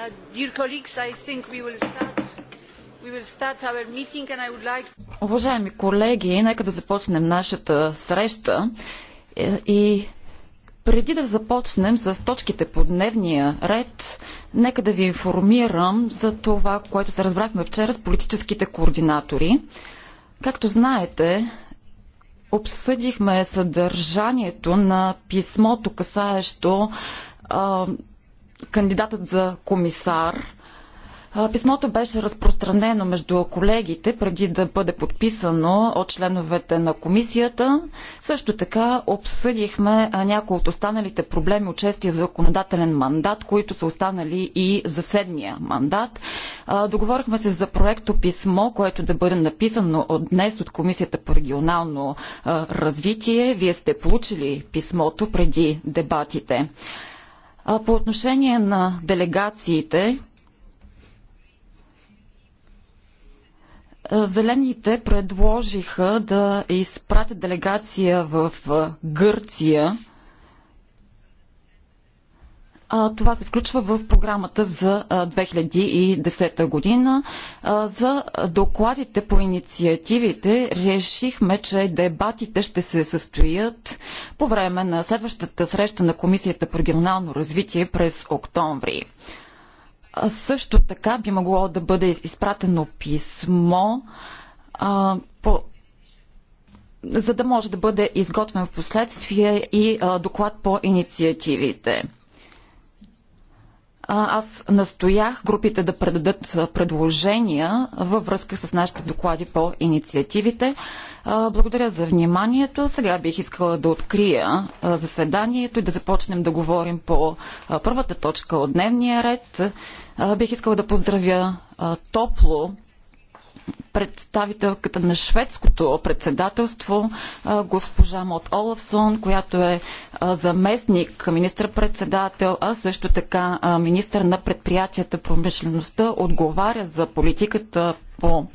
Uh, Уважаеми колеги, нека да започнем нашата среща е, и преди да започнем с точките по дневния ред, нека да ви информирам за това, което се разбрахме вчера с политическите координатори. Както знаете, обсъдихме съдържанието на писмото, касаещо кандидатът за комисар. Писмото беше разпространено между колегите преди да бъде подписано от членовете на комисията. Също така обсъдихме някои от останалите проблеми от честия законодателен мандат, които са останали и за седмия мандат. Договорихме се за проекто писмо, което да бъде написано от днес от Комисията по регионално развитие. Вие сте получили писмото преди дебатите. А по отношение на делегациите, Зелените предложиха да изпратят делегация в Гърция – това се включва в програмата за 2010 година. За докладите по инициативите решихме, че дебатите ще се състоят по време на следващата среща на Комисията по регионално развитие през октомври. Също така би могло да бъде изпратено писмо по за да може да бъде изготвен в последствие и а, доклад по инициативите. Аз настоях групите да предадат предложения във връзка с нашите доклади по инициативите. Благодаря за вниманието. Сега бих искала да открия заседанието и да започнем да говорим по първата точка от дневния ред. Бих искала да поздравя топло представителката на шведското председателство, госпожа Мот Олафсон, която е заместник министър-председател, а също така министър на предприятията, промишлеността, отговаря за политиката по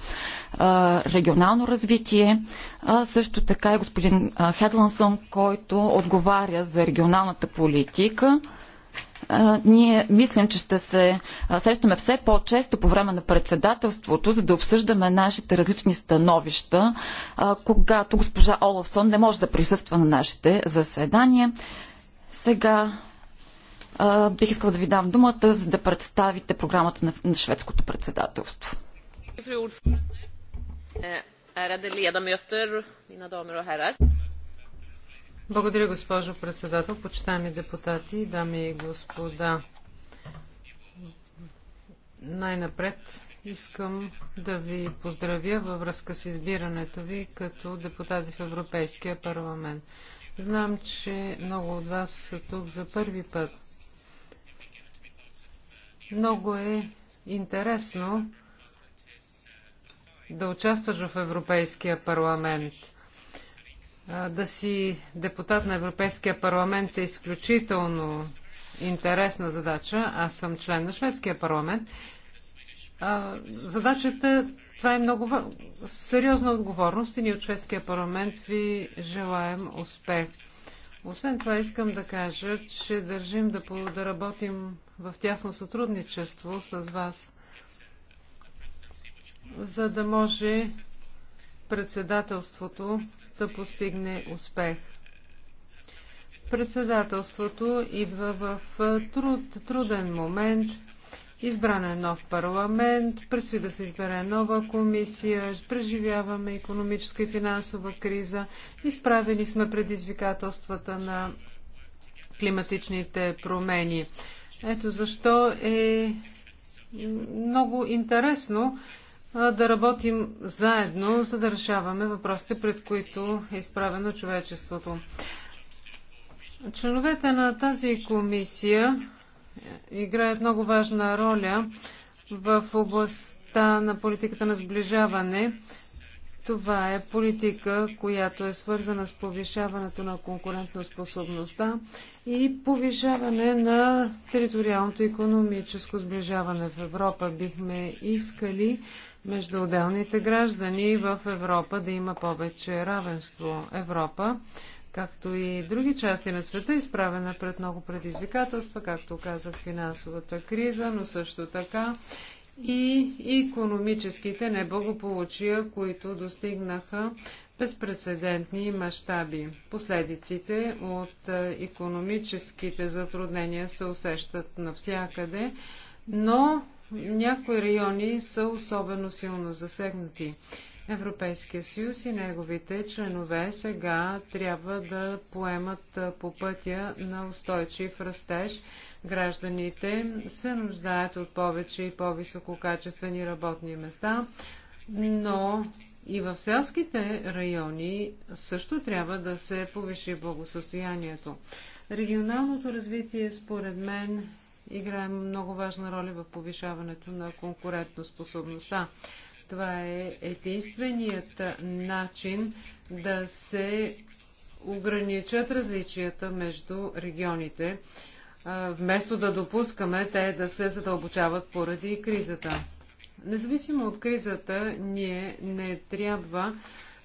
регионално развитие, а също така и господин Хедлансън, който отговаря за регионалната политика ние мислим, че ще се срещаме все по-често по време на председателството, за да обсъждаме нашите различни становища, когато госпожа Олафсон не може да присъства на нашите заседания. Сега бих искала да ви дам думата, за да представите програмата на шведското председателство. Ärade ledamöter, mina damer och herrar. Благодаря, госпожо председател, почитаеми депутати, дами и господа. Най-напред искам да ви поздравя във връзка с избирането ви като депутати в Европейския парламент. Знам, че много от вас са тук за първи път. Много е интересно да участваш в Европейския парламент – да си депутат на Европейския парламент е изключително интересна задача. Аз съм член на Шведския парламент. А, задачата, това е много сериозна отговорност и ние от Шведския парламент ви желаем успех. Освен това искам да кажа, че държим да, да работим в тясно сътрудничество с вас, за да може председателството да постигне успех. Председателството идва в труд, труден момент. Избран е нов парламент, предстои да се избере нова комисия, преживяваме економическа и финансова криза, изправени сме предизвикателствата на климатичните промени. Ето защо е много интересно да работим заедно, за да решаваме въпросите, пред които е изправено човечеството. Членовете на тази комисия е, играят много важна роля в областта на политиката на сближаване. Това е политика, която е свързана с повишаването на конкурентоспособността и повишаване на териториалното економическо сближаване в Европа. Бихме искали между отделните граждани в Европа да има повече равенство. Европа, както и други части на света, е изправена пред много предизвикателства, както казах финансовата криза, но също така и економическите неблагополучия, които достигнаха безпредседентни мащаби. Последиците от економическите затруднения се усещат навсякъде, но някои райони са особено силно засегнати. Европейския съюз и неговите членове сега трябва да поемат по пътя на устойчив растеж. Гражданите се нуждаят от повече и по-висококачествени работни места, но и в селските райони също трябва да се повиши благосъстоянието. Регионалното развитие, според мен, играе много важна роля в повишаването на конкурентоспособността. Това е единственият начин да се ограничат различията между регионите, вместо да допускаме те да се задълбочават поради кризата. Независимо от кризата, ние не трябва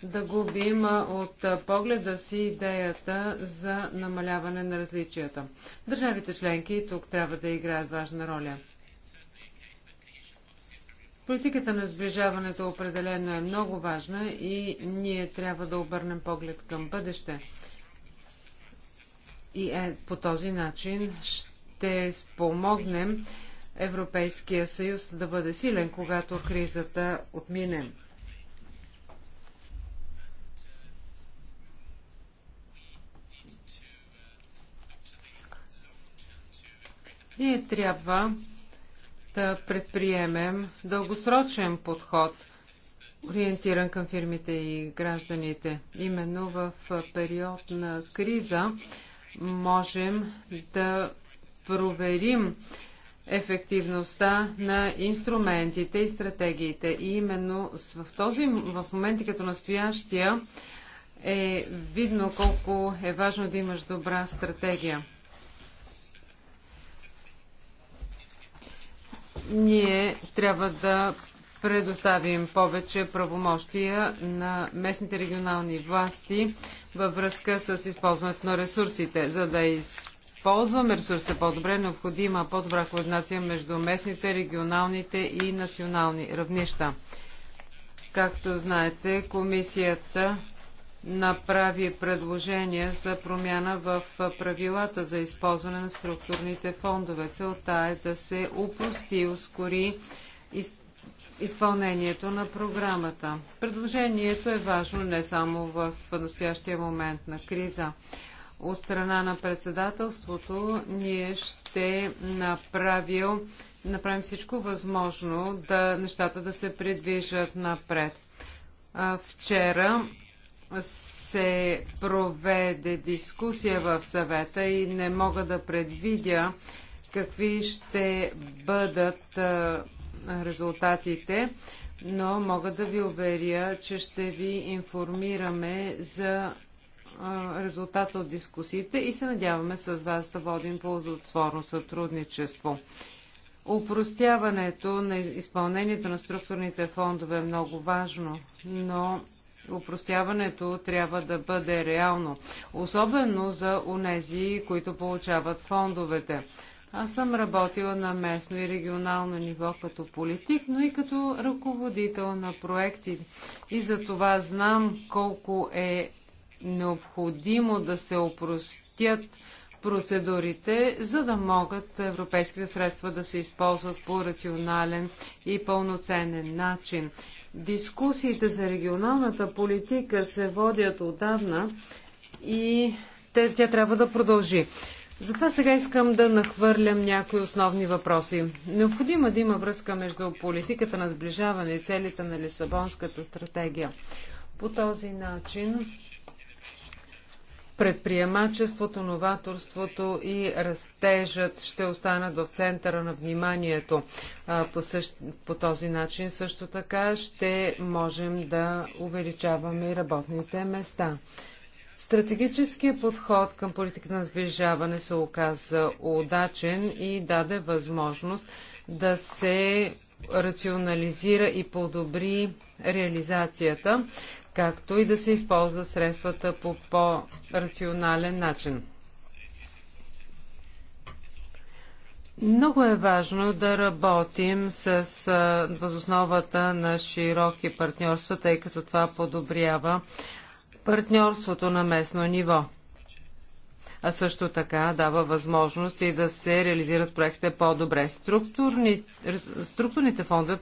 да губим от погледа си идеята за намаляване на различията. Държавите членки тук трябва да играят важна роля. Политиката на сближаването определено е много важна и ние трябва да обърнем поглед към бъдеще. И е, по този начин ще спомогнем Европейския съюз да бъде силен, когато кризата отмине. и трябва да предприемем дългосрочен подход, ориентиран към фирмите и гражданите. Именно в период на криза можем да проверим ефективността на инструментите и стратегиите. И именно в този в моменти като настоящия е видно колко е важно да имаш добра стратегия. Ние трябва да предоставим повече правомощия на местните регионални власти във връзка с използването на ресурсите. За да използваме ресурсите по-добре, необходима по-добра координация между местните, регионалните и национални равнища. Както знаете, комисията направи предложение за промяна в правилата за използване на структурните фондове. Целта е да се упрости и ускори изпълнението на програмата. Предложението е важно не само в настоящия момент на криза. От страна на председателството ние ще направим, направим всичко възможно да нещата да се придвижат напред. Вчера се проведе дискусия в съвета и не мога да предвидя какви ще бъдат резултатите, но мога да ви уверя, че ще ви информираме за резултата от дискусиите и се надяваме с вас да водим ползотворно сътрудничество. Упростяването на изпълнението на структурните фондове е много важно, но упростяването трябва да бъде реално, особено за унези, които получават фондовете. Аз съм работила на местно и регионално ниво като политик, но и като ръководител на проекти. И за това знам колко е необходимо да се опростят процедурите, за да могат европейските средства да се използват по рационален и пълноценен начин. Дискусиите за регионалната политика се водят отдавна и те, тя трябва да продължи. Затова сега искам да нахвърлям някои основни въпроси. Необходимо е да има връзка между политиката на сближаване и целите на Лисабонската стратегия. По този начин предприемачеството, новаторството и растежът ще останат в центъра на вниманието. По, същ... по този начин също така ще можем да увеличаваме работните места. Стратегическият подход към политиката на сближаване се оказа удачен и даде възможност да се рационализира и подобри реализацията както и да се използват средствата по по-рационален начин. Много е важно да работим с възосновата на широки партньорства, тъй като това подобрява партньорството на местно ниво. А също така дава възможност и да се реализират проектите по-добре. Структурни, структурните фондове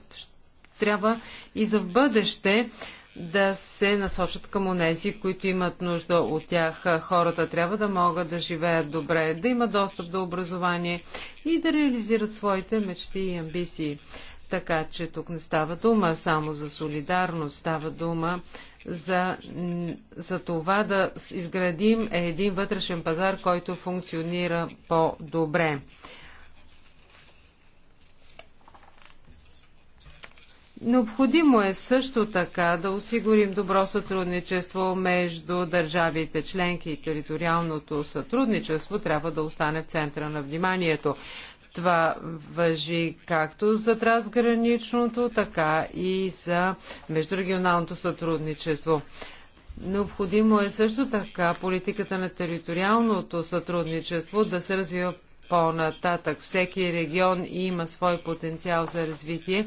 трябва и за в бъдеще да се насочат към онези, които имат нужда от тях. Хората трябва да могат да живеят добре, да имат достъп до образование и да реализират своите мечти и амбиции. Така че тук не става дума само за солидарност, става дума за, за това да изградим един вътрешен пазар, който функционира по-добре. Необходимо е също така да осигурим добро сътрудничество между държавите членки и териториалното сътрудничество трябва да остане в центъра на вниманието. Това въжи както за трансграничното, така и за междурегионалното сътрудничество. Необходимо е също така политиката на териториалното сътрудничество да се развива по-нататък. Всеки регион има свой потенциал за развитие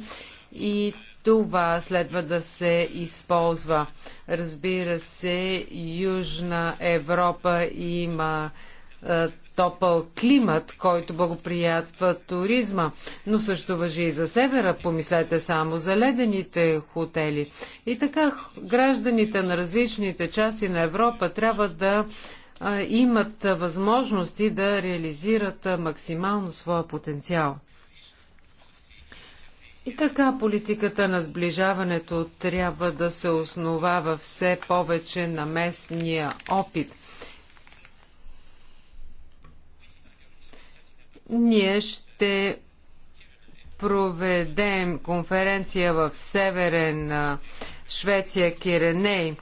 и това следва да се използва. Разбира се, Южна Европа има е, топъл климат, който благоприятства туризма, но също въжи и за севера, помислете само за ледените хотели. И така гражданите на различните части на Европа трябва да е, имат възможности да реализират максимално своя потенциал. И така политиката на сближаването трябва да се основава все повече на местния опит. Ние ще проведем конференция в Северен Швеция Киреней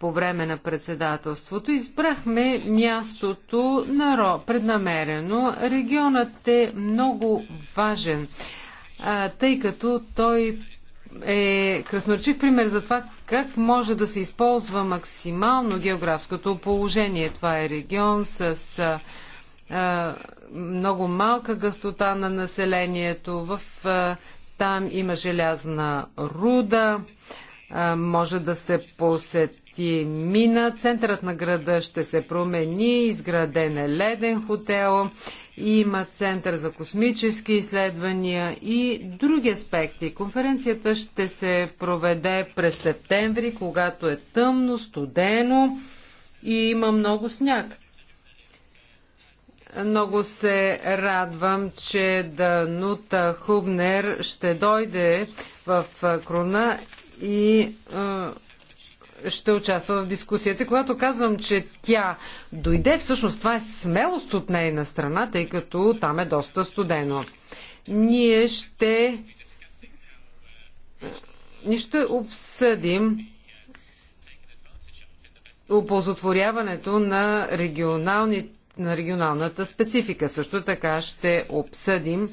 по време на председателството. Избрахме мястото на Ро, преднамерено. Регионът е много важен а, тъй като той е красноречив пример за това как може да се използва максимално географското положение. Това е регион с а, много малка гъстота на населението. В, а, там има желязна руда, а, може да се посети мина. Центърът на града ще се промени, изграден е леден хотел има Център за космически изследвания и други аспекти. Конференцията ще се проведе през септември, когато е тъмно, студено и има много сняг. Много се радвам, че Данута Хубнер ще дойде в Крона и ще участва в дискусията. Когато казвам, че тя дойде, всъщност това е смелост от нейна страна, тъй като там е доста студено. Ние ще. Ние ще обсъдим оползотворяването на, регионални, на регионалната специфика. Също така ще обсъдим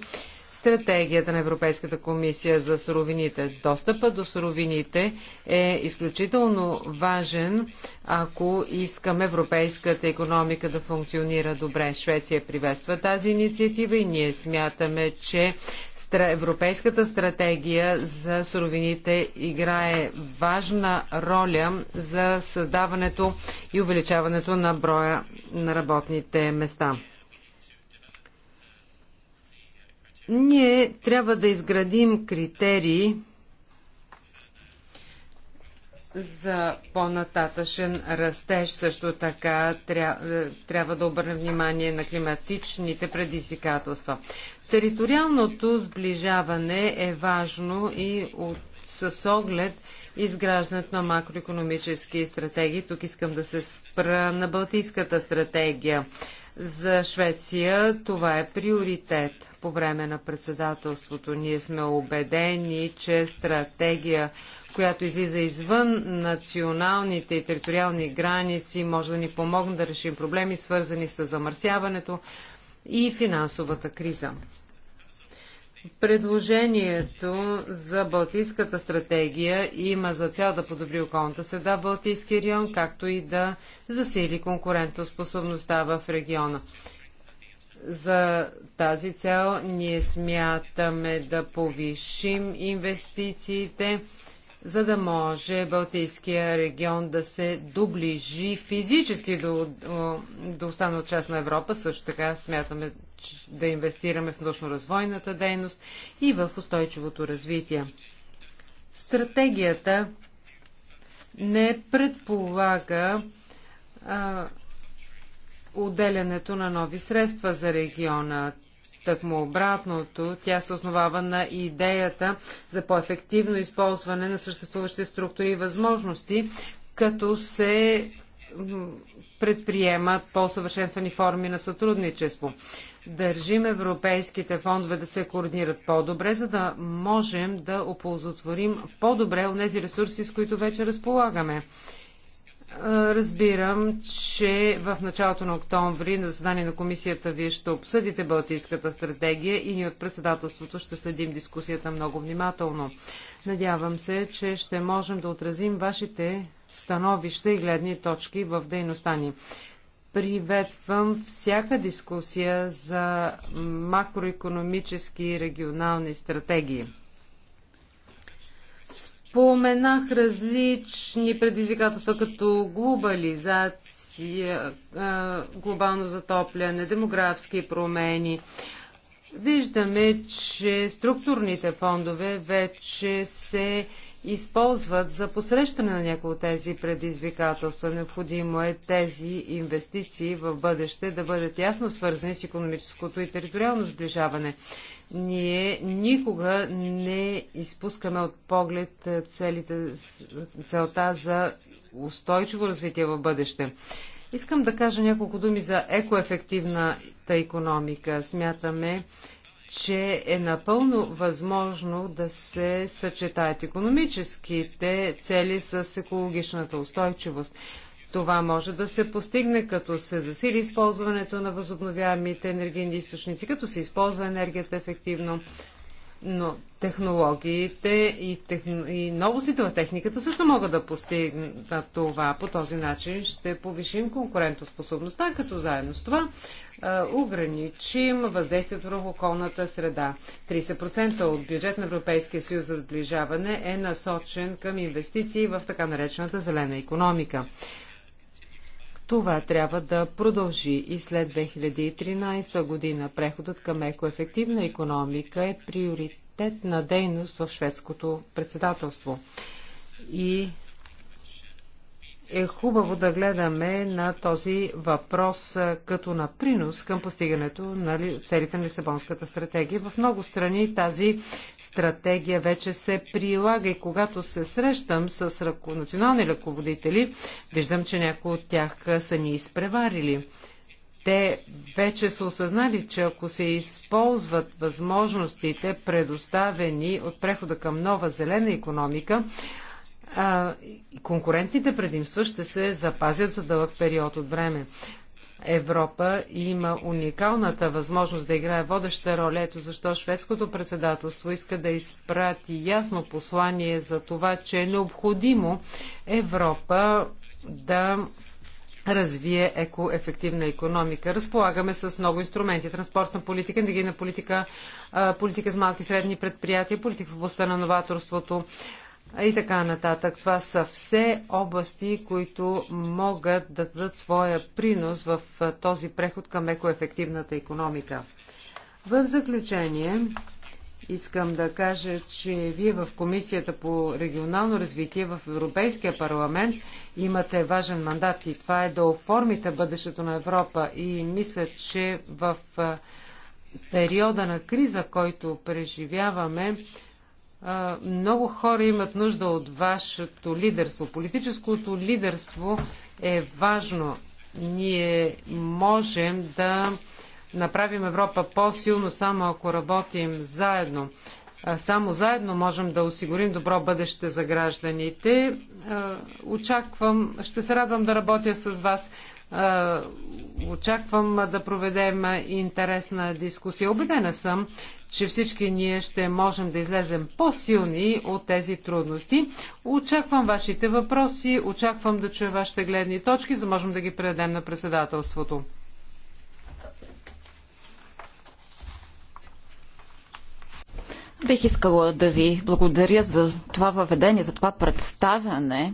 стратегията на Европейската комисия за суровините. достъпа до суровините е изключително важен, ако искаме европейската економика да функционира добре. Швеция приветства тази инициатива и ние смятаме, че Европейската стратегия за суровините играе важна роля за създаването и увеличаването на броя на работните места. Ние трябва да изградим критерии за по-нататъчен растеж. Също така трябва да обърнем внимание на климатичните предизвикателства. Териториалното сближаване е важно и от... с оглед изграждането на макроекономически стратегии. Тук искам да се спра на Балтийската стратегия. За Швеция това е приоритет по време на председателството. Ние сме убедени, че стратегия, която излиза извън националните и териториални граници, може да ни помогне да решим проблеми, свързани с замърсяването и финансовата криза. Предложението за Балтийската стратегия има за цел да подобри околната среда в Балтийския регион, както и да засили конкурентоспособността в региона. За тази цел ние смятаме да повишим инвестициите, за да може Балтийския регион да се доближи физически до, до останал част на Европа. Също така смятаме да инвестираме в научно-развойната дейност и в устойчивото развитие. Стратегията не предполага а, отделянето на нови средства за региона. Тъкмо обратното, тя се основава на идеята за по-ефективно използване на съществуващите структури и възможности, като се предприемат по-съвършенствани форми на сътрудничество. Държим европейските фондове да се координират по-добре, за да можем да оползотворим по-добре от тези ресурси, с които вече разполагаме. Разбирам, че в началото на октомври на заседание на комисията вие ще обсъдите Балтийската стратегия и ние от председателството ще следим дискусията много внимателно. Надявам се, че ще можем да отразим вашите становища и гледни точки в дейността ни. Приветствам всяка дискусия за макроекономически и регионални стратегии. Споменах различни предизвикателства като глобализация, глобално затопляне, демографски промени. Виждаме, че структурните фондове вече се използват за посрещане на някои от тези предизвикателства. Необходимо е тези инвестиции в бъдеще да бъдат ясно свързани с економическото и териториално сближаване. Ние никога не изпускаме от поглед е, целите, целта за устойчиво развитие в бъдеще. Искам да кажа няколко думи за екоефективната економика. Смятаме, че е напълно възможно да се съчетаят економическите цели с екологичната устойчивост. Това може да се постигне, като се засили използването на възобновяемите енергийни източници, като се използва енергията ефективно. Но технологиите и, техно... и новостите в техниката също могат да постигнат това. По този начин ще повишим конкурентоспособността, като заедно с това а, ограничим въздействието върху околната среда. 30% от бюджет на Европейския съюз за сближаване е насочен към инвестиции в така наречената зелена економика. Това трябва да продължи и след 2013 година. Преходът към екоефективна економика е приоритетна дейност в шведското председателство. И е хубаво да гледаме на този въпрос като на принос към постигането на целите на Лисабонската стратегия. В много страни тази стратегия вече се прилага и когато се срещам с национални ръководители, виждам, че някои от тях са ни изпреварили. Те вече са осъзнали, че ако се използват възможностите, предоставени от прехода към нова зелена економика, а, конкурентните предимства ще се запазят за дълъг период от време. Европа има уникалната възможност да играе водеща роля. Ето защо шведското председателство иска да изпрати ясно послание за това, че е необходимо Европа да развие екоефективна економика. Разполагаме с много инструменти. Транспортна политика, енергийна политика, политика с малки и средни предприятия, политика в областта на новаторството, и така нататък. Това са все области, които могат да дадат своя принос в този преход към екоефективната економика. В заключение, искам да кажа, че вие в Комисията по регионално развитие в Европейския парламент имате важен мандат и това е да оформите бъдещето на Европа и мисля, че в периода на криза, който преживяваме, много хора имат нужда от вашето лидерство. Политическото лидерство е важно. Ние можем да направим Европа по-силно само ако работим заедно. Само заедно можем да осигурим добро бъдеще за гражданите. Очаквам, ще се радвам да работя с вас. Очаквам да проведем интересна дискусия. Обедена съм, че всички ние ще можем да излезем по-силни от тези трудности. Очаквам вашите въпроси, очаквам да чуя вашите гледни точки, за да можем да ги предадем на председателството. Бих искала да ви благодаря за това въведение, за това представяне,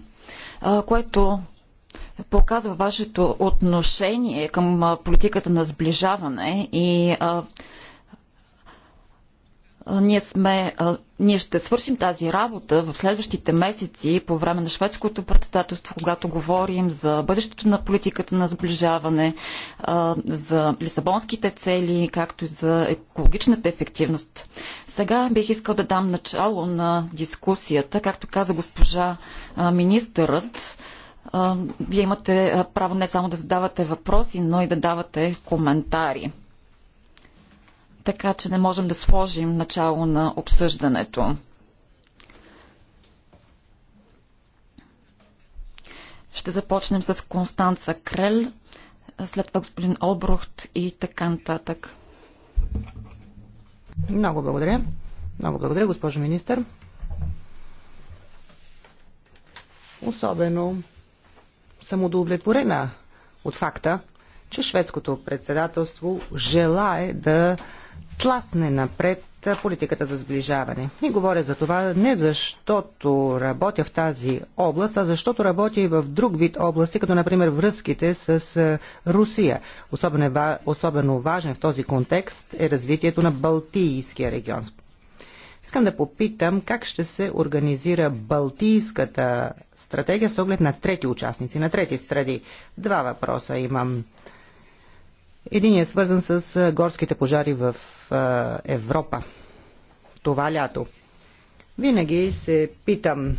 което показва вашето отношение към политиката на сближаване и а, ние, сме, а, ние ще свършим тази работа в следващите месеци по време на шведското председателство, когато говорим за бъдещето на политиката на сближаване, а, за лисабонските цели, както и за екологичната ефективност. Сега бих искал да дам начало на дискусията. Както каза госпожа а, министърът, вие имате право не само да задавате въпроси, но и да давате коментари. Така че не можем да сложим начало на обсъждането. Ще започнем с Констанца Крел, след това господин Олбрухт и така нататък. Много благодаря. Много благодаря, госпожо министър. Особено съм удовлетворена от факта, че шведското председателство желае да тласне напред политиката за сближаване. И говоря за това не защото работя в тази област, а защото работя и в друг вид области, като например връзките с е, Русия. Особено, е особено важен в този контекст е развитието на Балтийския регион. Искам да попитам как ще се организира Балтийската стратегия с оглед на трети участници, на трети страни. Два въпроса имам. Един е свързан с горските пожари в Европа. Това лято. Винаги се питам.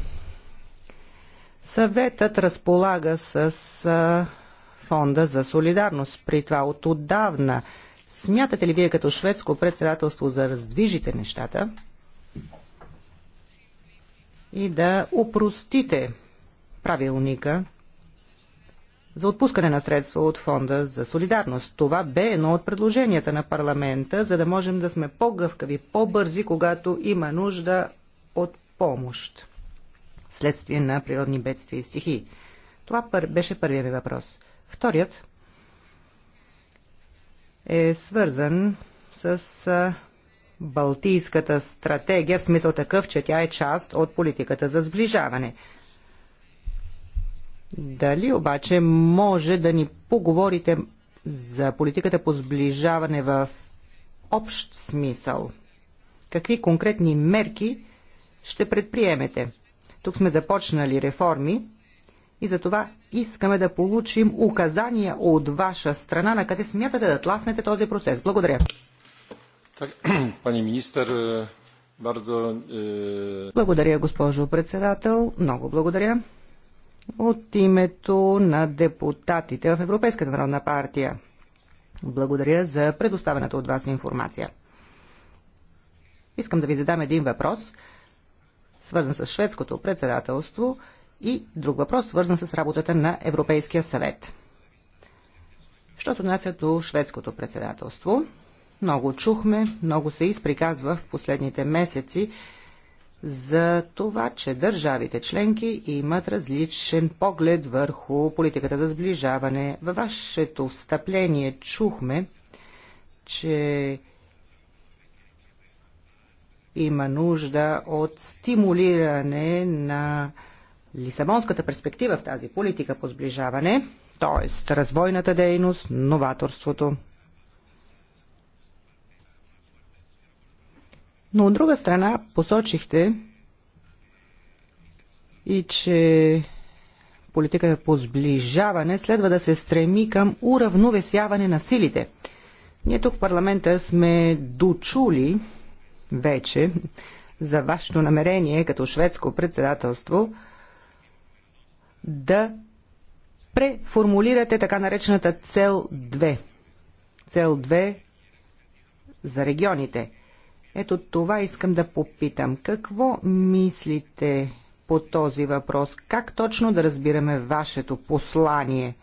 Съветът разполага с фонда за солидарност. При това от отдавна. Смятате ли вие като шведско председателство да раздвижите нещата и да упростите правилника за отпускане на средства от Фонда за солидарност. Това бе едно от предложенията на парламента, за да можем да сме по-гъвкави, по-бързи, когато има нужда от помощ следствие на природни бедствия и стихии. Това пър... беше първият ми въпрос. Вторият е свързан с Балтийската стратегия, в смисъл такъв, че тя е част от политиката за сближаване. Дали обаче може да ни поговорите за политиката по сближаване в общ смисъл? Какви конкретни мерки ще предприемете? Тук сме започнали реформи и за това искаме да получим указания от ваша страна на къде смятате да тласнете този процес. Благодаря. Е, е, благодаря, госпожо председател. Много благодаря. От името на депутатите в Европейската народна партия. Благодаря за предоставената от вас информация. Искам да ви задам един въпрос, свързан с шведското председателство и друг въпрос, свързан с работата на Европейския съвет. Що отнася до шведското председателство, много чухме, много се изприказва в последните месеци за това, че държавите членки имат различен поглед върху политиката за сближаване. Във вашето встъпление чухме, че има нужда от стимулиране на Лисабонската перспектива в тази политика по сближаване, т.е. развойната дейност, новаторството. Но от друга страна посочихте и че политиката по сближаване следва да се стреми към уравновесяване на силите. Ние тук в парламента сме дочули вече за вашето намерение като шведско председателство да преформулирате така наречената цел 2. Цел 2 за регионите – ето това искам да попитам. Какво мислите по този въпрос? Как точно да разбираме вашето послание?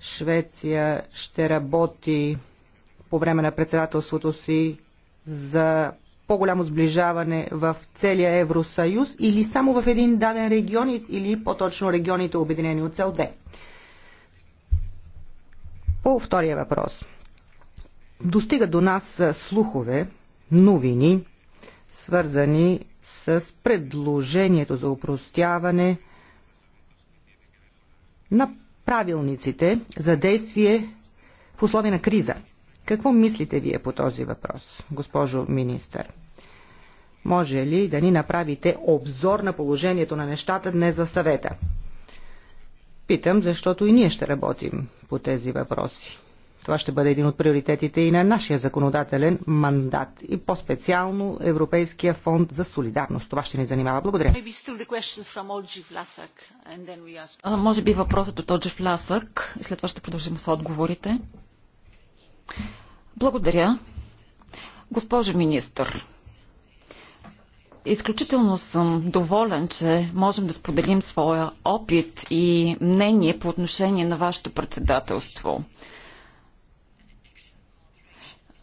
Швеция ще работи по време на председателството си за по-голямо сближаване в целия Евросъюз или само в един даден регион или по-точно регионите обединени от цел 2? По втория въпрос – достига до нас слухове, новини, свързани с предложението за упростяване на правилниците за действие в условия на криза. Какво мислите вие по този въпрос, госпожо министър? Може ли да ни направите обзор на положението на нещата днес в съвета? Питам, защото и ние ще работим по тези въпроси. Това ще бъде един от приоритетите и на нашия законодателен мандат и по-специално Европейския фонд за солидарност. Това ще ни занимава. Благодаря. може би въпросът от Оджи и След това ще продължим с отговорите. Благодаря. Госпожо министър, изключително съм доволен, че можем да споделим своя опит и мнение по отношение на вашето председателство.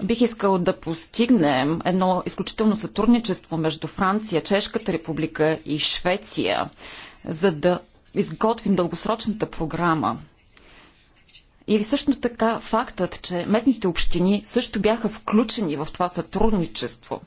Бих искал да постигнем едно изключително сътрудничество между Франция, Чешката република и Швеция, за да изготвим дългосрочната програма. И също така фактът, че местните общини също бяха включени в това сътрудничество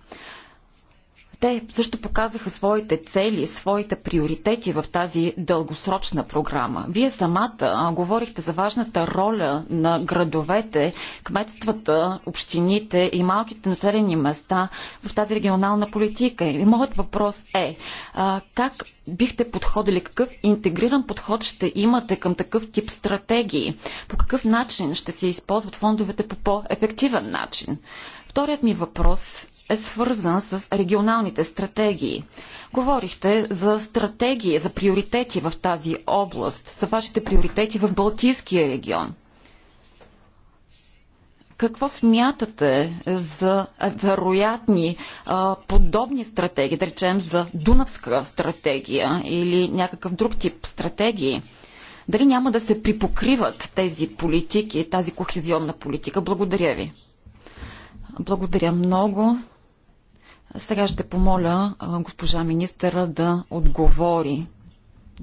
те също показаха своите цели, своите приоритети в тази дългосрочна програма. Вие самата а, говорихте за важната роля на градовете, кметствата, общините и малките населени места в тази регионална политика. И моят въпрос е, а, как бихте подходили, какъв интегриран подход ще имате към такъв тип стратегии? По какъв начин ще се използват фондовете по по-ефективен начин? Вторият ми въпрос е свързан с регионалните стратегии. Говорихте за стратегии, за приоритети в тази област, за вашите приоритети в Балтийския регион. Какво смятате за вероятни а, подобни стратегии, да речем за Дунавска стратегия или някакъв друг тип стратегии? Дали няма да се припокриват тези политики, тази кохезионна политика? Благодаря ви. Благодаря много. Сега ще помоля госпожа министъра да отговори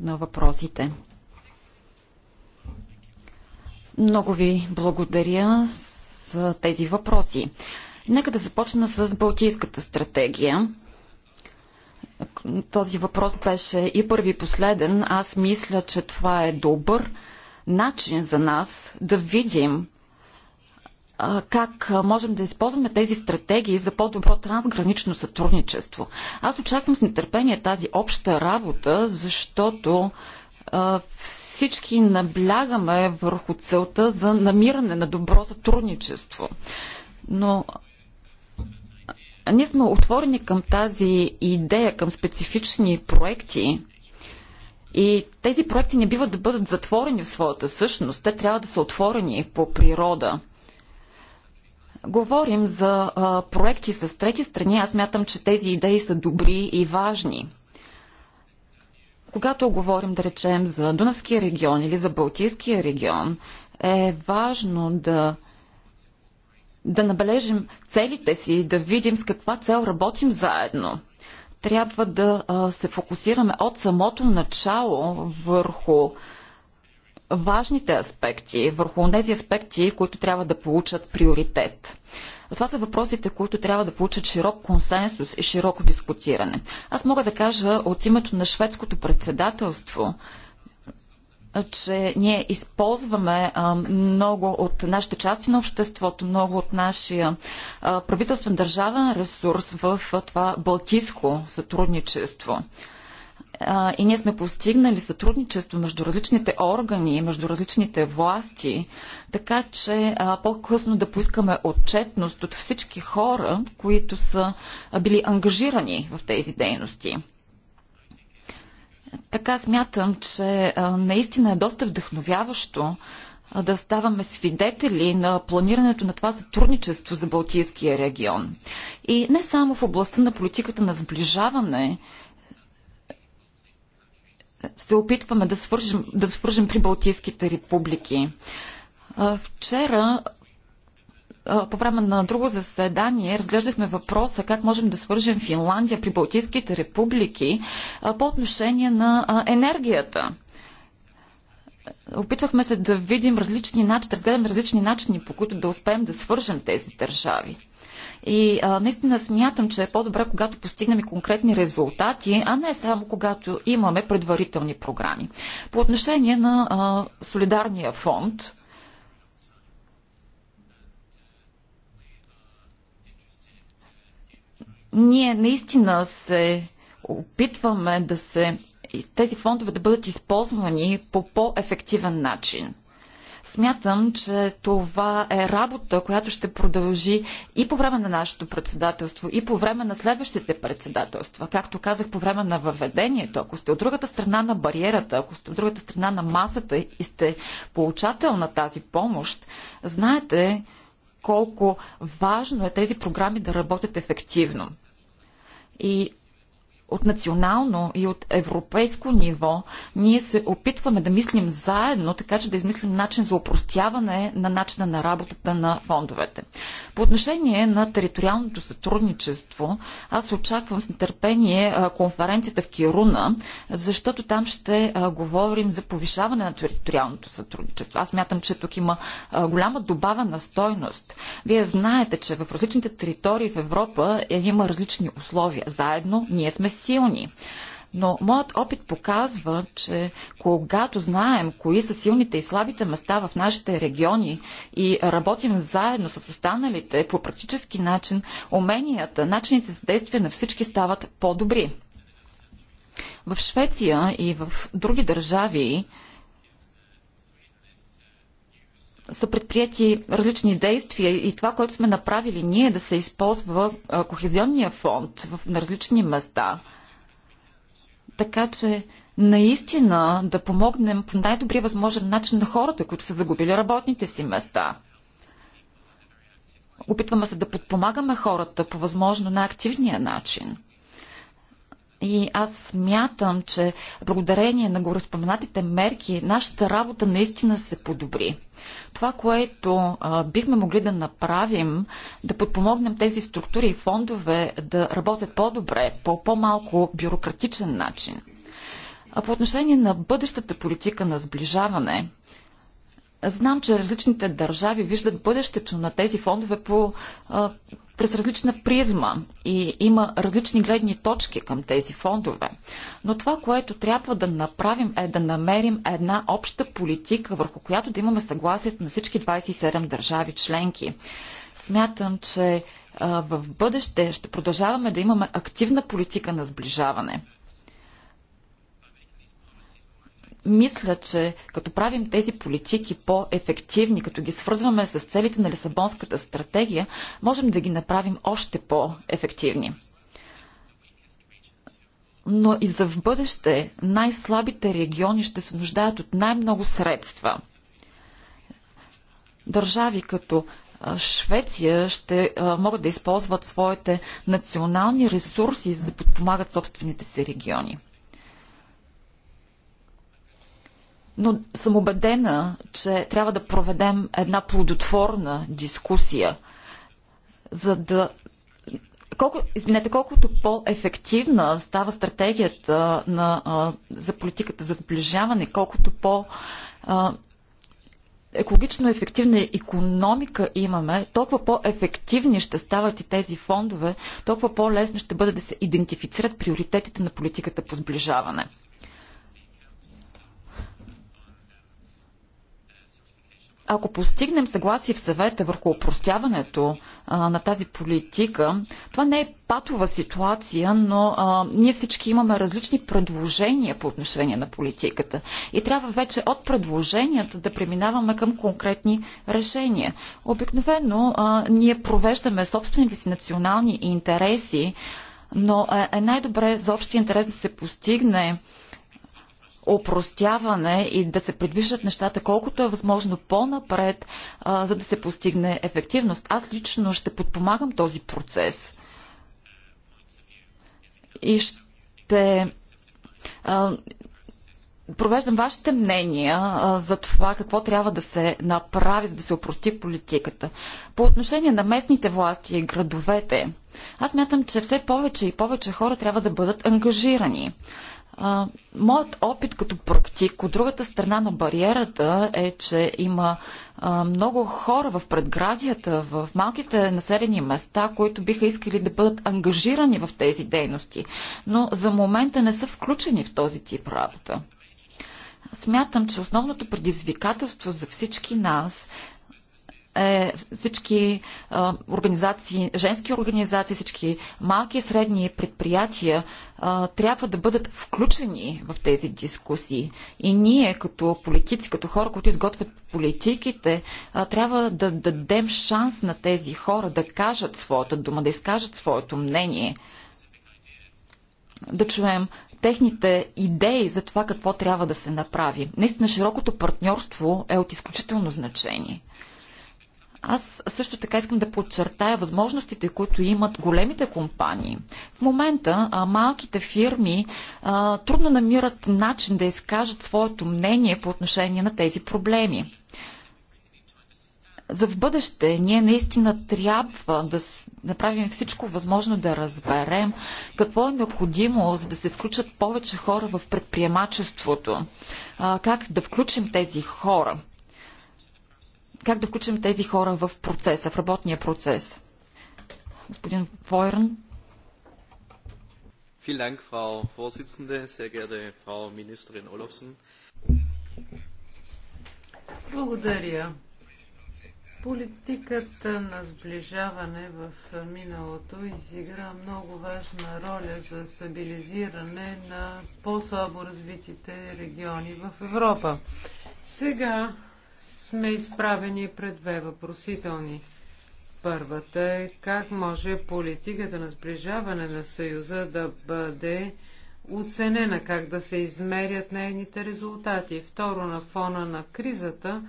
на въпросите. Много ви благодаря за тези въпроси. Нека да започна с Балтийската стратегия. Този въпрос беше и първи и последен. Аз мисля, че това е добър начин за нас да видим как можем да използваме тези стратегии за по-добро трансгранично сътрудничество. Аз очаквам с нетърпение тази обща работа, защото всички наблягаме върху целта за намиране на добро сътрудничество. Но ние сме отворени към тази идея, към специфични проекти. И тези проекти не биват да бъдат затворени в своята същност. Те трябва да са отворени по природа. Говорим за а, проекти с трети страни. Аз мятам, че тези идеи са добри и важни. Когато говорим, да речем, за Дунавския регион или за Балтийския регион, е важно да да набележим целите си и да видим с каква цел работим заедно. Трябва да а, се фокусираме от самото начало върху важните аспекти, върху тези аспекти, които трябва да получат приоритет. Това са въпросите, които трябва да получат широк консенсус и широко дискутиране. Аз мога да кажа от името на шведското председателство, че ние използваме много от нашите части на обществото, много от нашия правителствен държавен ресурс в това балтийско сътрудничество а, и ние сме постигнали сътрудничество между различните органи, между различните власти, така че по-късно да поискаме отчетност от всички хора, които са били ангажирани в тези дейности. Така смятам, че а, наистина е доста вдъхновяващо да ставаме свидетели на планирането на това сътрудничество за Балтийския регион. И не само в областта на политиката на сближаване се опитваме да свържем, да свържем при Балтийските републики. Вчера по време на друго заседание разглеждахме въпроса как можем да свържем Финландия при Балтийските републики по отношение на енергията. Опитвахме се да видим различни начини, да разгледаме различни начини, по които да успеем да свържем тези държави. И а, наистина смятам, че е по-добре, когато постигнем и конкретни резултати, а не само когато имаме предварителни програми. По отношение на а, солидарния фонд, ние наистина се опитваме да се тези фондове да бъдат използвани по по-ефективен начин. Смятам, че това е работа, която ще продължи и по време на нашето председателство, и по време на следващите председателства. Както казах, по време на въведението, ако сте от другата страна на бариерата, ако сте от другата страна на масата и сте получател на тази помощ, знаете колко важно е тези програми да работят ефективно. И от национално и от европейско ниво ние се опитваме да мислим заедно, така че да измислим начин за упростяване на начина на работата на фондовете. По отношение на териториалното сътрудничество, аз очаквам с нетърпение конференцията в Кируна, защото там ще говорим за повишаване на териториалното сътрудничество. Аз мятам, че тук има голяма добавена стойност. Вие знаете, че в различните територии в Европа е, има различни условия. Заедно ние сме силни. Но моят опит показва, че когато знаем кои са силните и слабите места в нашите региони и работим заедно с останалите по практически начин, уменията, начините за действие на всички стават по-добри. В Швеция и в други държави са предприяти различни действия и това, което сме направили ние е да се използва Кохезионния фонд на различни места – така че наистина да помогнем по най-добрия възможен начин на хората, които са загубили работните си места. Опитваме се да подпомагаме хората по възможно най-активния начин – и аз смятам, че благодарение на гореспоменатите мерки, нашата работа наистина се подобри. Това, което а, бихме могли да направим, да подпомогнем тези структури и фондове да работят по-добре, по по-малко бюрократичен начин. А по отношение на бъдещата политика на сближаване, Знам, че различните държави виждат бъдещето на тези фондове по, а, през различна призма и има различни гледни точки към тези фондове. Но това, което трябва да направим е да намерим една обща политика, върху която да имаме съгласието на всички 27 държави членки. Смятам, че в бъдеще ще продължаваме да имаме активна политика на сближаване – мисля, че като правим тези политики по-ефективни, като ги свързваме с целите на Лисабонската стратегия, можем да ги направим още по-ефективни. Но и за в бъдеще най-слабите региони ще се нуждаят от най-много средства. Държави като Швеция ще могат да използват своите национални ресурси, за да подпомагат собствените си региони. Но съм убедена, че трябва да проведем една плодотворна дискусия, за да колко, извинете, колкото по-ефективна става стратегията на, а, за политиката за сближаване, колкото по- а, екологично ефективна економика имаме, толкова по-ефективни ще стават и тези фондове, толкова по-лесно ще бъде да се идентифицират приоритетите на политиката по сближаване. Ако постигнем съгласие в съвета върху опростяването а, на тази политика, това не е патова ситуация, но а, ние всички имаме различни предложения по отношение на политиката. И трябва вече от предложенията да преминаваме към конкретни решения. Обикновено а, ние провеждаме собствените си национални интереси, но е най-добре за общия интерес да се постигне опростяване и да се предвиждат нещата колкото е възможно по-напред, за да се постигне ефективност. Аз лично ще подпомагам този процес и ще а, провеждам вашите мнения а, за това какво трябва да се направи, за да се опрости политиката. По отношение на местните власти и градовете, аз мятам, че все повече и повече хора трябва да бъдат ангажирани. А, моят опит като практик от другата страна на бариерата е, че има а, много хора в предградията, в малките населени места, които биха искали да бъдат ангажирани в тези дейности, но за момента не са включени в този тип работа. Смятам, че основното предизвикателство за всички нас е всички организации, женски организации, всички малки и средни предприятия трябва да бъдат включени в тези дискусии. И ние, като политици, като хора, които изготвят политиките, трябва да дадем шанс на тези хора да кажат своята дума, да изкажат своето мнение, да чуем техните идеи за това какво трябва да се направи. Наистина, широкото партньорство е от изключително значение. Аз също така искам да подчертая възможностите, които имат големите компании. В момента а, малките фирми а, трудно намират начин да изкажат своето мнение по отношение на тези проблеми. За в бъдеще ние наистина трябва да направим всичко възможно да разберем какво е необходимо, за да се включат повече хора в предприемачеството. А, как да включим тези хора? как да включим тези хора в процеса, в работния процес. Господин Войрн. Vielen Dank, Frau Vorsitzende, sehr geehrte Frau Ministerin Благодаря. Политиката на сближаване в миналото изигра много важна роля за стабилизиране на по-слабо развитите региони в Европа. Сега сме изправени пред две въпросителни. Първата е как може политиката на сближаване на Съюза да бъде оценена, как да се измерят нейните резултати. Второ, на фона на кризата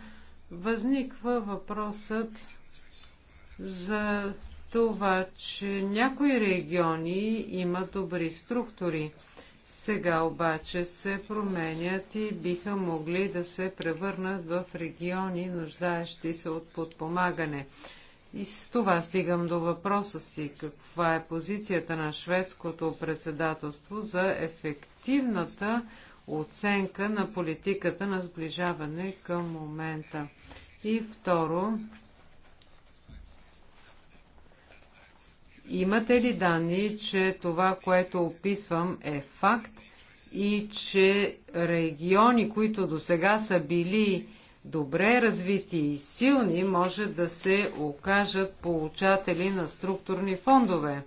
възниква въпросът за това, че някои региони имат добри структури сега обаче се променят и биха могли да се превърнат в региони, нуждаещи се от подпомагане. И с това стигам до въпроса си, каква е позицията на шведското председателство за ефективната оценка на политиката на сближаване към момента. И второ, Имате ли данни, че това, което описвам е факт и че региони, които до сега са били добре развити и силни, може да се окажат получатели на структурни фондове?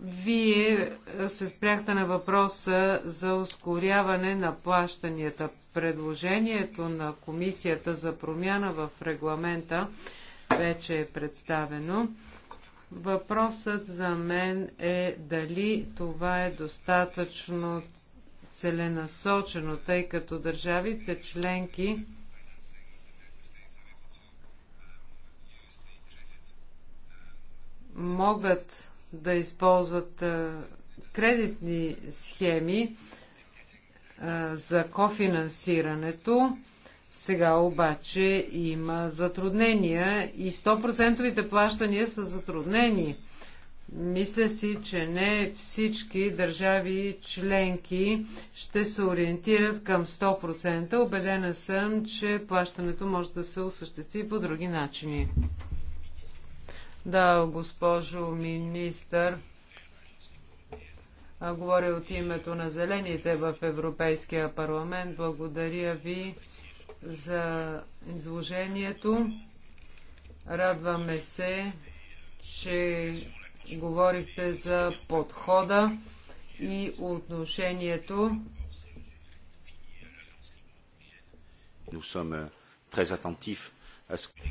Вие се спряхте на въпроса за ускоряване на плащанията. Предложението на Комисията за промяна в регламента вече е представено. Въпросът за мен е дали това е достатъчно целенасочено, тъй като държавите членки могат да използват кредитни схеми за кофинансирането сега обаче има затруднения и 100% плащания са затруднени. Мисля си, че не всички държави членки ще се ориентират към 100%. Обедена съм, че плащането може да се осъществи по други начини. Да, госпожо министър, говоря от името на зелените в Европейския парламент. Благодаря ви за изложението. Радваме се, че говорихте за подхода и отношението. Euh,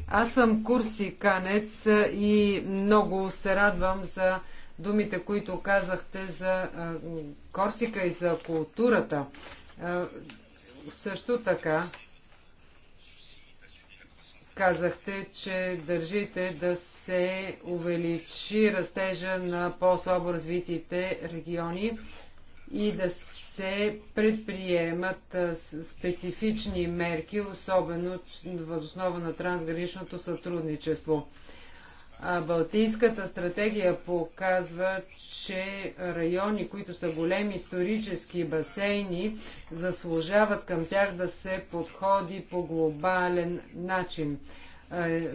Аз съм курсиканец и много се радвам за думите, които казахте за Корсика и за културата. Също така, Казахте, че държите да се увеличи растежа на по-слабо развитите региони и да се предприемат специфични мерки, особено възоснова на трансграничното сътрудничество. А Балтийската стратегия показва, че райони, които са големи исторически басейни, заслужават към тях да се подходи по глобален начин.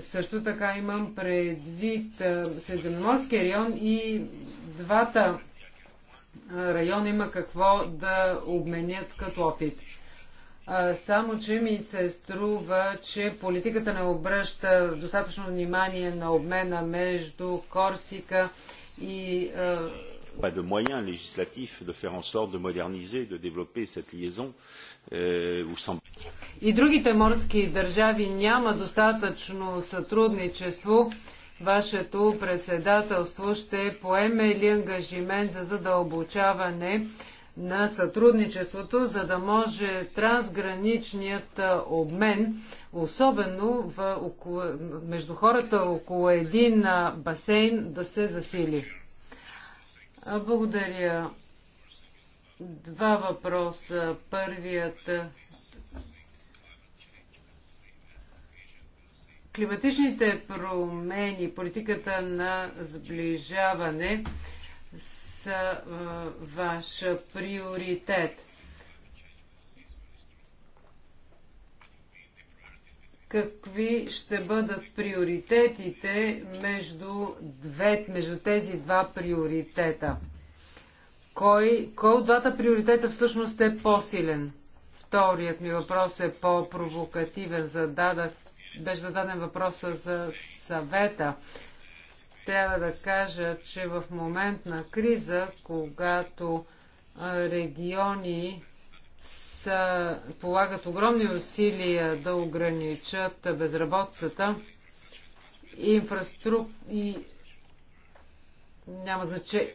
също така имам предвид Средиземноморския район и двата района има какво да обменят като опит. А, само, че ми се струва, че политиката не обръща достатъчно внимание на обмена между Корсика и а, pas de moyens législatifs de faire en sorte de moderniser, de développer cette liaison. Euh, и другите морски държави няма достатъчно сътрудничество. Вашето председателство ще поеме ли ангажимент за задълбочаване на сътрудничеството, за да може трансграничният обмен, особено в, около, между хората около един басейн, да се засили. Благодаря. Два въпроса. Първият климатичните промени, политиката на сближаване са а, е, ваш приоритет? Какви ще бъдат приоритетите между, две, между тези два приоритета? Кой, кой от двата приоритета всъщност е по-силен? Вторият ми въпрос е по-провокативен. Зададах, беше зададен въпроса за съвета трябва да кажа, че в момент на криза, когато региони са, полагат огромни усилия да ограничат безработицата, инфраструк... и няма, значение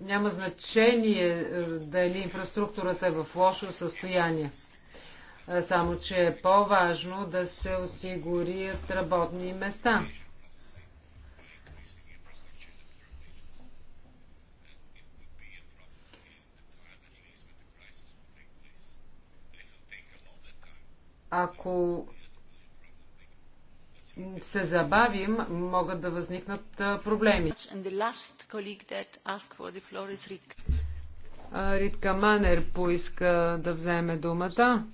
няма значение дали инфраструктурата е в лошо състояние. Само, че е по-важно да се осигурят работни места. Ако се забавим, могат да възникнат проблеми. Ритка Манер поиска да вземе думата.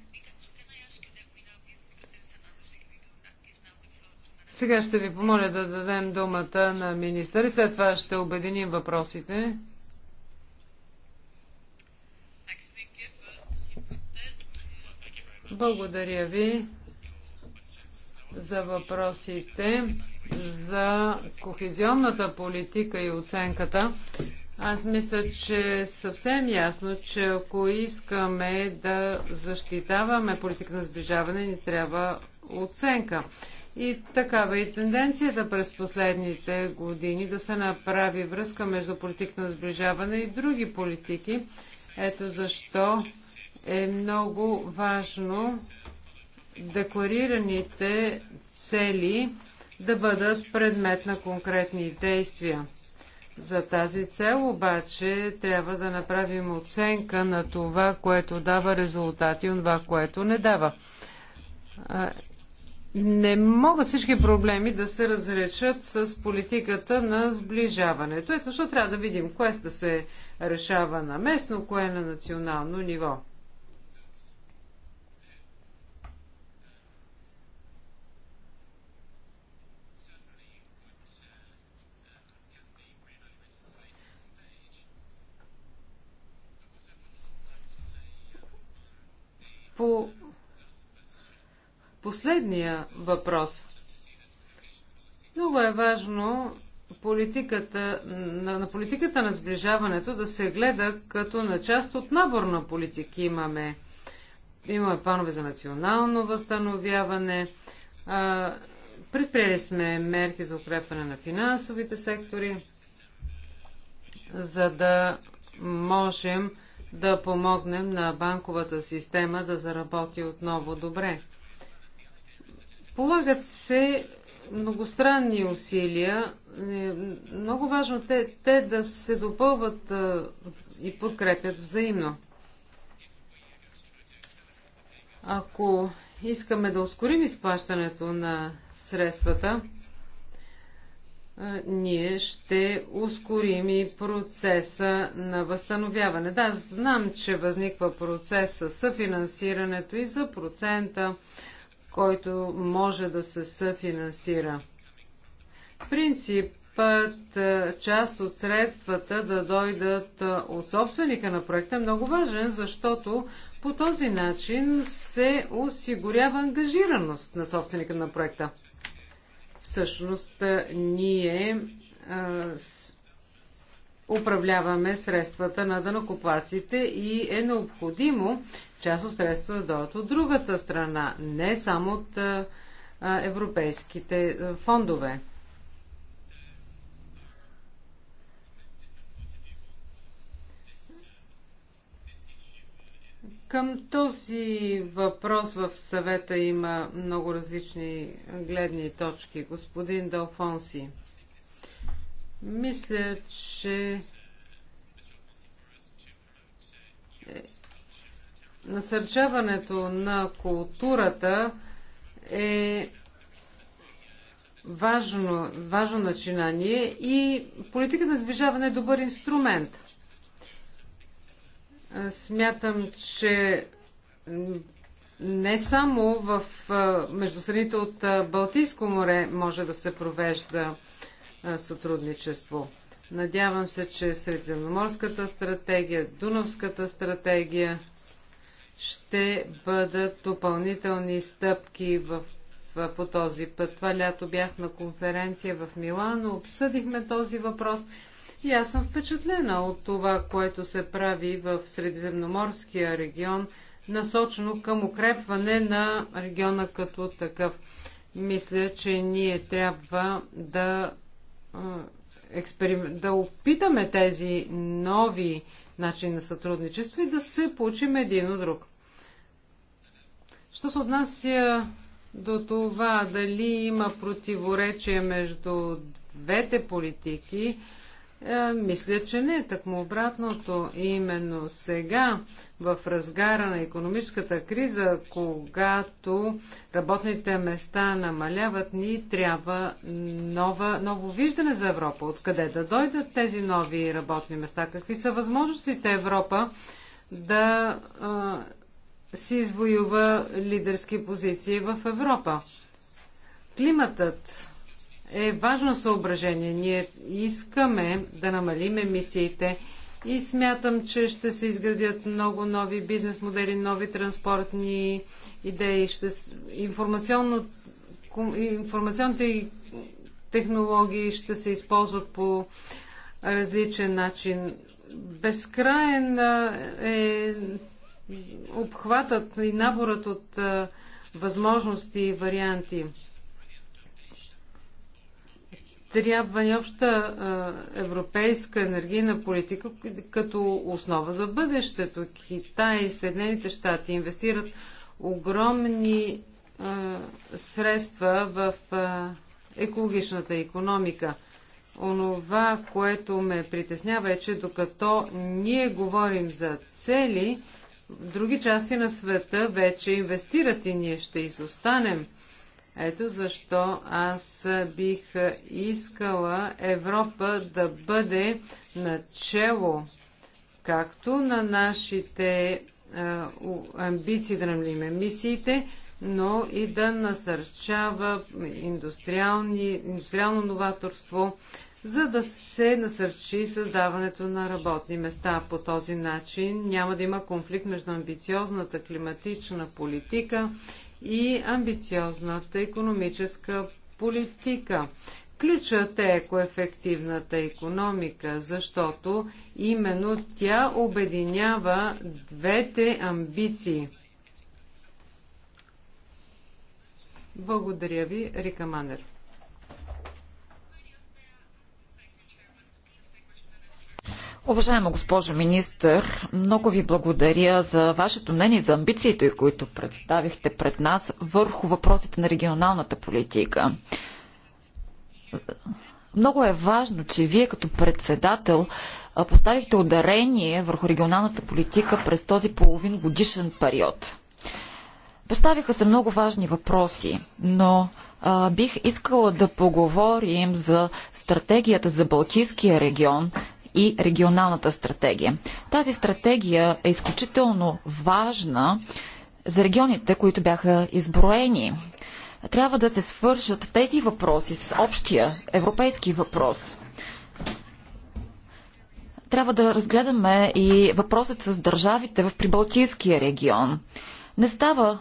Сега ще ви помоля да дадем думата на министър и след това ще обединим въпросите. Благодаря ви за въпросите за кохезионната политика и оценката. Аз мисля, че е съвсем ясно, че ако искаме да защитаваме политика на сближаване, ни трябва оценка. И такава е и тенденцията през последните години да се направи връзка между политика на сближаване и други политики. Ето защо е много важно декларираните цели да бъдат предмет на конкретни действия. За тази цел обаче трябва да направим оценка на това, което дава резултати и това, което не дава. Не могат всички проблеми да се разрешат с политиката на сближаването. Ето защо трябва да видим кое ще се решава на местно, кое на национално ниво. По последния въпрос. Много е важно политиката, на, на политиката на сближаването да се гледа като на част от набор на политики. Имаме, имаме планове за национално възстановяване, а, предприели сме мерки за укрепване на финансовите сектори, за да можем да помогнем на банковата система да заработи отново добре. Полагат се многостранни усилия. Е, много важно те, те да се допълват е, и подкрепят взаимно. Ако искаме да ускорим изплащането на средствата, ние ще ускорим и процеса на възстановяване. Да, знам, че възниква процес с съфинансирането и за процента, който може да се съфинансира. Принципът част от средствата да дойдат от собственика на проекта е много важен, защото по този начин се осигурява ангажираност на собственика на проекта всъщност ние управляваме средствата на данокоплаците и е необходимо част от средства да дойдат от другата страна, не само от европейските фондове. Към този въпрос в съвета има много различни гледни точки. Господин Далфонси, мисля, че насърчаването на културата е важно, важно начинание и политиката на сближаване е добър инструмент. Смятам, че не само в, между страните от Балтийско море може да се провежда сътрудничество. Надявам се, че Средиземноморската стратегия, Дунавската стратегия ще бъдат допълнителни стъпки в, по този път. Това лято бях на конференция в Милано, обсъдихме този въпрос и аз съм впечатлена от това, което се прави в Средиземноморския регион, насочено към укрепване на региона като такъв. Мисля, че ние трябва да, експерим... да опитаме тези нови начини на сътрудничество и да се получим един от друг. Що се отнася до това дали има противоречие между двете политики, е, мисля, че не е такмо обратното. Именно сега, в разгара на економическата криза, когато работните места намаляват, ни трябва нова, ново виждане за Европа. Откъде да дойдат тези нови работни места? Какви са възможностите Европа да а, си извоюва лидерски позиции в Европа? Климатът е важно съображение. Ние искаме да намалим емисиите и смятам, че ще се изградят много нови бизнес модели, нови транспортни идеи. Ще... Информационно... Информационните технологии ще се използват по различен начин. Безкраен е обхватът и наборът от възможности и варианти трябва ни обща европейска енергийна политика като основа за бъдещето. Китай и Съединените щати инвестират огромни а, средства в а, екологичната економика. Онова, което ме притеснява е, че докато ние говорим за цели, в други части на света вече инвестират и ние ще изостанем. Ето защо аз бих искала Европа да бъде начало, както на нашите амбиции да намалим мисиите, но и да насърчава индустриално новаторство, за да се насърчи създаването на работни места. По този начин няма да има конфликт между амбициозната климатична политика и амбициозната економическа политика. Ключът е екоефективната економика, защото именно тя обединява двете амбиции. Благодаря ви, Рика Манер. Уважаема госпожо министър, много ви благодаря за вашето мнение и за амбициите, които представихте пред нас върху въпросите на регионалната политика. Много е важно, че вие като председател поставихте ударение върху регионалната политика през този половин годишен период. Поставиха се много важни въпроси, но а, бих искала да поговорим за стратегията за Балтийския регион и регионалната стратегия. Тази стратегия е изключително важна за регионите, които бяха изброени. Трябва да се свършат тези въпроси с общия европейски въпрос трябва да разгледаме и въпросът с държавите в Прибалтийския регион. Не става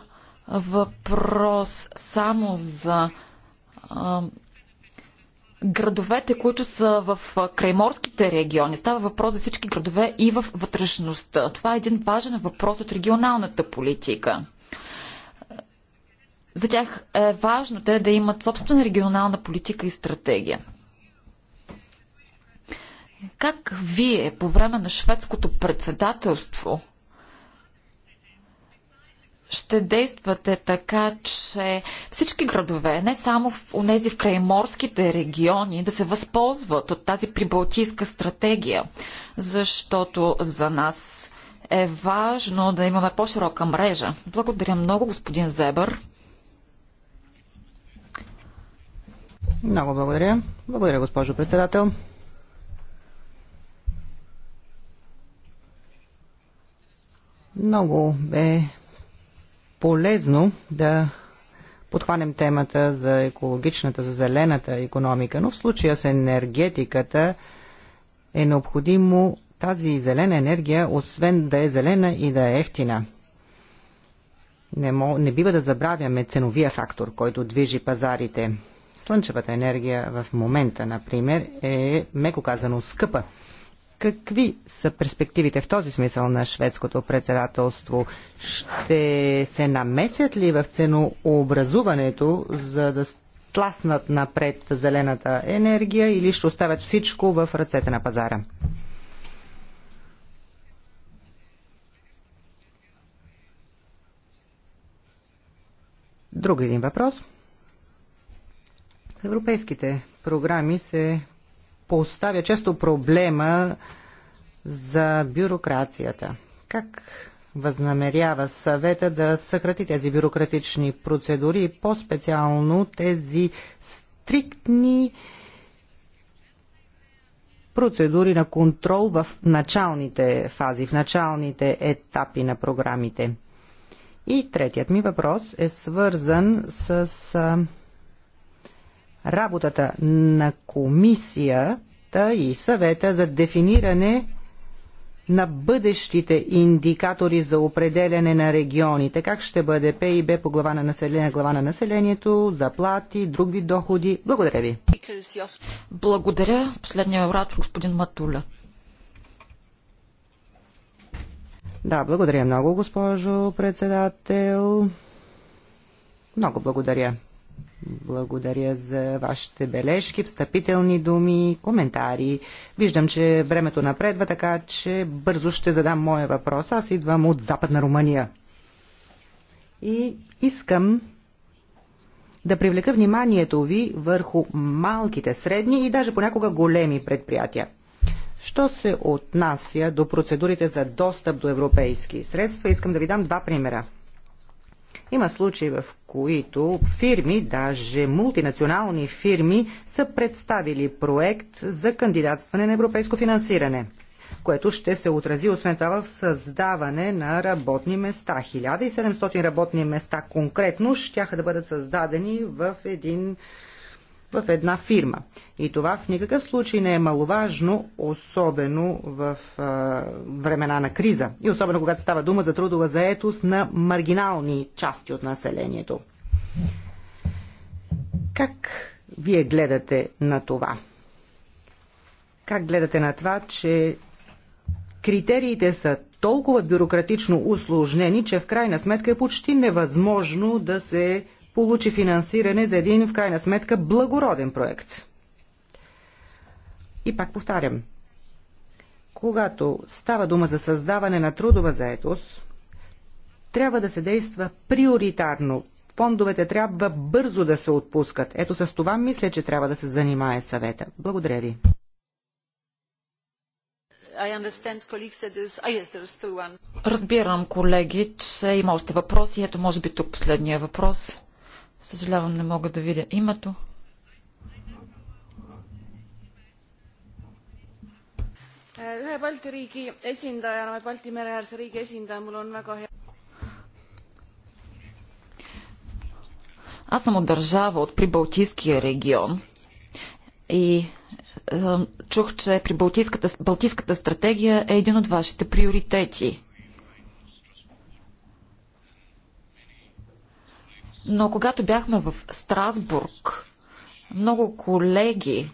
въпрос само за а, градовете, които са в крайморските региони. Става въпрос за всички градове и в вътрешността. Това е един важен въпрос от регионалната политика. За тях е важно те да имат собствена регионална политика и стратегия. Как вие по време на шведското председателство ще действате така, че всички градове, не само в унези в крайморските региони, да се възползват от тази прибалтийска стратегия, защото за нас е важно да имаме по-широка мрежа. Благодаря много, господин Зебър. Много благодаря. Благодаря, госпожо председател. Много бе полезно да подхванем темата за екологичната, за зелената економика, но в случая с енергетиката е необходимо тази зелена енергия, освен да е зелена и да е ефтина. Не, мож, не бива да забравяме ценовия фактор, който движи пазарите. Слънчевата енергия в момента, например, е, меко казано, скъпа Какви са перспективите в този смисъл на шведското председателство? Ще се намесят ли в ценообразуването, за да тласнат напред зелената енергия или ще оставят всичко в ръцете на пазара? Друг един въпрос. европейските програми се поставя често проблема за бюрокрацията. Как възнамерява съвета да съкрати тези бюрократични процедури и по-специално тези стриктни процедури на контрол в началните фази, в началните етапи на програмите. И третият ми въпрос е свързан с работата на комисията и съвета за дефиниране на бъдещите индикатори за определяне на регионите. Как ще бъде ПИБ по глава на население, глава на населението, заплати, друг вид доходи? Благодаря ви. Благодаря. Последния оратор, господин Матуля. Да, благодаря много, госпожо председател. Много благодаря благодаря за вашите бележки, встъпителни думи, коментари. Виждам, че времето напредва, така че бързо ще задам моя въпрос. Аз идвам от Западна Румъния. И искам да привлека вниманието ви върху малките, средни и даже понякога големи предприятия. Що се отнася до процедурите за достъп до европейски средства, искам да ви дам два примера – има случаи, в които фирми, даже мултинационални фирми, са представили проект за кандидатстване на европейско финансиране което ще се отрази освен това в създаване на работни места. 1700 работни места конкретно ще да бъдат създадени в един в една фирма. И това в никакъв случай не е маловажно, особено в а, времена на криза. И особено когато става дума за трудова заетост на маргинални части от населението. Как вие гледате на това? Как гледате на това, че критериите са толкова бюрократично усложнени, че в крайна сметка е почти невъзможно да се получи финансиране за един, в крайна сметка, благороден проект. И пак повтарям, когато става дума за създаване на трудова заетост, трябва да се действа приоритарно. Фондовете трябва бързо да се отпускат. Ето с това мисля, че трябва да се занимае съвета. Благодаря ви. Ah, Разбирам, колеги, че има още въпроси. Ето, може би тук последния въпрос. Съжалявам, не мога да видя името. Э, ühe Balti riigi esindajana või Balti mereäärse riigi esindaja mul on väga hea Аз съм от държава от Прибалтийския регион и чух, че Прибалтийската стратегия е един от вашите приоритети. Но когато бяхме в Страсбург, много колеги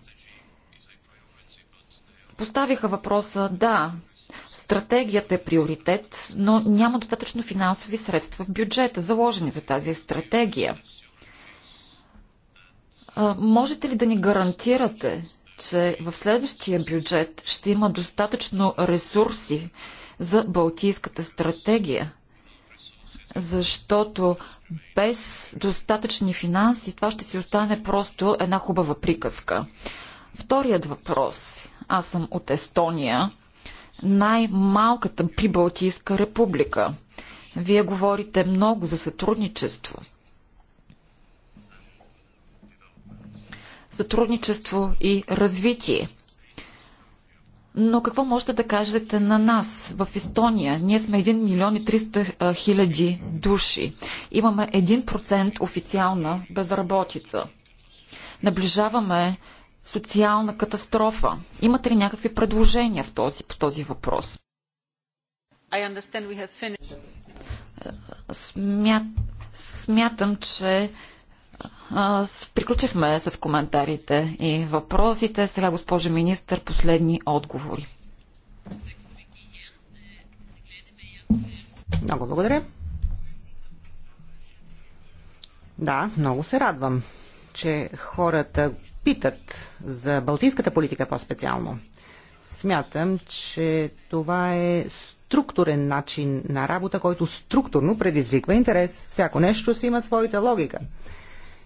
поставиха въпроса, да, стратегията е приоритет, но няма достатъчно финансови средства в бюджета, заложени за тази стратегия. Можете ли да ни гарантирате, че в следващия бюджет ще има достатъчно ресурси за Балтийската стратегия? защото без достатъчни финанси това ще си остане просто една хубава приказка. Вторият въпрос. Аз съм от Естония, най-малката прибалтийска република. Вие говорите много за сътрудничество. Сътрудничество и развитие. Но какво можете да кажете на нас в Естония? Ние сме 1 милион и 300 хиляди души. Имаме 1% официална безработица. Наближаваме социална катастрофа. Имате ли някакви предложения в този, по този въпрос? Смят, смятам, че приключихме с коментарите и въпросите. Сега, госпожо министър, последни отговори. Много благодаря. Да, много се радвам, че хората питат за балтийската политика по-специално. Смятам, че това е структурен начин на работа, който структурно предизвиква интерес. Всяко нещо си има своята логика.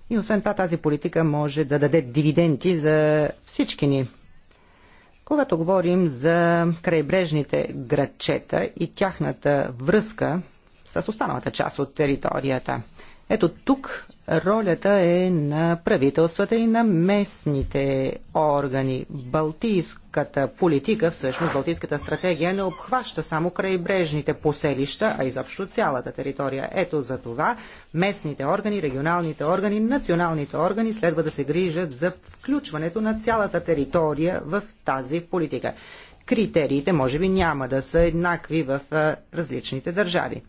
И освен това тази политика може да даде дивиденти за всички ни. Когато говорим за крайбрежните градчета и тяхната връзка с останалата част от територията, ето тук Ролята е на правителствата и на местните органи. Балтийската политика, всъщност Балтийската стратегия не обхваща само крайбрежните поселища, а изобщо цялата територия. Ето за това местните органи, регионалните органи, националните органи следва да се грижат за включването на цялата територия в тази политика. Критериите може би няма да са еднакви в различните държави.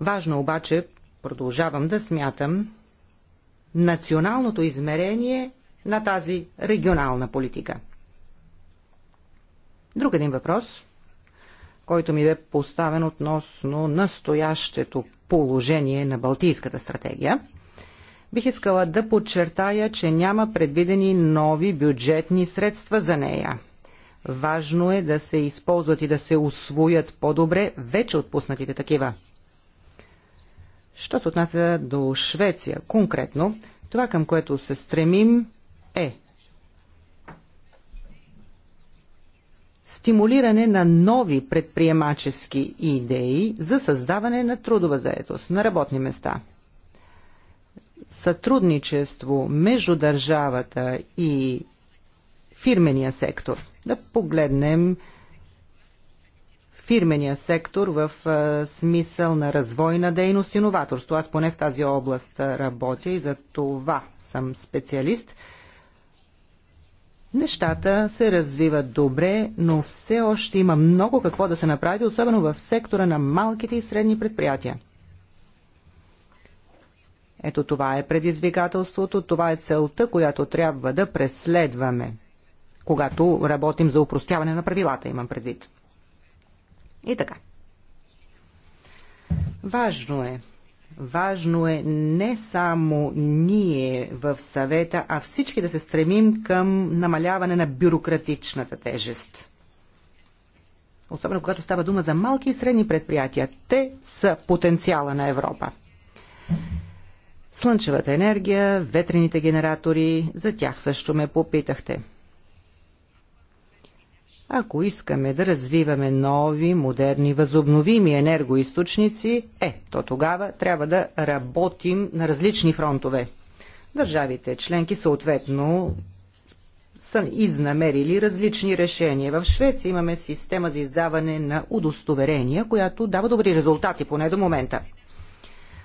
Важно обаче, продължавам да смятам, националното измерение на тази регионална политика. Друг един въпрос, който ми бе поставен относно настоящето положение на Балтийската стратегия. Бих искала да подчертая, че няма предвидени нови бюджетни средства за нея. Важно е да се използват и да се освоят по-добре вече отпуснатите такива. Що се отнася до Швеция конкретно, това към което се стремим е стимулиране на нови предприемачески идеи за създаване на трудова заетост на работни места. Сътрудничество между държавата и фирмения сектор. Да погледнем фирмения сектор в смисъл на развойна дейност и новаторство. Аз поне в тази област работя и за това съм специалист. Нещата се развиват добре, но все още има много какво да се направи, особено в сектора на малките и средни предприятия. Ето това е предизвикателството, това е целта, която трябва да преследваме, когато работим за упростяване на правилата, имам предвид. И така. Важно е Важно е не само ние в съвета, а всички да се стремим към намаляване на бюрократичната тежест. Особено когато става дума за малки и средни предприятия. Те са потенциала на Европа. Слънчевата енергия, ветрените генератори, за тях също ме попитахте. Ако искаме да развиваме нови, модерни, възобновими енергоисточници, е, то тогава трябва да работим на различни фронтове. Държавите членки съответно са изнамерили различни решения. В Швеция имаме система за издаване на удостоверения, която дава добри резултати, поне до момента.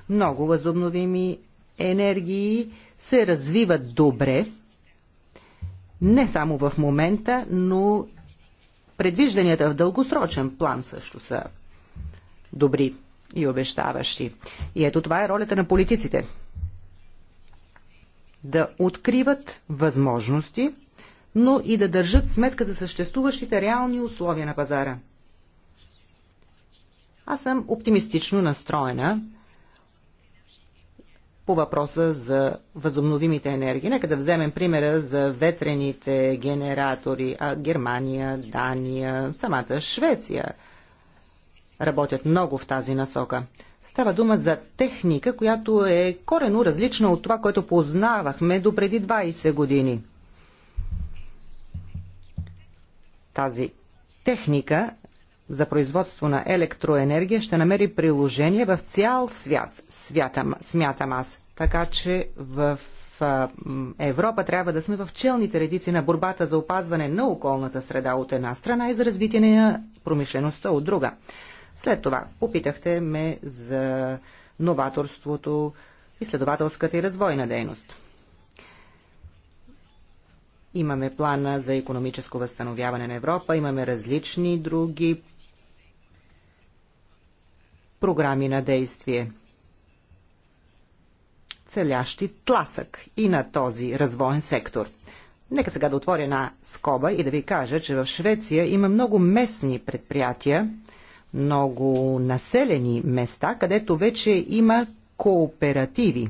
Много възобновими енергии се развиват добре, не само в момента, но Предвижданията в дългосрочен план също са добри и обещаващи. И ето това е ролята на политиците. Да откриват възможности, но и да държат сметка за съществуващите реални условия на пазара. Аз съм оптимистично настроена по въпроса за възобновимите енергии. Нека да вземем примера за ветрените генератори, а Германия, Дания, самата Швеция работят много в тази насока. Става дума за техника, която е корено различна от това, което познавахме до преди 20 години. Тази техника за производство на електроенергия ще намери приложение в цял свят, святам, смятам аз. Така че в Европа трябва да сме в челните редици на борбата за опазване на околната среда от една страна и за развитие на промишлеността от друга. След това попитахте ме за новаторството, изследователската и развойна дейност. Имаме плана за економическо възстановяване на Европа, имаме различни други програми на действие, целящи тласък и на този развоен сектор. Нека сега да отворя една скоба и да ви кажа, че в Швеция има много местни предприятия, много населени места, където вече има кооперативи,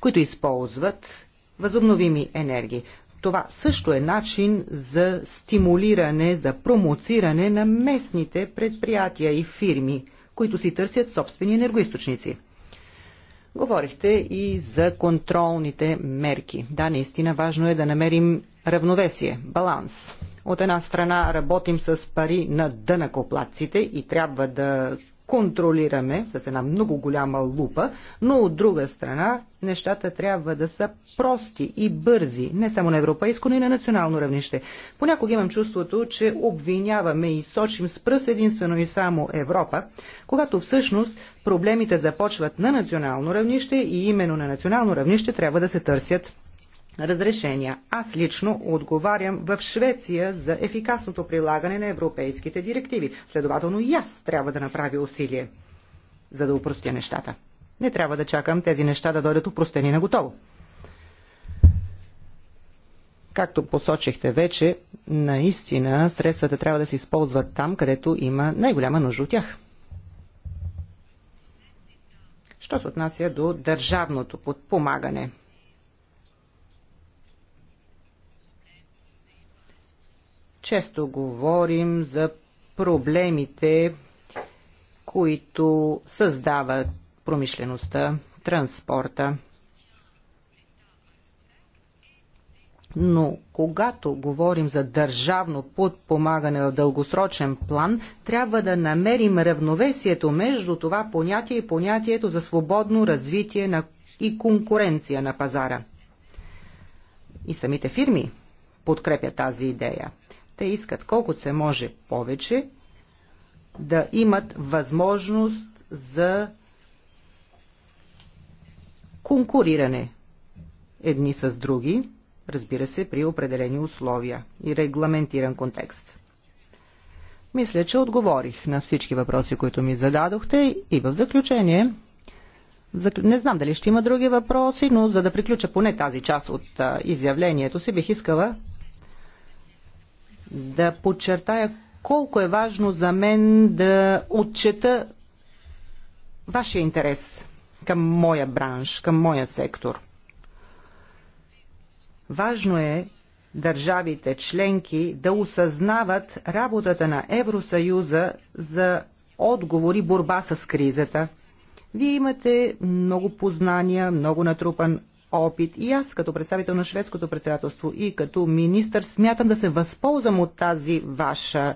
които използват възобновими енергии. Това също е начин за стимулиране, за промоциране на местните предприятия и фирми които си търсят собствени енергоисточници. Говорихте и за контролните мерки. Да, наистина важно е да намерим равновесие, баланс. От една страна работим с пари на дънакоплаците и трябва да контролираме с една много голяма лупа, но от друга страна нещата трябва да са прости и бързи, не само на европейско, но и на национално равнище. Понякога имам чувството, че обвиняваме и сочим с пръс единствено и само Европа, когато всъщност проблемите започват на национално равнище и именно на национално равнище трябва да се търсят разрешения. Аз лично отговарям в Швеция за ефикасното прилагане на европейските директиви. Следователно и аз трябва да направя усилие, за да упростя нещата. Не трябва да чакам тези неща да дойдат упростени на готово. Както посочихте вече, наистина средствата трябва да се използват там, където има най-голяма нужда от тях. Що се отнася до държавното подпомагане – Често говорим за проблемите, които създават промишлеността, транспорта. Но когато говорим за държавно подпомагане в дългосрочен план, трябва да намерим равновесието между това понятие и понятието за свободно развитие на и конкуренция на пазара. И самите фирми подкрепят тази идея. Те искат колкото се може повече да имат възможност за конкуриране едни с други, разбира се, при определени условия и регламентиран контекст. Мисля, че отговорих на всички въпроси, които ми зададохте и в заключение. Не знам дали ще има други въпроси, но за да приключа поне тази част от изявлението си, бих искала да подчертая колко е важно за мен да отчета вашия интерес към моя бранш, към моя сектор. Важно е държавите членки да осъзнават работата на Евросъюза за отговори борба с кризата. Вие имате много познания, много натрупан опит. И аз, като представител на шведското председателство и като министър, смятам да се възползвам от тази ваша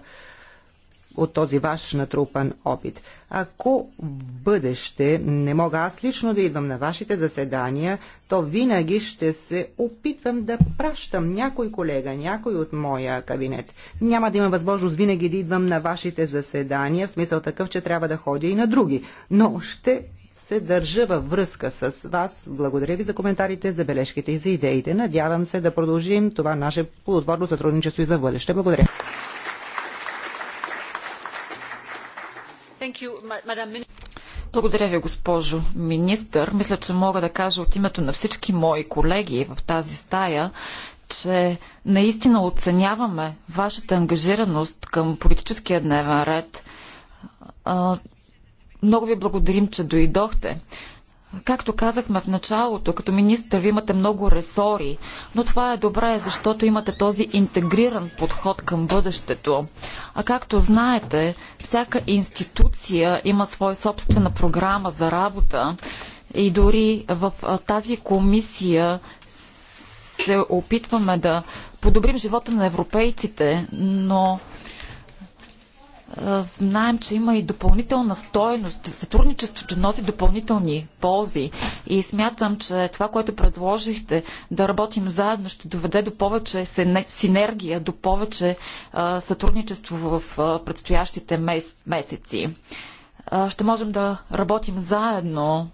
от този ваш натрупан опит. Ако в бъдеще не мога аз лично да идвам на вашите заседания, то винаги ще се опитвам да пращам някой колега, някой от моя кабинет. Няма да има възможност винаги да идвам на вашите заседания, в смисъл такъв, че трябва да ходя и на други. Но ще се държа във връзка с вас. Благодаря ви за коментарите, за бележките и за идеите. Надявам се да продължим това наше плодотворно сътрудничество и за бъдеще. Благодаря. Благодаря ви, госпожо министър. Мисля, че мога да кажа от името на всички мои колеги в тази стая, че наистина оценяваме вашата ангажираност към политическия дневен ред много ви благодарим, че дойдохте. Както казахме в началото, като министър ви имате много ресори, но това е добре, защото имате този интегриран подход към бъдещето. А както знаете, всяка институция има своя собствена програма за работа и дори в тази комисия се опитваме да подобрим живота на европейците, но знаем, че има и допълнителна стойност. Сътрудничеството носи допълнителни ползи. И смятам, че това, което предложихте да работим заедно, ще доведе до повече синергия, до повече сътрудничество в предстоящите месеци. Ще можем да работим заедно,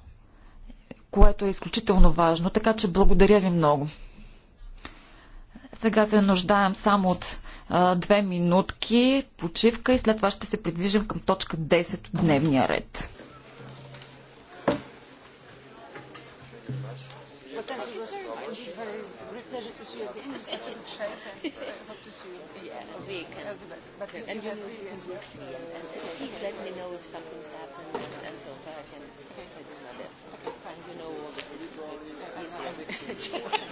което е изключително важно. Така че благодаря ви много. Сега се нуждаем само от две минутки почивка и след това ще се придвижим към точка 10 от дневния ред. And you know, you can reach me and, and please let me know if something's happened and so, so I can okay. do my best. Okay. Fine, you know all the statistics.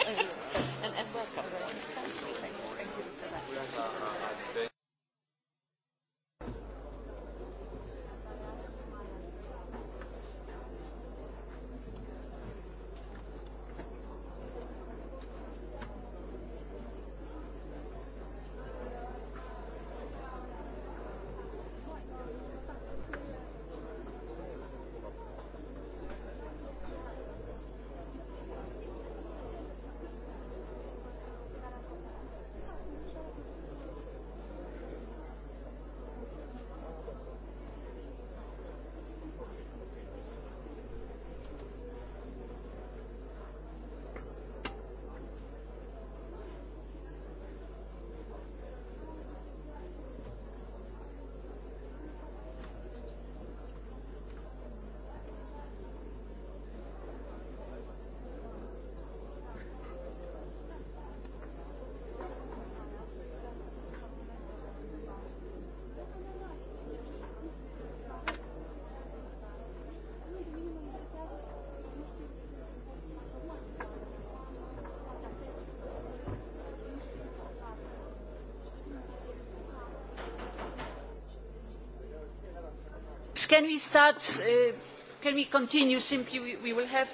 Can we start? Uh, can we continue? Simply, we, we will have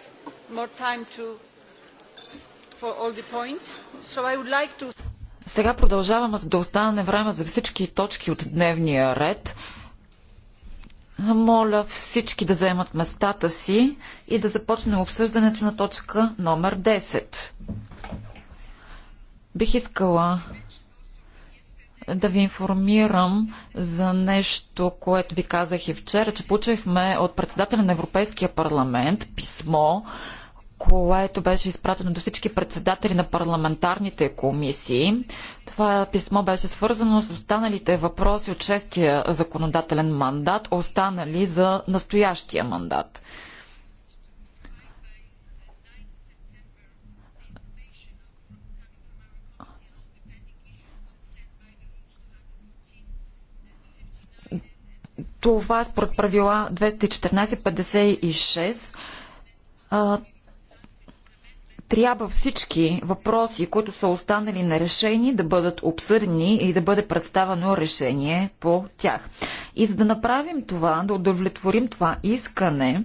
more time to for all the points. So I would like to. Сега продължаваме да остане време за всички точки от дневния ред. Моля всички да заемат местата си и да започне обсъждането на точка номер 10. Бих искала да ви информирам за нещо, което ви казах и вчера, че получихме от председателя на Европейския парламент писмо, което беше изпратено до всички председатели на парламентарните комисии. Това писмо беше свързано с останалите въпроси от шестия законодателен мандат, останали за настоящия мандат. Това според правила 214-56 трябва всички въпроси, които са останали нерешени, да бъдат обсъдени и да бъде представено решение по тях. И за да направим това, да удовлетворим това искане,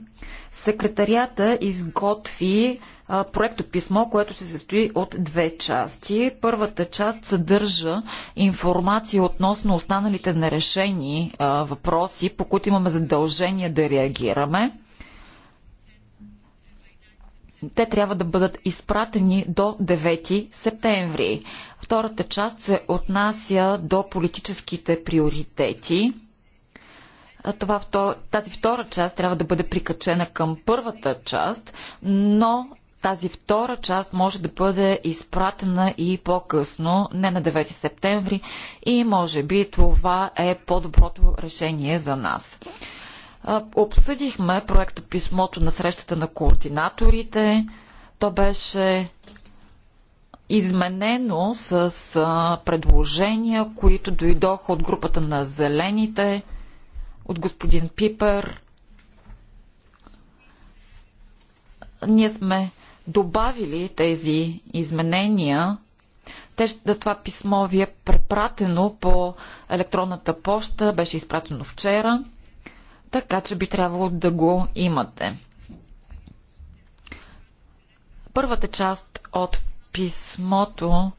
секретарията изготви от писмо, което се състои от две части. Първата част съдържа информация относно останалите нарешени въпроси, по които имаме задължение да реагираме те трябва да бъдат изпратени до 9 септември. Втората част се отнася до политическите приоритети. Това, тази втора част трябва да бъде прикачена към първата част, но тази втора част може да бъде изпратена и по-късно, не на 9 септември и може би това е по-доброто решение за нас. Обсъдихме проекта писмото на срещата на координаторите. То беше изменено с предложения, които дойдоха от групата на зелените, от господин Пипер. Ние сме добавили тези изменения. Те, това писмо ви е препратено по електронната поща, беше изпратено вчера, така че би трябвало да го имате. Първата част от писмото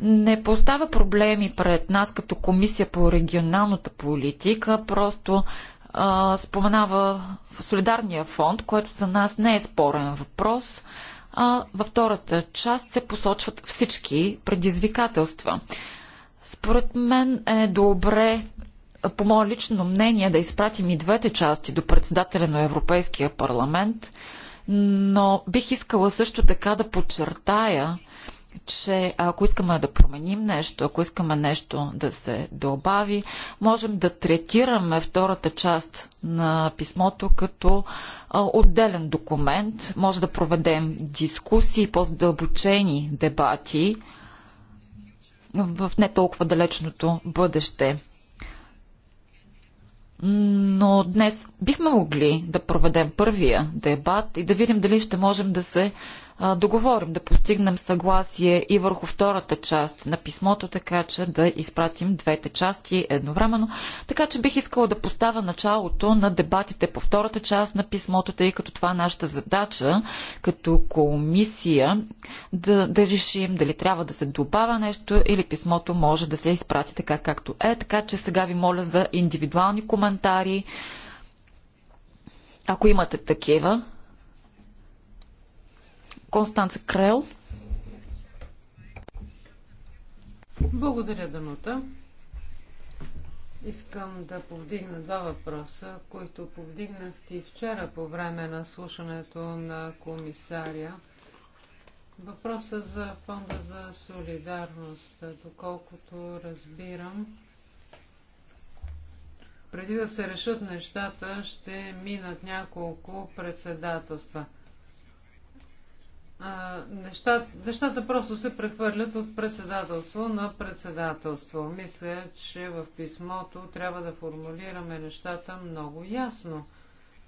не поставя проблеми пред нас като комисия по регионалната политика, просто а, споменава солидарния фонд, което за нас не е спорен въпрос. А във втората част се посочват всички предизвикателства. Според мен е добре по мое лично мнение да изпратим и двете части до председателя на Европейския парламент, но бих искала също така да подчертая, че ако искаме да променим нещо, ако искаме нещо да се добави, можем да третираме втората част на писмото като отделен документ. Може да проведем дискусии, по-задълбочени дебати в не толкова далечното бъдеще. Но днес бихме могли да проведем първия дебат и да видим дали ще можем да се договорим, да постигнем съгласие и върху втората част на писмото, така че да изпратим двете части едновременно. Така че бих искала да поставя началото на дебатите по втората част на писмото, тъй като това е нашата задача като комисия да, да решим дали трябва да се добавя нещо или писмото може да се изпрати така както е. Така че сега ви моля за индивидуални коментари. Ако имате такива, Констанца Крел. Благодаря, Данута. Искам да повдигна два въпроса, които повдигнах и вчера по време на слушането на комисаря. Въпроса за фонда за солидарност, доколкото разбирам, преди да се решат нещата, ще минат няколко председателства – нещата, нещата просто се прехвърлят от председателство на председателство. Мисля, че в писмото трябва да формулираме нещата много ясно.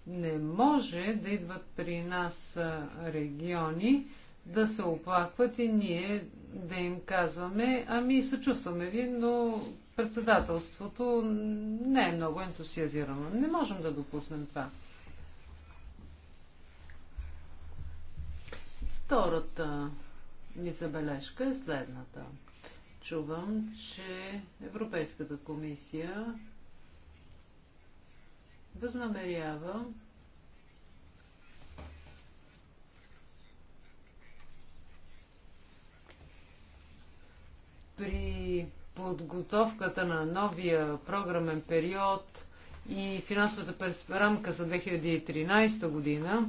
Не може да идват при нас региони, да се оплакват и ние да им казваме, ами съчувстваме ви, но председателството не е много ентусиазирано. Не можем да допуснем това. Втората ми забележка е следната. Чувам, че Европейската комисия възнамерява при подготовката на новия програмен период и финансовата рамка за 2013 година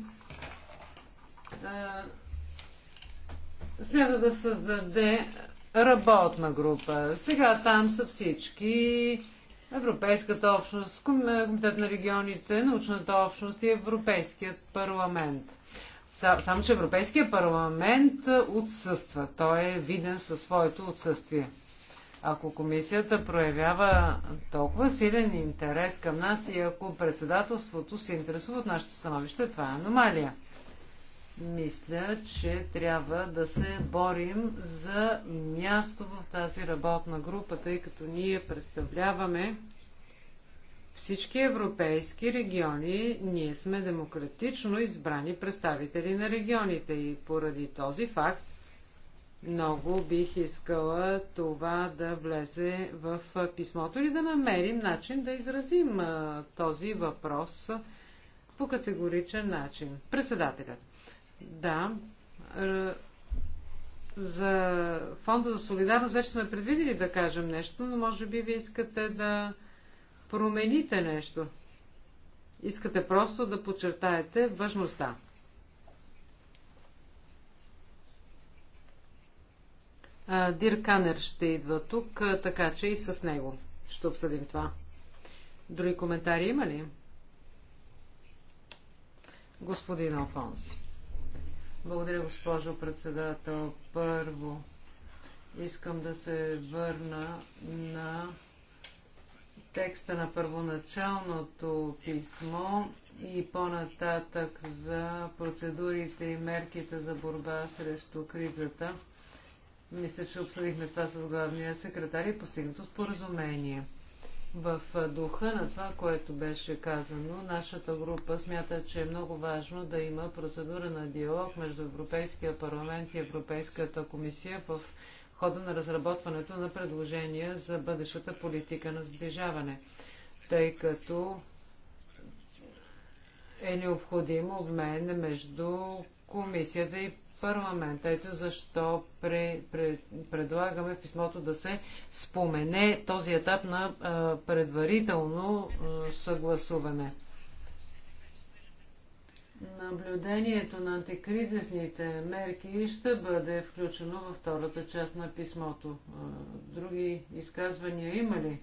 смята да създаде работна група. Сега там са всички Европейската общност, Комитет на регионите, научната общност и Европейският парламент. Само, че Европейският парламент отсъства. Той е виден със своето отсъствие. Ако комисията проявява толкова силен интерес към нас и ако председателството се интересува от нашето становище, това е аномалия. Мисля, че трябва да се борим за място в тази работна група, тъй като ние представляваме всички европейски региони. Ние сме демократично избрани представители на регионите и поради този факт много бих искала това да влезе в писмото и да намерим начин да изразим този въпрос по категоричен начин. Председателят. Да. За фонда за солидарност вече сме предвидели да кажем нещо, но може би ви искате да промените нещо. Искате просто да подчертаете важността. Дир Канер ще идва тук, така че и с него ще обсъдим това. Други коментари има ли? Господин Алфонси. Благодаря, госпожо председател. Първо, искам да се върна на текста на първоначалното писмо и по-нататък за процедурите и мерките за борба срещу кризата. Мисля, че обсъдихме това с главния секретар и постигнато споразумение. В духа на това, което беше казано, нашата група смята, че е много важно да има процедура на диалог между Европейския парламент и Европейската комисия в хода на разработването на предложения за бъдещата политика на сближаване, тъй като е необходим обмен между комисията и парламент. Ето защо пре, пре, предлагаме в писмото да се спомене този етап на а, предварително а, съгласуване. Наблюдението на антикризисните мерки ще бъде включено във втората част на писмото. Други изказвания има ли?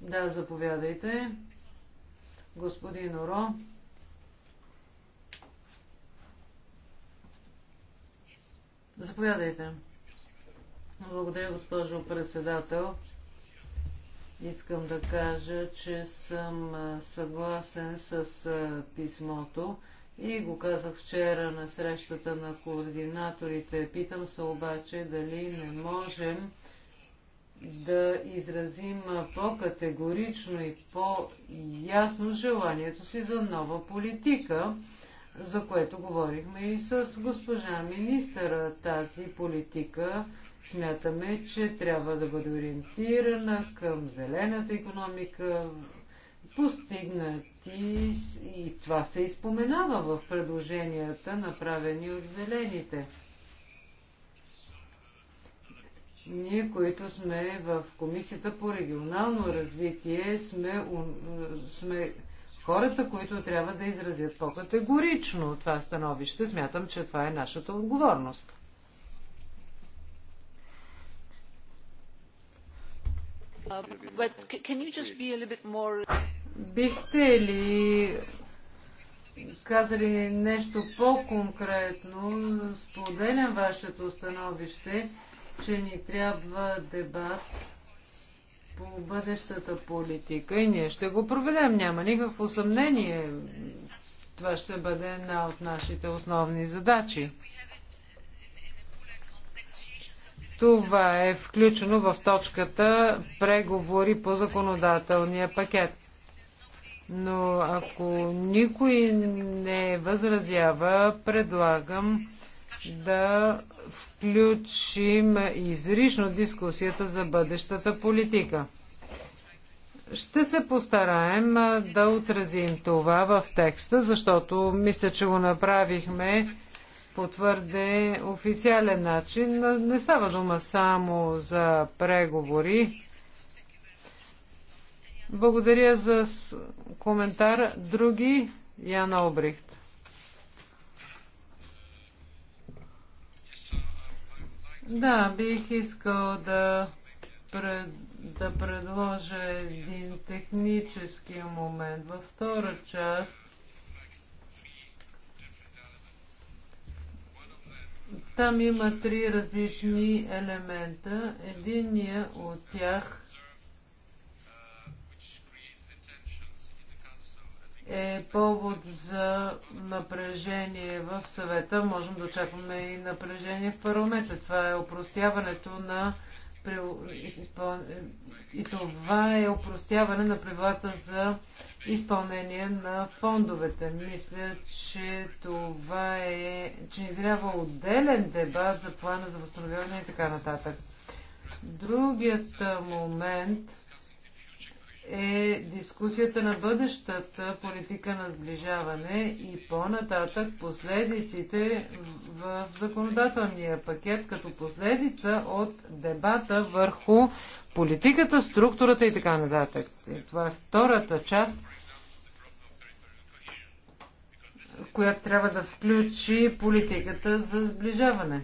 Да, заповядайте. Господин Оро. Заповядайте. Благодаря, госпожо председател. Искам да кажа, че съм съгласен с писмото и го казах вчера на срещата на координаторите. Питам се обаче дали не можем да изразим по-категорично и по-ясно желанието си за нова политика за което говорихме и с госпожа министъра. Тази политика смятаме, че трябва да бъде ориентирана към зелената економика, постигнати и това се изпоменава в предложенията, направени от зелените. Ние, които сме в Комисията по регионално развитие, сме, сме хората, които трябва да изразят по-категорично това становище. Смятам, че това е нашата отговорност. Uh, more... Бихте ли казали нещо по-конкретно? Споделям вашето становище, че ни трябва дебат по бъдещата политика и ние ще го проведем. Няма никакво съмнение. Това ще бъде една от нашите основни задачи. Това е включено в точката преговори по законодателния пакет. Но ако никой не възразява, предлагам да включим изрично дискусията за бъдещата политика. Ще се постараем да отразим това в текста, защото мисля, че го направихме по твърде официален начин. Не става дума само за преговори. Благодаря за коментар. Други? Яна Обрихт. Да, бих искал да, пред, да предложа един технически момент. Във втора част Там има три различни елемента. Единия от тях е повод за напрежение в съвета. Можем да очакваме и напрежение в парламента. Това е опростяването на и това е опростяване на правилата за изпълнение на фондовете. Мисля, че това е, че изрява отделен дебат за плана за възстановяване и така нататък. Другият момент е дискусията на бъдещата политика на сближаване и по-нататък последиците в законодателния пакет като последица от дебата върху политиката, структурата и така нататък. Това е втората част, която трябва да включи политиката за сближаване.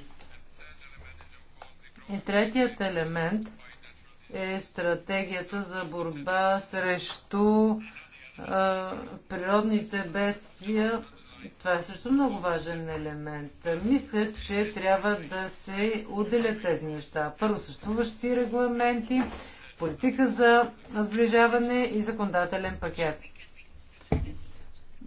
И третият елемент – е стратегията за борба срещу а, природните бедствия. Това е също много важен елемент. Мисля, че трябва да се отделят тези неща. Първо съществуващи регламенти, политика за сближаване и законодателен пакет.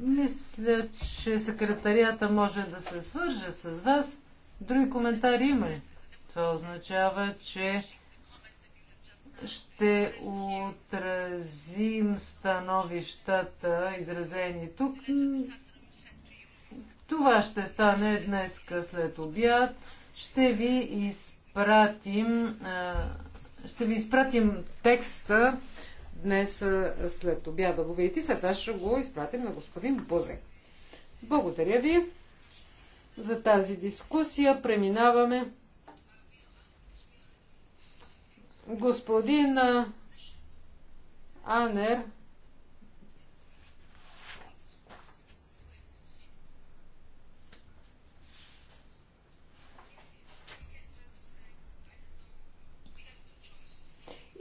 Мисля, че секретарията може да се свърже с вас. Други коментари има ли? Това означава, че ще отразим становищата, изразени тук. Това ще стане днес след обяд. Ще ви изпратим, ще ви изпратим текста днес след обяд да Го видите, след това ще го изпратим на господин Бузек. Благодаря ви за тази дискусия. Преминаваме Господин Анер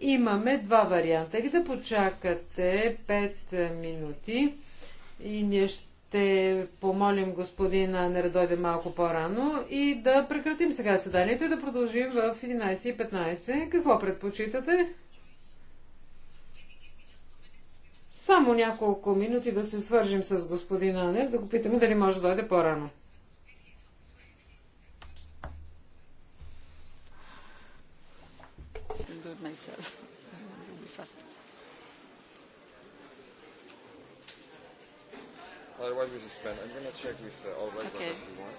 Имаме два варианта. Или да почакате 5 минути и ние ще ще помолим господина не да дойде малко по-рано и да прекратим сега съданието и да продължим в 11.15. Какво предпочитате? Само няколко минути да се свържим с господин Анев, да го питаме дали може да дойде по-рано. myself. Otherwise we suspend. I'm going to check with all okay. if you want.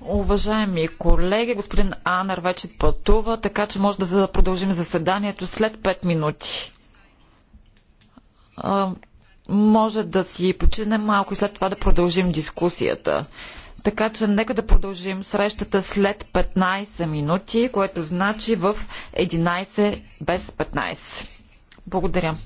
Уважаеми колеги, господин Анер вече пътува, така че може да продължим заседанието след 5 минути. Може да си починем малко и след това да продължим дискусията. Така че нека да продължим срещата след 15 минути, което значи в 11 без 15. Благодаря.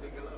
legal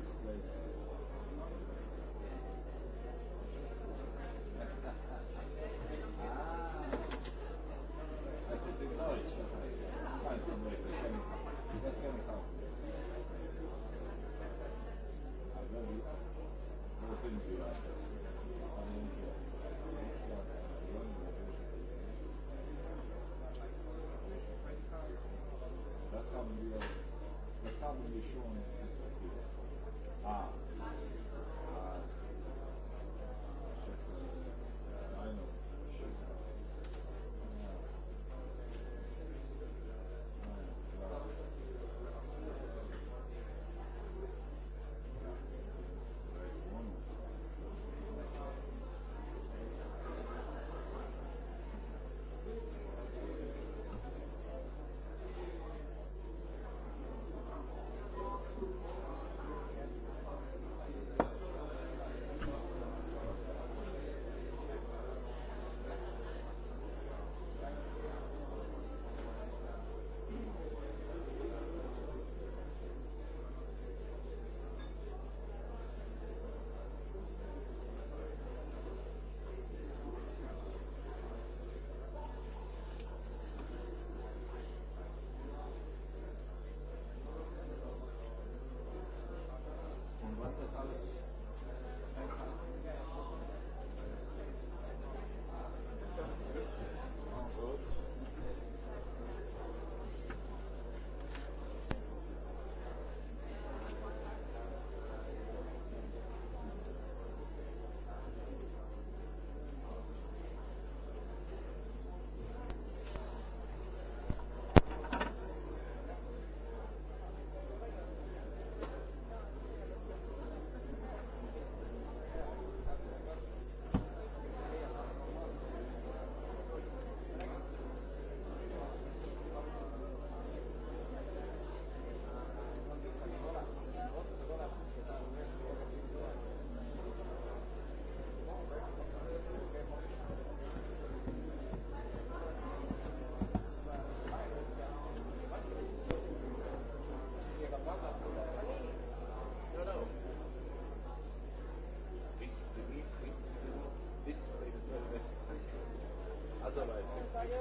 otherwise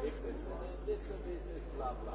if, if the business blah blah.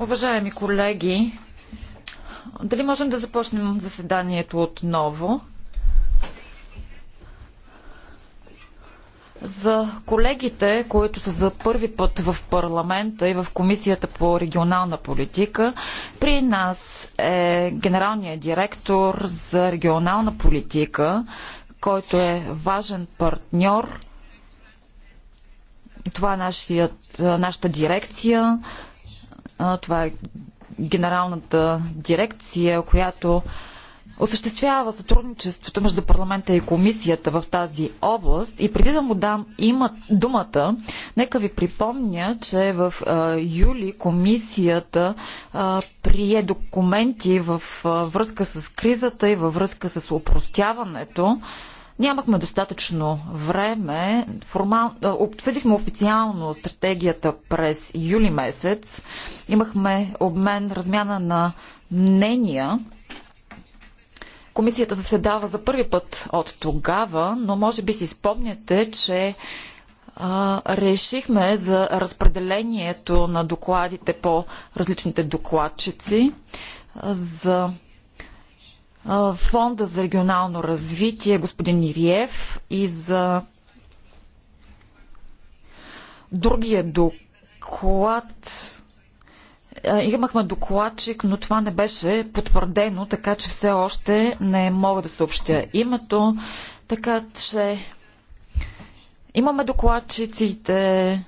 Уважаеми колеги, дали можем да започнем заседанието отново? За колегите, които са за първи път в парламента и в Комисията по регионална политика, при нас е генералният директор за регионална политика, който е важен партньор това е нашият, нашата дирекция. Това е генералната дирекция, която осъществява сътрудничеството между парламента и комисията в тази област. И преди да му дам има думата, нека ви припомня, че в а, юли комисията а, прие документи в а, връзка с кризата и във връзка с упростяването. А, Нямахме достатъчно време. Формал... Обсъдихме официално стратегията през юли месец. Имахме обмен, размяна на мнения. Комисията заседава за първи път от тогава, но може би си спомняте, че а, решихме за разпределението на докладите по различните докладчици за Фонда за регионално развитие, господин Ириев, и за другия доклад. Имахме докладчик, но това не беше потвърдено, така че все още не мога да съобщя името. Така че имаме докладчиците,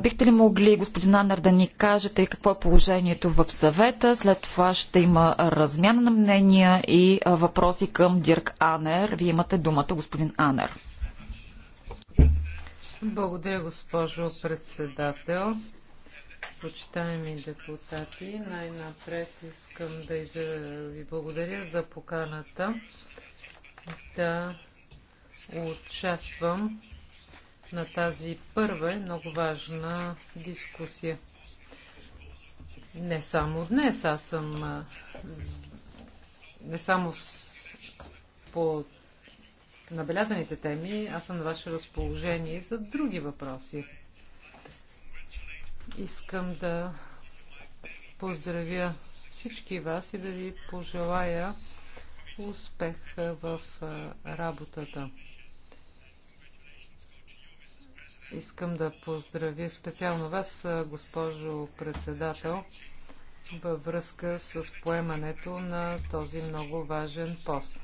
Бихте ли могли, господин Анер, да ни кажете какво е положението в съвета? След това ще има размяна на мнения и въпроси към Дирк Анер. Вие имате думата, господин Анер. Благодаря, госпожо председател. Почитаеми депутати, най-напред искам да ви благодаря за поканата да участвам на тази първа и много важна дискусия. Не само днес, аз съм не само по набелязаните теми, аз съм на ваше разположение за други въпроси. Искам да поздравя всички вас и да ви пожелая успех в работата. Искам да поздравя специално вас, госпожо председател, във връзка с поемането на този много важен пост.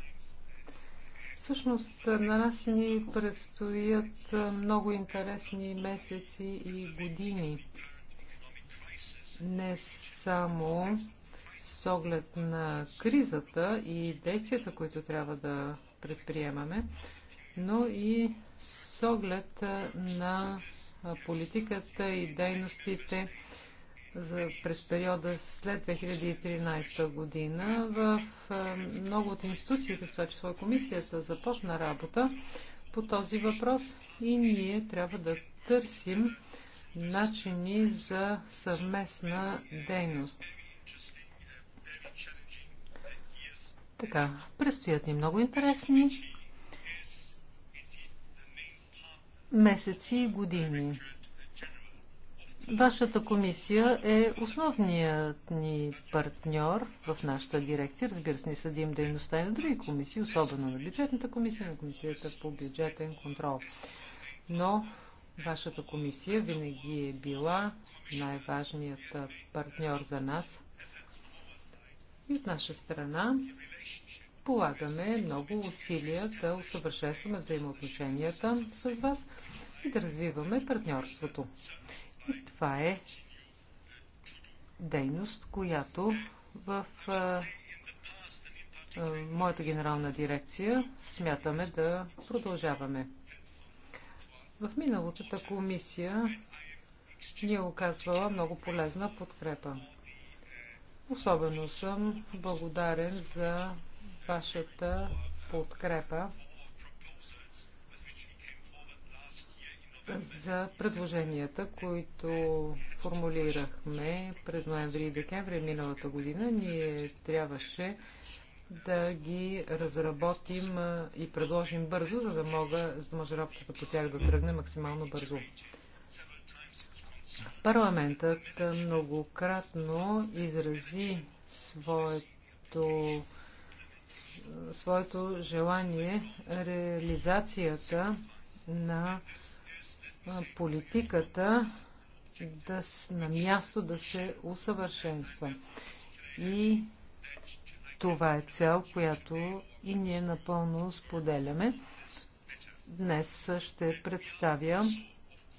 Всъщност на нас ни предстоят много интересни месеци и години. Не само с оглед на кризата и действията, които трябва да предприемаме, но и с оглед на политиката и дейностите за през периода след 2013 година в много от институциите, в това число комисията, започна работа по този въпрос и ние трябва да търсим начини за съвместна дейност. Така, предстоят ни много интересни месеци и години. Вашата комисия е основният ни партньор в нашата дирекция. Разбира се, ни съдим дейността и на други комисии, особено на бюджетната комисия, на комисията по бюджетен контрол. Но вашата комисия винаги е била най-важният партньор за нас. И от наша страна полагаме много усилия да усъвършенстваме взаимоотношенията с вас и да развиваме партньорството. И това е дейност, която в а, а, моята генерална дирекция смятаме да продължаваме. В миналата комисия ни е оказвала много полезна подкрепа. Особено съм благодарен за вашата подкрепа за предложенията, които формулирахме през ноември и декември миналата година. Ние трябваше да ги разработим и предложим бързо, за да, мога, за да може работата по тях да тръгне максимално бързо. Парламентът многократно изрази своето своето желание реализацията на политиката да, на място да се усъвършенства. И това е цел, която и ние напълно споделяме. Днес ще представя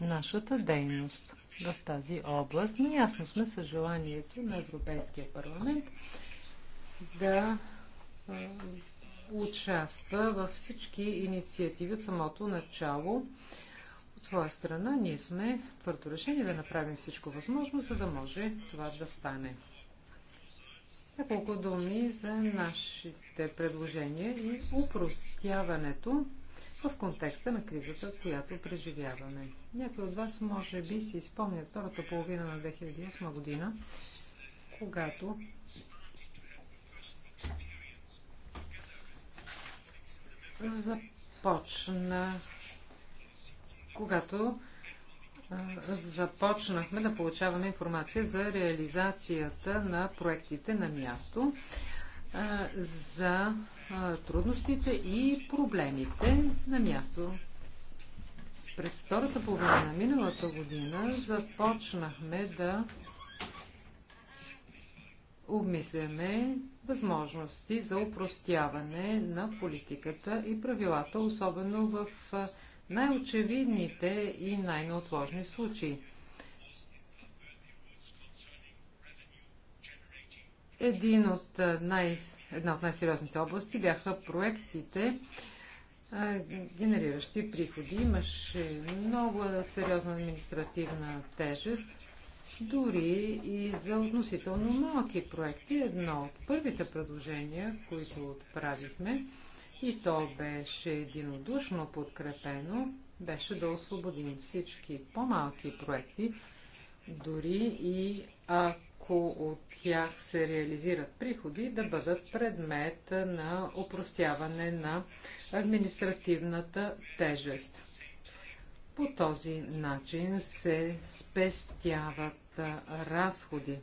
нашата дейност в тази област. ясно сме с желанието на Европейския парламент да участва във всички инициативи от самото начало. От своя страна ние сме твърдо решени да направим всичко възможно, за да може това да стане. Няколко думи за нашите предложения и упростяването в контекста на кризата, която преживяваме. Някой от вас може би си спомня втората половина на 2008 година, когато започна, когато започнахме да получаваме информация за реализацията на проектите на място, за трудностите и проблемите на място. През втората половина на миналата година започнахме да обмисляме възможности за упростяване на политиката и правилата, особено в най-очевидните и най-неотложни случаи. Един от най, една от най-сериозните области бяха проектите, генериращи приходи. Имаше много сериозна административна тежест дори и за относително малки проекти. Едно от първите предложения, които отправихме, и то беше единодушно подкрепено, беше да освободим всички по-малки проекти, дори и ако от тях се реализират приходи, да бъдат предмет на опростяване на административната тежест. По този начин се спестяват разходи.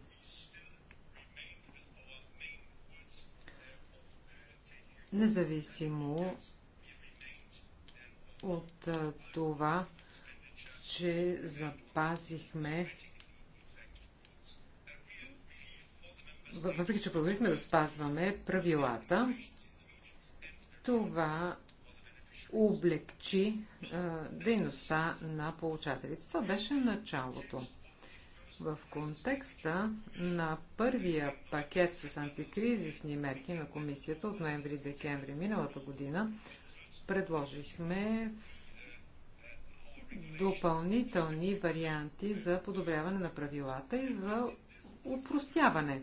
Независимо от това, че запазихме въпреки че продължихме да спазваме правилата, това облегчи дейността на получателите. Това беше началото. В контекста на първия пакет с антикризисни мерки на комисията от ноември-декември миналата година, предложихме допълнителни варианти за подобряване на правилата и за упростяване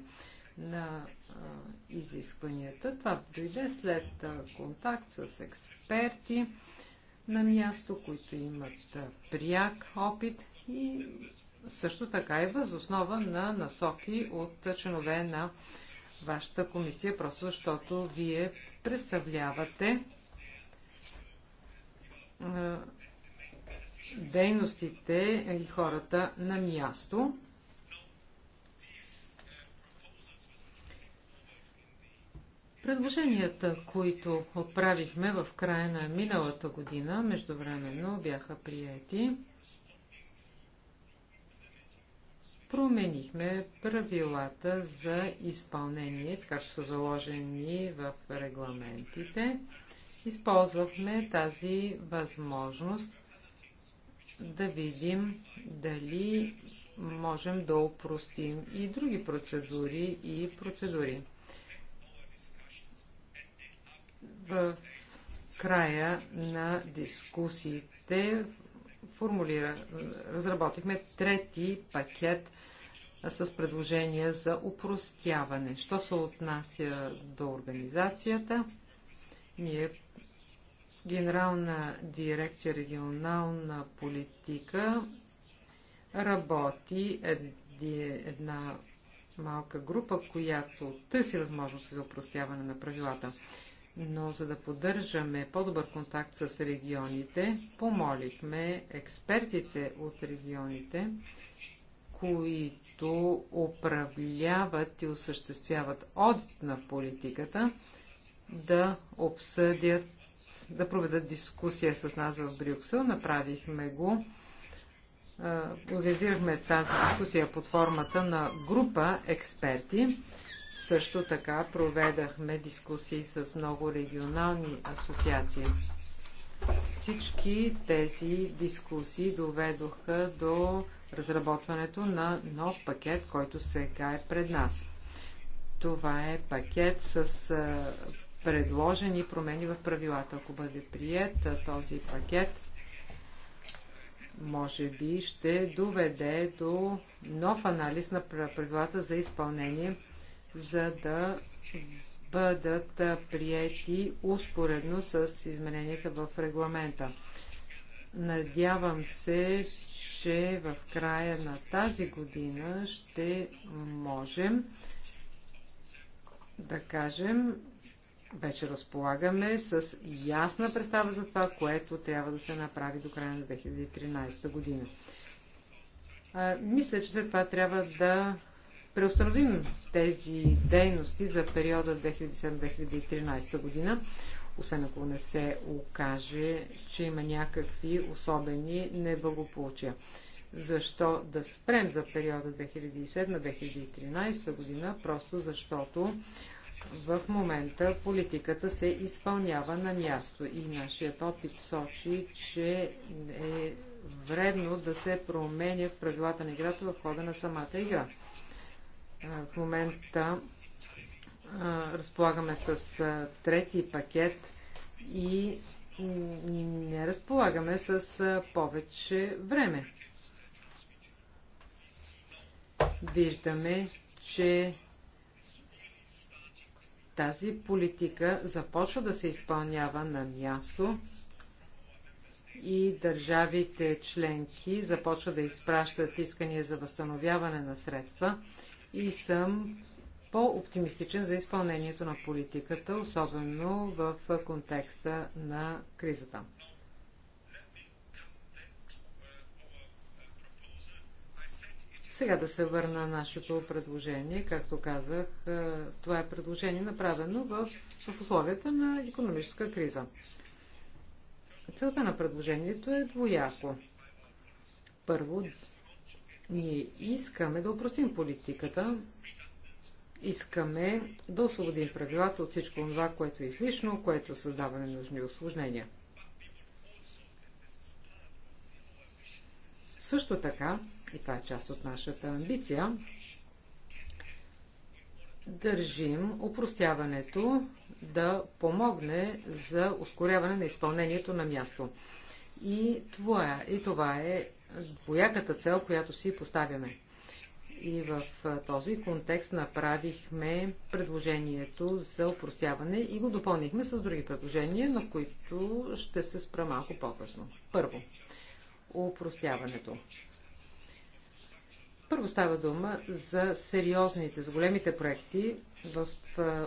на а, изискванията. Това дойде след а, контакт с експерти на място, които имат а, пряк опит и също така и възоснова на насоки от членове на вашата комисия, просто защото вие представлявате дейностите и хората на място. Предложенията, които отправихме в края на миналата година, междувременно бяха приети. променихме правилата за изпълнение, така са заложени в регламентите. Използвахме тази възможност да видим дали можем да упростим и други процедури и процедури. В края на дискусиите формулира, разработихме трети пакет с предложения за упростяване. Що се отнася до организацията, ние Генерална дирекция регионална политика работи една малка група, която търси възможности за упростяване на правилата. Но за да поддържаме по-добър контакт с регионите, помолихме експертите от регионите които управляват и осъществяват одит на политиката, да обсъдят, да проведат дискусия с нас в Брюксел. Направихме го. Организирахме тази дискусия под формата на група експерти. Също така проведахме дискусии с много регионални асоциации. Всички тези дискусии доведоха до разработването на нов пакет, който сега е пред нас. Това е пакет с предложени промени в правилата. Ако бъде прият този пакет, може би ще доведе до нов анализ на правилата за изпълнение, за да бъдат приети успоредно с измененията в регламента. Надявам се, че в края на тази година ще можем да кажем, вече разполагаме с ясна представа за това, което трябва да се направи до края на 2013 година. А, мисля, че след това трябва да преустановим тези дейности за периода 2007-2013 година освен ако не се окаже, че има някакви особени неблагополучия. Защо да спрем за периода 2007-2013 година? Просто защото в момента политиката се изпълнява на място и нашият опит сочи, че е вредно да се променят правилата на играта в хода на самата игра. В момента разполагаме с трети пакет и не разполагаме с повече време. Виждаме, че тази политика започва да се изпълнява на място и държавите членки започват да изпращат искания за възстановяване на средства и съм по-оптимистичен за изпълнението на политиката, особено в контекста на кризата. Сега да се върна на нашето предложение. Както казах, е, това е предложение направено в, в условията на економическа криза. Целта на предложението е двояко. Първо, ние искаме да упростим политиката, искаме да освободим правилата от всичко това, което е излишно, което е създава ненужни осложнения. Също така, и това е част от нашата амбиция, държим упростяването да помогне за ускоряване на изпълнението на място. И това, и това е двояката цел, която си поставяме. И в този контекст направихме предложението за упростяване и го допълнихме с други предложения, на които ще се спра малко по-късно. Първо, упростяването. Първо става дума за сериозните, за големите проекти в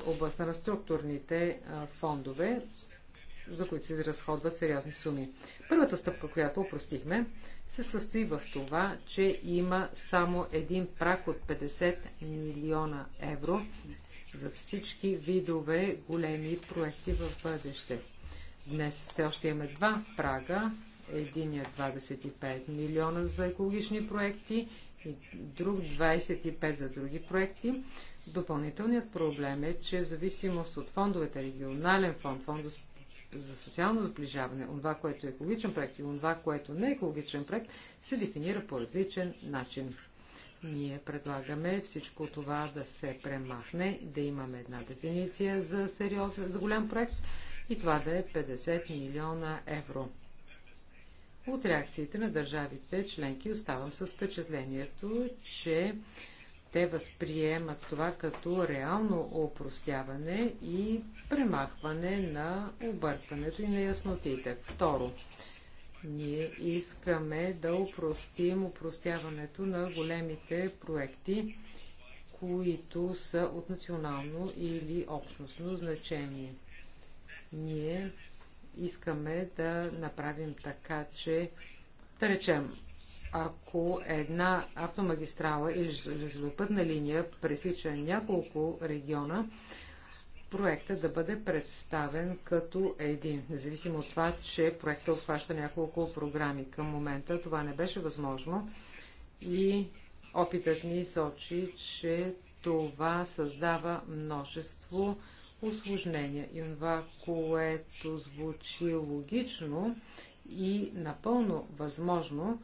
областта на структурните фондове, за които се изразходват сериозни суми. Първата стъпка, която упростихме, се състои в това, че има само един прак от 50 милиона евро за всички видове големи проекти в бъдеще. Днес все още имаме два прага. Единият 25 милиона за екологични проекти и друг 25 за други проекти. Допълнителният проблем е, че в зависимост от фондовете, регионален фонд, фонд за за социално заближаване, това, което е екологичен проект и това, което не е екологичен проект, се дефинира по различен начин. Ние предлагаме всичко това да се премахне, да имаме една дефиниция за, сериоз, за голям проект и това да е 50 милиона евро. От реакциите на държавите членки оставам с впечатлението, че те възприемат това като реално опростяване и премахване на объркването и на яснотите. Второ, ние искаме да упростим опростяването на големите проекти, които са от национално или общностно значение. Ние искаме да направим така, че да речем, ако една автомагистрала или железопътна линия пресича няколко региона, проекта да бъде представен като един, независимо от това, че проекта обхваща няколко програми. Към момента това не беше възможно и опитът ни сочи, че това създава множество осложнения. И това, което звучи логично и напълно възможно,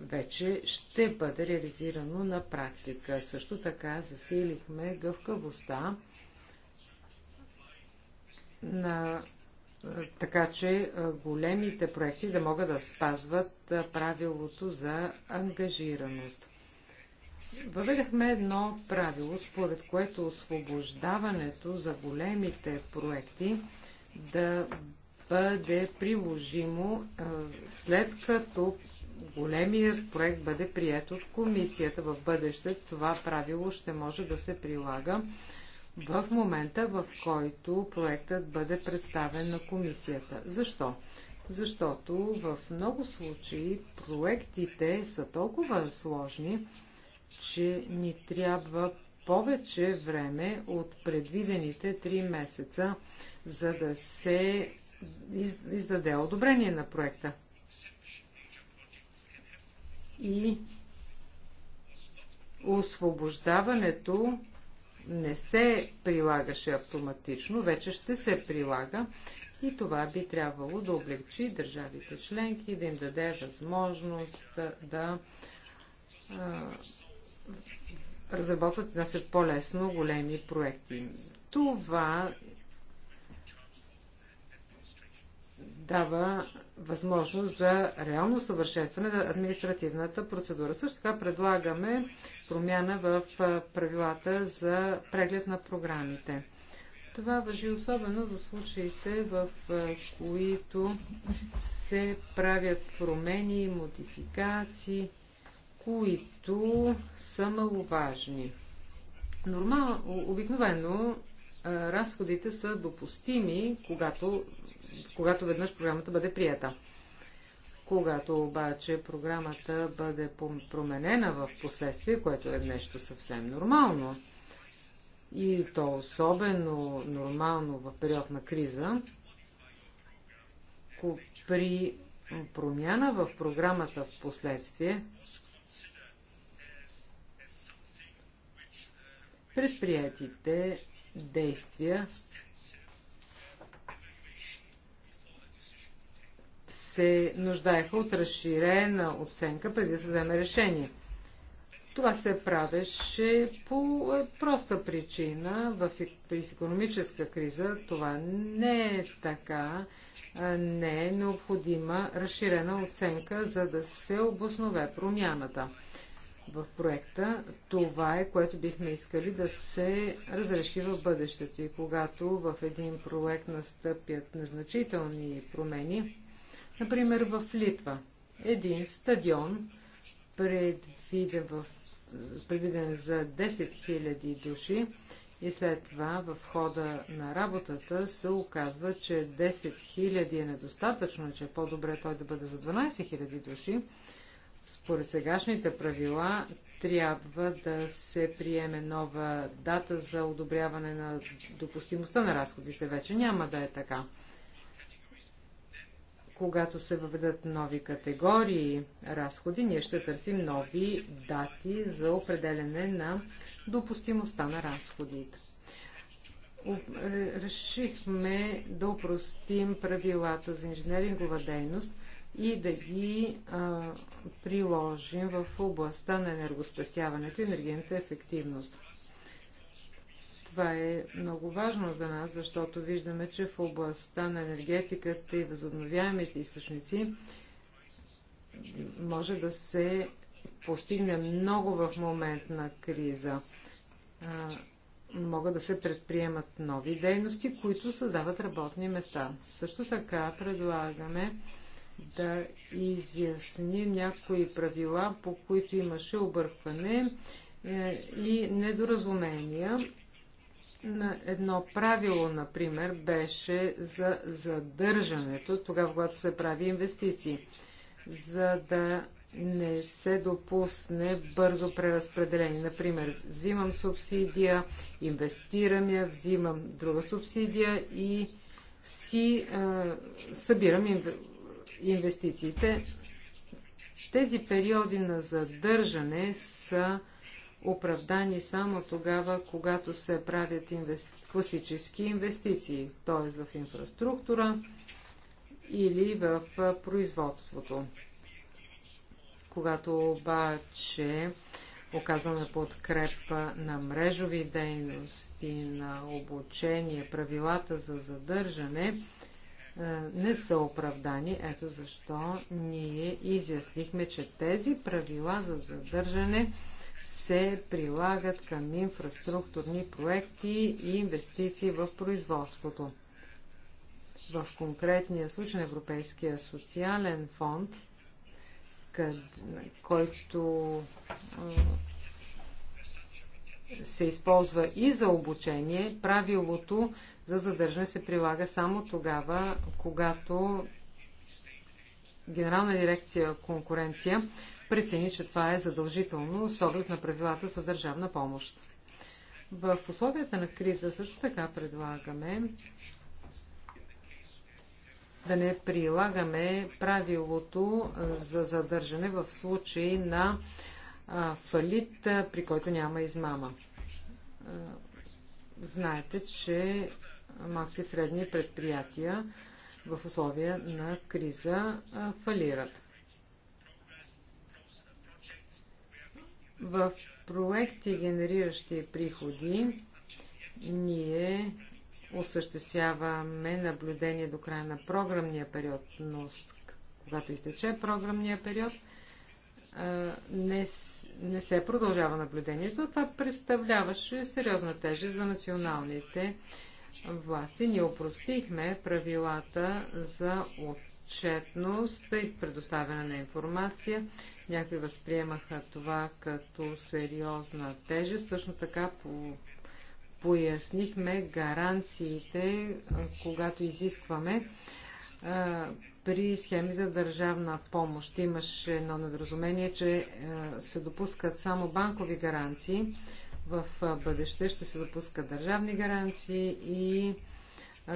вече ще бъде реализирано на практика. Също така засилихме гъвкавостта на така че големите проекти да могат да спазват правилото за ангажираност. Въведахме едно правило, според което освобождаването за големите проекти да бъде приложимо след като големият проект бъде прият от комисията в бъдеще, това правило ще може да се прилага в момента, в който проектът бъде представен на комисията. Защо? Защото в много случаи проектите са толкова сложни, че ни трябва повече време от предвидените 3 месеца, за да се издаде одобрение на проекта и освобождаването не се прилагаше автоматично, вече ще се прилага и това би трябвало да облегчи държавите членки, да им даде възможност да а, разработват на насят по-лесно големи проекти. Това дава възможност за реално съвършенстване на административната процедура. Също така предлагаме промяна в правилата за преглед на програмите. Това въжи особено за случаите, в които се правят промени, модификации, които са маловажни. Нормално, обикновено разходите са допустими, когато, когато веднъж програмата бъде прията. Когато обаче програмата бъде променена в последствие, което е нещо съвсем нормално, и то особено нормално в период на криза, при промяна в програмата в последствие, предприятите действия се нуждаеха от разширена оценка преди да се вземе решение. Това се правеше по е, проста причина. В, в е, економическа криза това не е така. Не е необходима разширена оценка, за да се обоснове промяната в проекта. Това е, което бихме искали да се разреши в бъдещето. И когато в един проект настъпят незначителни промени, например в Литва, един стадион, предвиден, в, предвиден за 10 000 души, и след това в хода на работата се оказва, че 10 000 е недостатъчно, че е по-добре той да бъде за 12 000 души. Според сегашните правила трябва да се приеме нова дата за одобряване на допустимостта на разходите. Вече няма да е така. Когато се въведат нови категории разходи, ние ще търсим нови дати за определене на допустимостта на разходите. Решихме да упростим правилата за инженерингова дейност и да ги а, приложим в областта на енергоспасяването и енергийната ефективност. Това е много важно за нас, защото виждаме, че в областта на енергетиката и възобновяемите източници може да се постигне много в момент на криза. могат да се предприемат нови дейности, които създават работни места. Също така предлагаме да изясним някои правила, по които имаше объркване е, и недоразумения. Едно правило, например, беше за задържането, тогава, когато се прави инвестиции, за да не се допусне бързо преразпределение. Например, взимам субсидия, инвестирам я, взимам друга субсидия и си а, събирам инвестициите. Тези периоди на задържане са оправдани само тогава, когато се правят инвести... класически инвестиции, т.е. в инфраструктура или в производството. Когато обаче оказваме подкрепа на мрежови дейности, на обучение, правилата за задържане, е, не са оправдани. Ето защо ние изяснихме, че тези правила за задържане се прилагат към инфраструктурни проекти и инвестиции в производството. В конкретния случай на Европейския социален фонд, къд, който се използва и за обучение, правилото за задържане се прилага само тогава, когато Генерална дирекция конкуренция прецени, че това е задължително с оглед на правилата за държавна помощ. В условията на криза също така предлагаме да не прилагаме правилото за задържане в случай на фалит, при който няма измама. Знаете, че малки и средни предприятия в условия на криза фалират. В проекти, генериращи приходи, ние осъществяваме наблюдение до края на програмния период, но когато изтече програмния период, не не се продължава наблюдението. Това представляваше сериозна тежест за националните власти. Ние опростихме правилата за отчетност и предоставяне на информация. Някои възприемаха това като сериозна тежест. Също така по пояснихме гаранциите, когато изискваме при схеми за държавна помощ. Имаше едно недоразумение, че се допускат само банкови гаранции. В бъдеще ще се допускат държавни гаранции и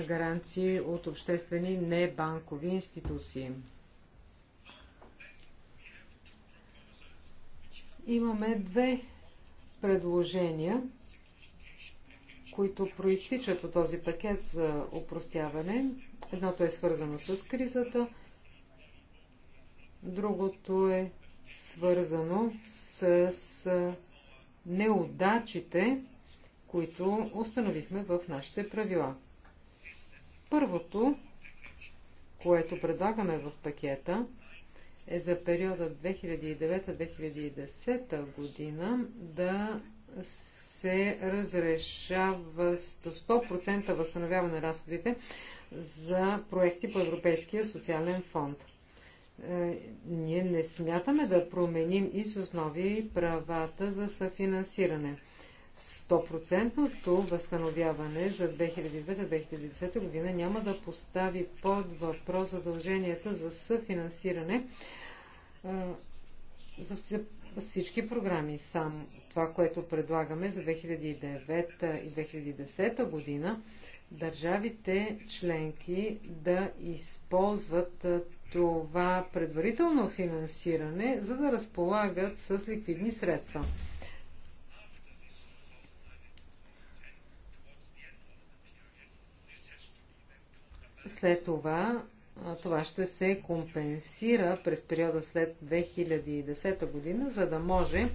гаранции от обществени небанкови институции. Имаме две предложения, които проистичат от този пакет за упростяване. Едното е свързано с кризата, другото е свързано с неудачите, които установихме в нашите правила. Първото, което предлагаме в пакета, е за периода 2009-2010 година да се разрешава до 100% възстановяване на разходите за проекти по Европейския социален фонд. Е, ние не смятаме да променим и с основи правата за съфинансиране. 100% възстановяване за 2009-2010 година няма да постави под въпрос задълженията за съфинансиране е, за всички програми. Сам това, което предлагаме за 2009 и 2010 година, държавите членки да използват това предварително финансиране, за да разполагат с ликвидни средства. След това това ще се компенсира през периода след 2010 година, за да може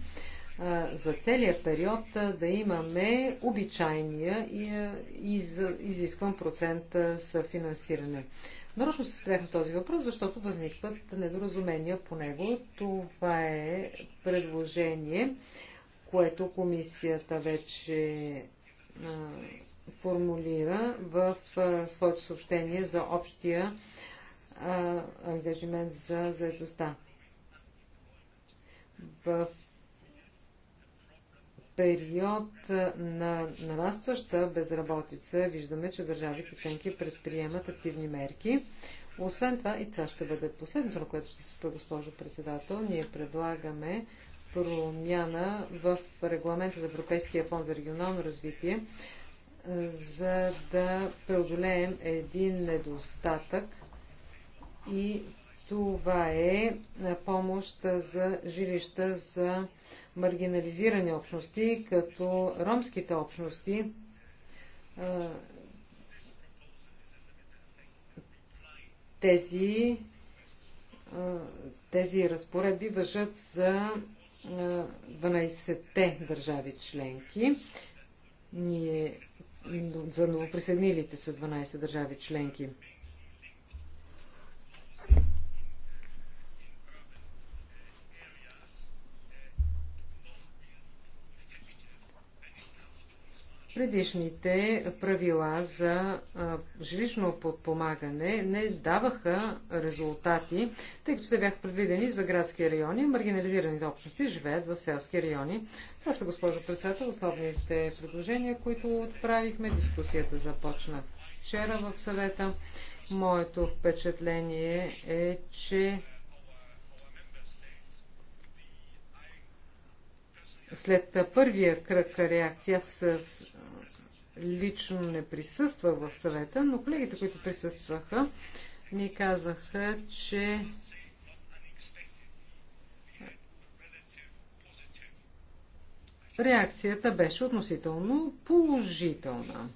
за целия период да имаме обичайния и из, изискван процент съфинансиране. Нарочно се спрях на този въпрос, защото възникват недоразумения по него. Това е предложение, което комисията вече а, формулира в а, своето съобщение за общия а, ангажимент за заедостта. В период на нарастваща безработица виждаме, че държавите членки предприемат активни мерки. Освен това, и това ще бъде последното, на което ще се спра, госпожо председател, ние предлагаме промяна в регламента за Европейския фонд за регионално развитие, за да преодолеем един недостатък и това е, е помощ за жилища за маргинализирани общности, като ромските общности. Е, тези, е, тези разпоредби въжат за 12-те държави членки. Ние за новоприсъединилите са 12 държави членки. Предишните правила за жилищно подпомагане не даваха резултати, тъй като те бяха предвидени за градски райони, маргинализираните общности живеят в селски райони. Това са, госпожо председател, основните предложения, които отправихме. Дискусията започна вчера в съвета. Моето впечатление е, че след първия кръг реакция, аз лично не присъства в съвета, но колегите, които присъстваха, ни казаха, че реакцията беше относително положителна.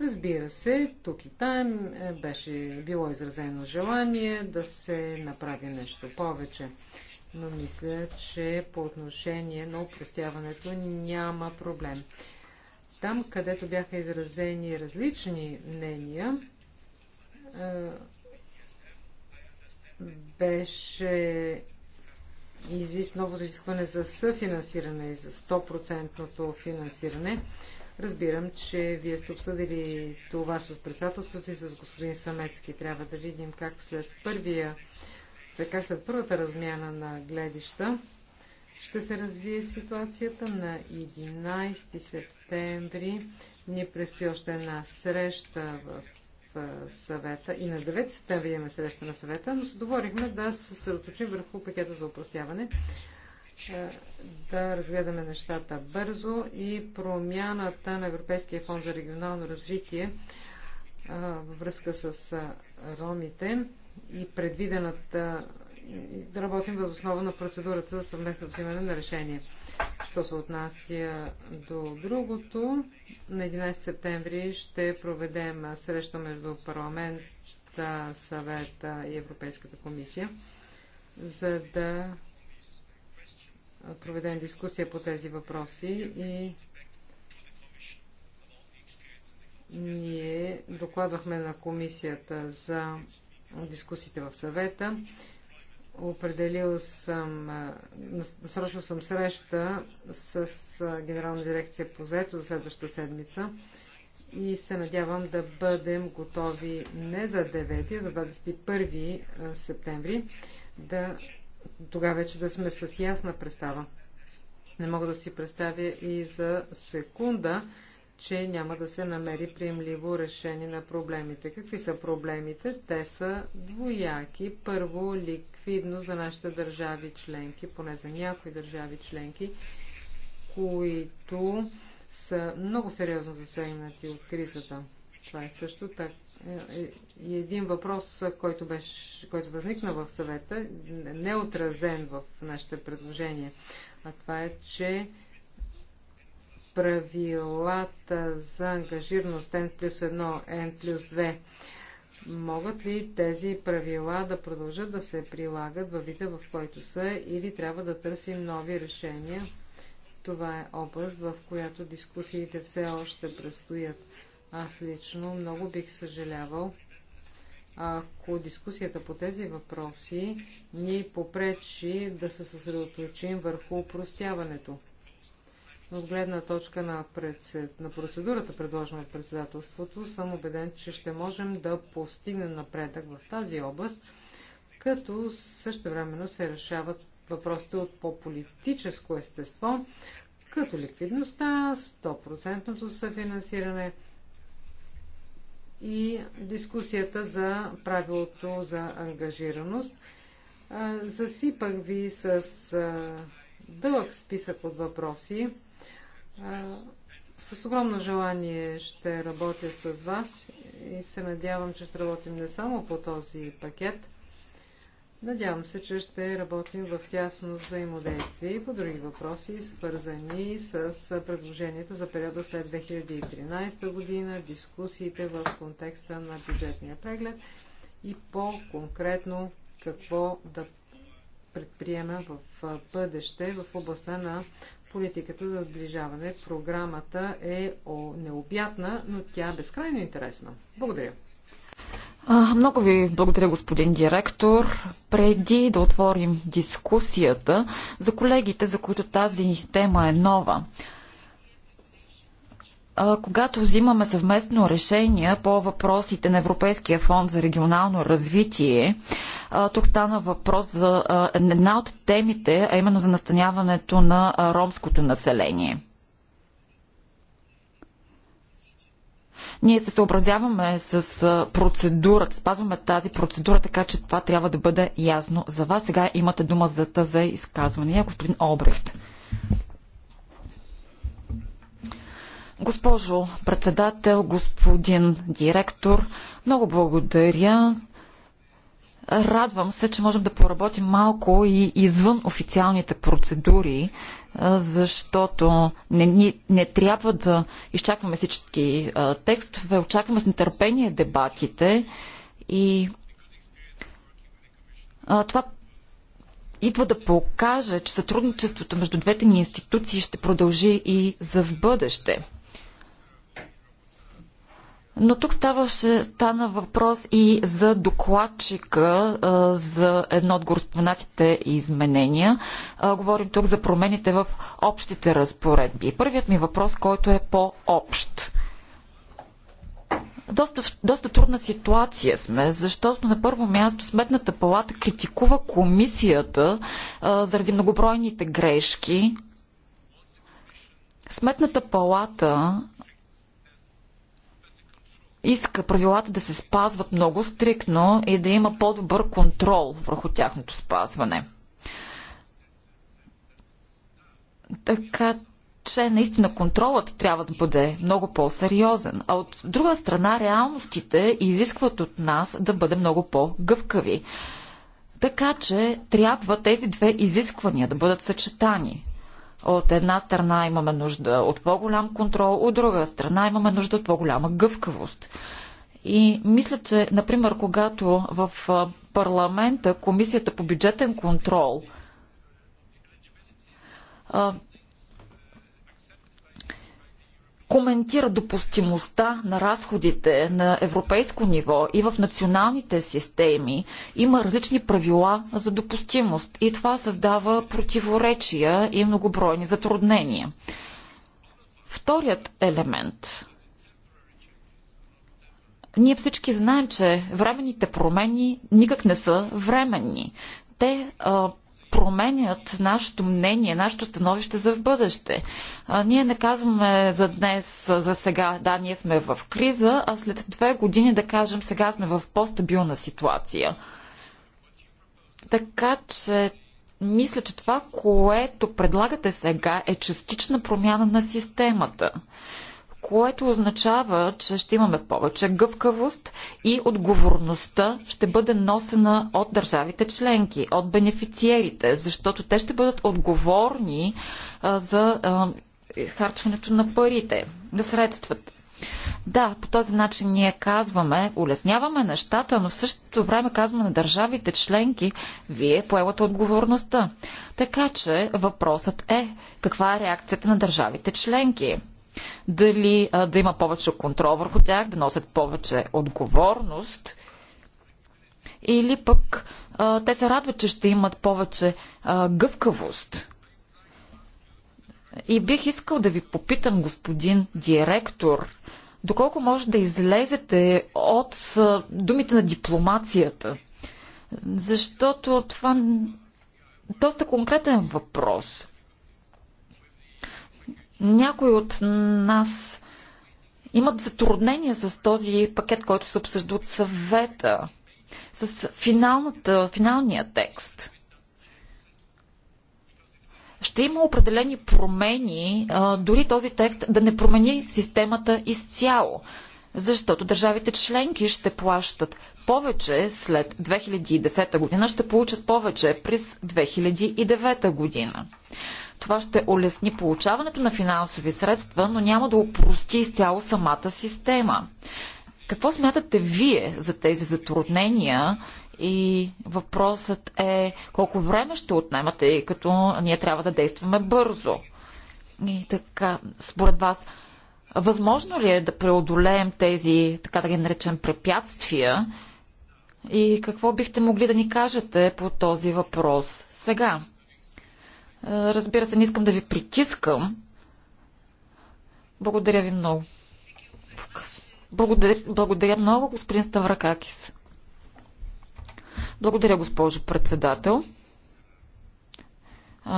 Разбира се, тук и там е, беше било изразено желание да се направи нещо повече но мисля, че по отношение на упростяването няма проблем. Там, където бяха изразени различни мнения, беше изист ново изискване за съфинансиране и за 100% финансиране. Разбирам, че вие сте обсъдили това с председателството и с господин Самецки. Трябва да видим как след първия така след първата размяна на гледища ще се развие ситуацията на 11 септември. Ни предстои още една среща в съвета и на 9 септември имаме среща на съвета, но се договорихме да се съсредоточим върху пакета за упростяване, е, да разгледаме нещата бързо и промяната на Европейския фонд за регионално развитие е, във връзка с е, ромите и предвидената да работим въз основа на процедурата за съвместно взимане на решение. Що се отнася до другото, на 11 септември ще проведем среща между парламента, съвета и Европейската комисия, за да проведем дискусия по тези въпроси и ние докладвахме на комисията за дискусиите в съвета. Определил съм, насрочил съм среща с Генерална дирекция по заето за следващата седмица и се надявам да бъдем готови не за 9, а за 21 септември, да тогава вече да сме с ясна представа. Не мога да си представя и за секунда че няма да се намери приемливо решение на проблемите. Какви са проблемите? Те са двояки. Първо, ликвидно за нашите държави членки, поне за някои държави членки, които са много сериозно засегнати от кризата. Това е също така. Е, е, и един въпрос, който, беше, който възникна в съвета, не отразен в нашите предложения, а това е, че правилата за ангажираност N плюс 1, N плюс 2, могат ли тези правила да продължат да се прилагат във вида, в който са, или трябва да търсим нови решения? Това е област, в която дискусиите все още предстоят. Аз лично много бих съжалявал, ако дискусията по тези въпроси ни попречи да се съсредоточим върху упростяването от гледна точка на, председ... на процедурата, предложена от председателството, съм убеден, че ще можем да постигнем напредък в тази област, като същевременно се решават въпросите от по-политическо естество, като ликвидността, 100% съфинансиране и дискусията за правилото за ангажираност. Засипах ви с дълъг списък от въпроси, с огромно желание ще работя с вас и се надявам, че ще работим не само по този пакет. Надявам се, че ще работим в тясно взаимодействие и по други въпроси, свързани с предложенията за периода след 2013 година, дискусиите в контекста на бюджетния преглед и по-конкретно какво да предприема в бъдеще в областта на политиката за сближаване. Програмата е необятна, но тя е безкрайно интересна. Благодаря. Много ви благодаря, господин директор. Преди да отворим дискусията за колегите, за които тази тема е нова, когато взимаме съвместно решение по въпросите на Европейския фонд за регионално развитие, тук стана въпрос за една от темите, а именно за настаняването на ромското население. Ние се съобразяваме с процедурата, спазваме тази процедура, така че това трябва да бъде ясно за вас. Сега имате дума за тази изказване. Господин Обрехт. Госпожо председател, господин директор, много благодаря. Радвам се, че можем да поработим малко и извън официалните процедури, защото не, не, не трябва да изчакваме всички а, текстове, очакваме с нетърпение дебатите и а, това идва да покаже, че сътрудничеството между двете ни институции ще продължи и за в бъдеще. Но тук ставаше, стана въпрос и за докладчика а, за едно от гореспоменатите изменения. А, говорим тук за промените в общите разпоредби. Първият ми въпрос, който е по-общ. Доста, доста трудна ситуация сме, защото на първо място Сметната палата критикува комисията а, заради многобройните грешки. Сметната палата иска правилата да се спазват много стрикно и да има по-добър контрол върху тяхното спазване. Така че наистина контролът трябва да бъде много по-сериозен, а от друга страна реалностите изискват от нас да бъдем много по-гъвкави. Така че трябва тези две изисквания да бъдат съчетани. От една страна имаме нужда от по-голям контрол, от друга страна имаме нужда от по-голяма гъвкавост. И мисля, че, например, когато в парламента Комисията по бюджетен контрол коментира допустимостта на разходите на европейско ниво и в националните системи има различни правила за допустимост и това създава противоречия и многобройни затруднения. Вторият елемент. Ние всички знаем, че временните промени никак не са временни. Те а, променят нашето мнение, нашето становище за в бъдеще. А, ние не казваме за днес, за сега, да, ние сме в криза, а след две години да кажем, сега сме в по-стабилна ситуация. Така че мисля, че това, което предлагате сега е частична промяна на системата което означава, че ще имаме повече гъвкавост и отговорността ще бъде носена от държавите членки, от бенефициерите, защото те ще бъдат отговорни а, за а, харчването на парите, на средствата. Да, по този начин ние казваме, улесняваме нещата, но в същото време казваме на държавите членки, вие поемате отговорността. Така че въпросът е, каква е реакцията на държавите членки? дали а, да има повече контрол върху тях, да носят повече отговорност или пък а, те се радват, че ще имат повече а, гъвкавост. И бих искал да ви попитам, господин директор, доколко може да излезете от а, думите на дипломацията, защото това е доста конкретен въпрос. Някои от нас имат затруднения с този пакет, който се обсъжда от съвета, с финалната, финалния текст. Ще има определени промени, дори този текст да не промени системата изцяло, защото държавите членки ще плащат повече след 2010 година, ще получат повече през 2009 година. Това ще улесни получаването на финансови средства, но няма да упрости изцяло самата система. Какво смятате вие за тези затруднения и въпросът е колко време ще отнемате, като ние трябва да действаме бързо? И така, според вас, възможно ли е да преодолеем тези, така да ги наречем, препятствия? И какво бихте могли да ни кажете по този въпрос сега? Разбира се, не искам да ви притискам. Благодаря ви много. Благодаря, благодаря много, господин Ставракакис. Благодаря, госпожо председател.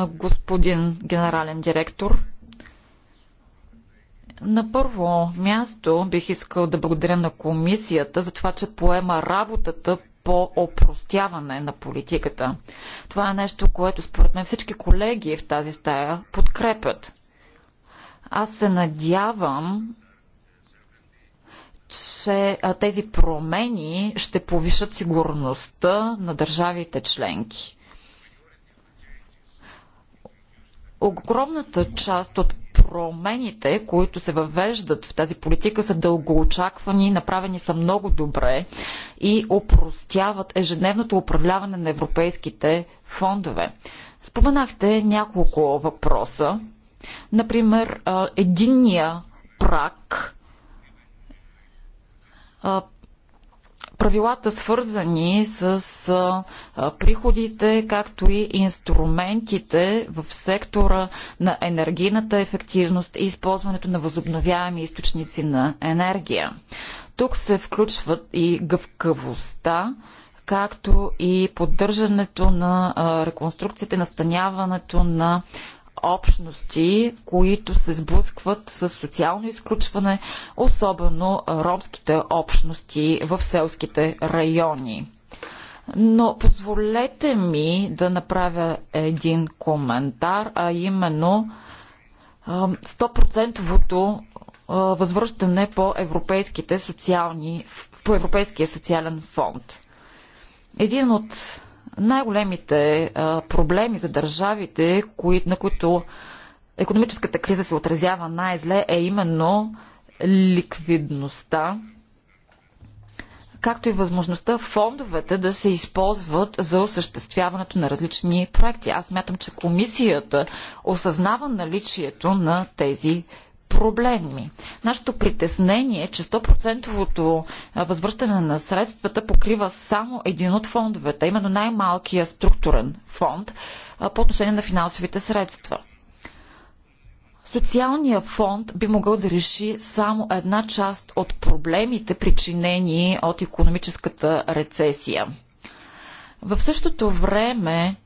Господин генерален директор, на първо място бих искал да благодаря на комисията за това, че поема работата по опростяване на политиката. Това е нещо, което според мен всички колеги в тази стая подкрепят. Аз се надявам, че тези промени ще повишат сигурността на държавите членки огромната част от промените, които се въвеждат в тази политика, са дългоочаквани, направени са много добре и опростяват ежедневното управляване на европейските фондове. Споменахте няколко въпроса. Например, единния прак правилата свързани с приходите, както и инструментите в сектора на енергийната ефективност и използването на възобновяеми източници на енергия. Тук се включват и гъвкавостта, както и поддържането на реконструкцията и настаняването на общности, които се сблъскват с социално изключване, особено ромските общности в селските райони. Но позволете ми да направя един коментар, а именно 100 възвръщане по европейските социални, по Европейския социален фонд. Един от най-големите проблеми за държавите, кои, на които економическата криза се отразява най-зле, е именно ликвидността, както и възможността фондовете да се използват за осъществяването на различни проекти. Аз мятам, че комисията осъзнава наличието на тези проблеми. Нашето притеснение е, че 100 възвръщане на средствата покрива само един от фондовете, именно най-малкия структурен фонд по отношение на финансовите средства. Социалният фонд би могъл да реши само една част от проблемите, причинени от економическата рецесия. В същото време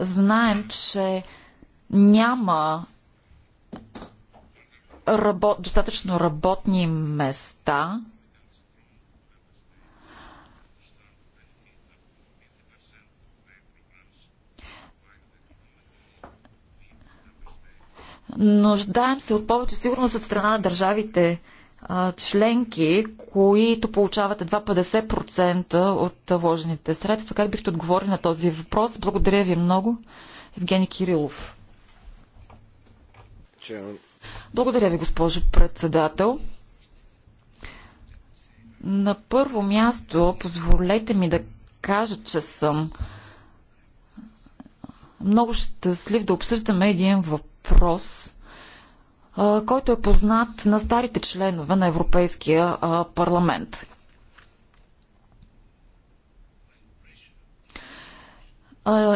знаем, че няма работ, достатъчно работни места, Нуждаем се от повече сигурност от страна на държавите членки, които получават едва 50% от вложените средства. Как бихте отговорили на този въпрос? Благодаря ви много. Евгений Кирилов. Благодаря ви, госпожо председател. На първо място, позволете ми да кажа, че съм много щастлив да обсъждаме един въпрос, който е познат на старите членове на Европейския парламент.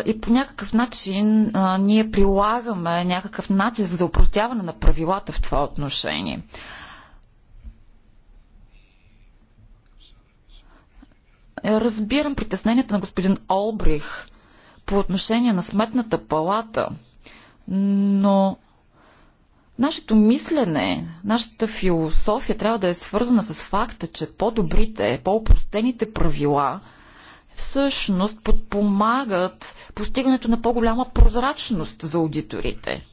и по някакъв начин а, ние прилагаме някакъв натиск за упростяване на правилата в това отношение. Е, разбирам притесненията на господин Олбрих по отношение на сметната палата, но нашето мислене, нашата философия трябва да е свързана с факта, че по-добрите, по-упростените правила – всъщност подпомагат постигането на по-голяма прозрачност за аудиторите.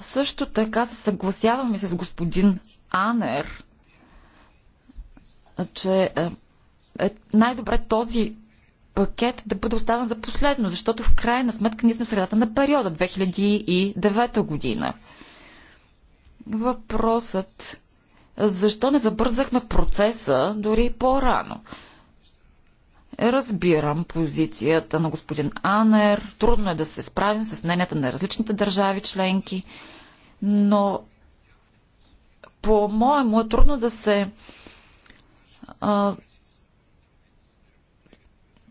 Също така се съгласяваме с господин Анер, че е, е най-добре този пакет да бъде оставен за последно, защото в крайна сметка ние сме средата на периода 2009 година. Въпросът защо не забързахме процеса дори по-рано? Разбирам позицията на господин Анер. Трудно е да се справим с мненията на различните държави членки, но по-моему е трудно да се а,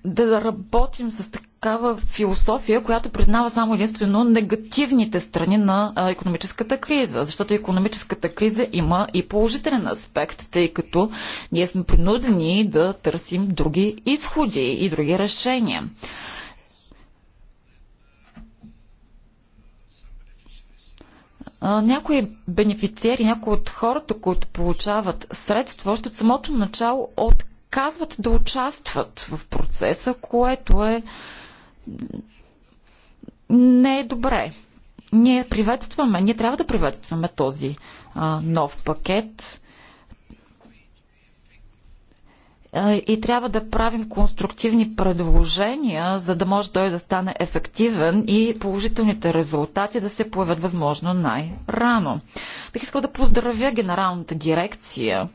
да работим с такива такава философия, която признава само единствено негативните страни на економическата криза, защото економическата криза има и положителен аспект, тъй като ние сме принудени да търсим други изходи и други решения. някои бенефициери, някои от хората, които получават средства, още от самото начало отказват да участват в процеса, което е не е добре. Ние приветстваме, ние трябва да приветстваме този а, нов пакет и трябва да правим конструктивни предложения, за да може той да стане ефективен и положителните резултати да се появят възможно най-рано. Бих искал да поздравя генералната дирекция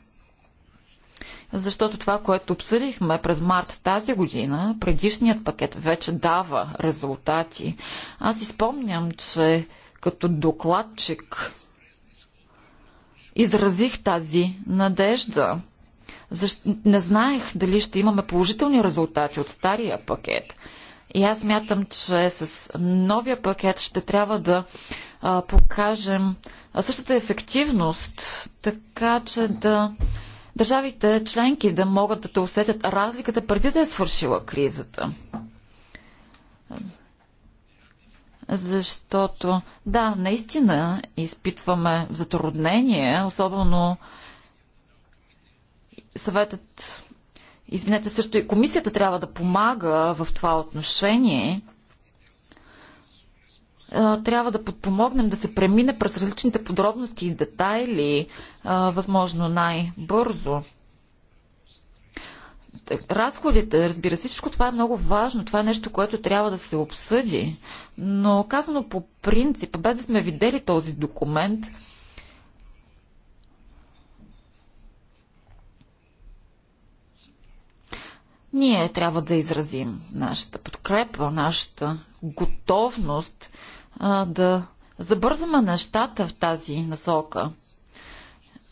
защото това, което обсъдихме през март тази година, предишният пакет вече дава резултати. Аз изпомням, че като докладчик изразих тази надежда. Не знаех дали ще имаме положителни резултати от стария пакет. И аз мятам, че с новия пакет ще трябва да а, покажем същата ефективност, така че да държавите членки да могат да усетят разликата преди да е свършила кризата. Защото, да, наистина изпитваме затруднение, особено съветът, извинете, също и комисията трябва да помага в това отношение – трябва да подпомогнем да се премине през различните подробности и детайли, възможно най-бързо. Разходите, разбира се, всичко това е много важно. Това е нещо, което трябва да се обсъди. Но казано по принцип, без да сме видели този документ, ние трябва да изразим нашата подкрепа, нашата готовност а, да забързаме нещата в тази насока.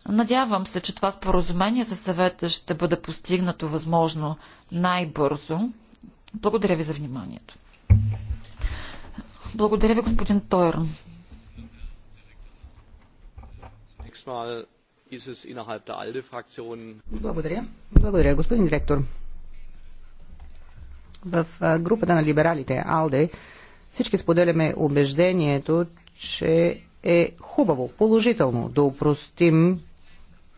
Надявам се, че това споразумение със съвета ще бъде постигнато възможно най-бързо. Благодаря ви за вниманието. Благодаря ви, господин Тойрн. Благодаря. Благодаря, господин директор. В групата на либералите АЛДЕ всички споделяме убеждението, че е хубаво, положително да упростим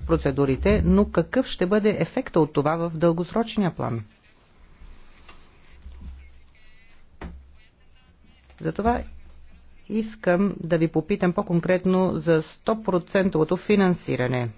процедурите, но какъв ще бъде ефекта от това в дългосрочния план? Затова искам да ви попитам по-конкретно за 100 финансиране.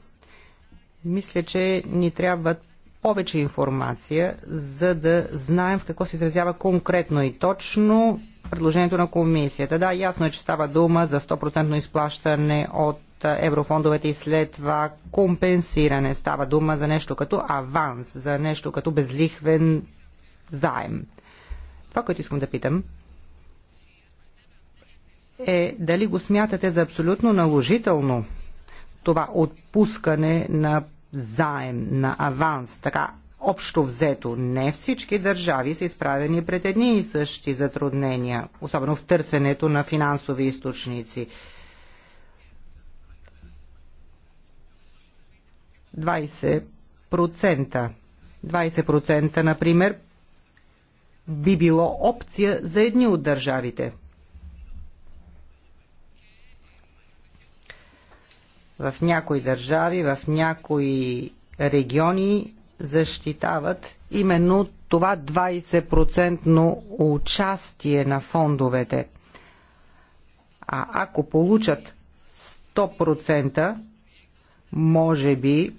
Мисля, че ни трябва повече информация, за да знаем в какво се изразява конкретно и точно предложението на комисията. Да, ясно е, че става дума за 100% изплащане от еврофондовете и след това компенсиране. Става дума за нещо като аванс, за нещо като безлихвен заем. Това, което искам да питам, е дали го смятате за абсолютно наложително това отпускане на заем, на аванс, така Общо взето, не всички държави са изправени пред едни и същи затруднения, особено в търсенето на финансови източници. 20%. 20% например би било опция за едни от държавите. В някои държави, в някои региони защитават именно това 20% участие на фондовете. А ако получат 100%, може би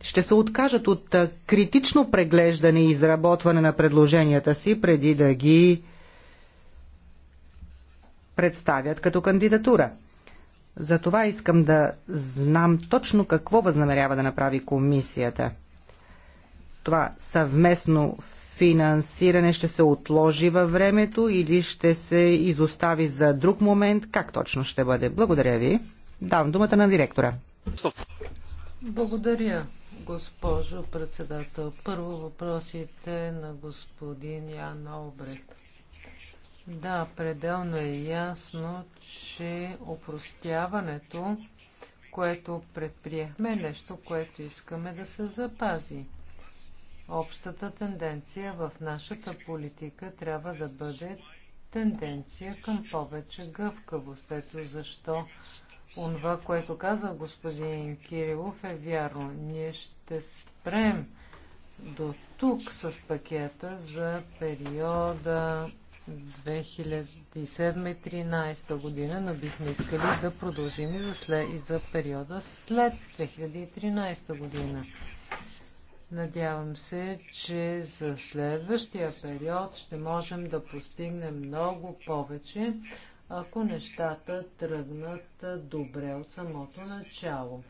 ще се откажат от критично преглеждане и изработване на предложенията си преди да ги представят като кандидатура. Затова искам да знам точно какво възнамерява да направи комисията това съвместно финансиране ще се отложи във времето или ще се изостави за друг момент? Как точно ще бъде? Благодаря ви. Давам думата на директора. Благодаря, госпожо председател. Първо въпросите на господин Ян Обрехт. Да, пределно е ясно, че опростяването, което предприехме, е нещо, което искаме да се запази. Общата тенденция в нашата политика трябва да бъде тенденция към повече гъвкавост. Ето защо онова, което каза господин Кирилов е вярно. Ние ще спрем до тук с пакета за периода 2007-2013 година, но бихме искали да продължим и за, след, и за периода след 2013 година. Надявам се, че за следващия период ще можем да постигнем много повече, ако нещата тръгнат добре от самото начало.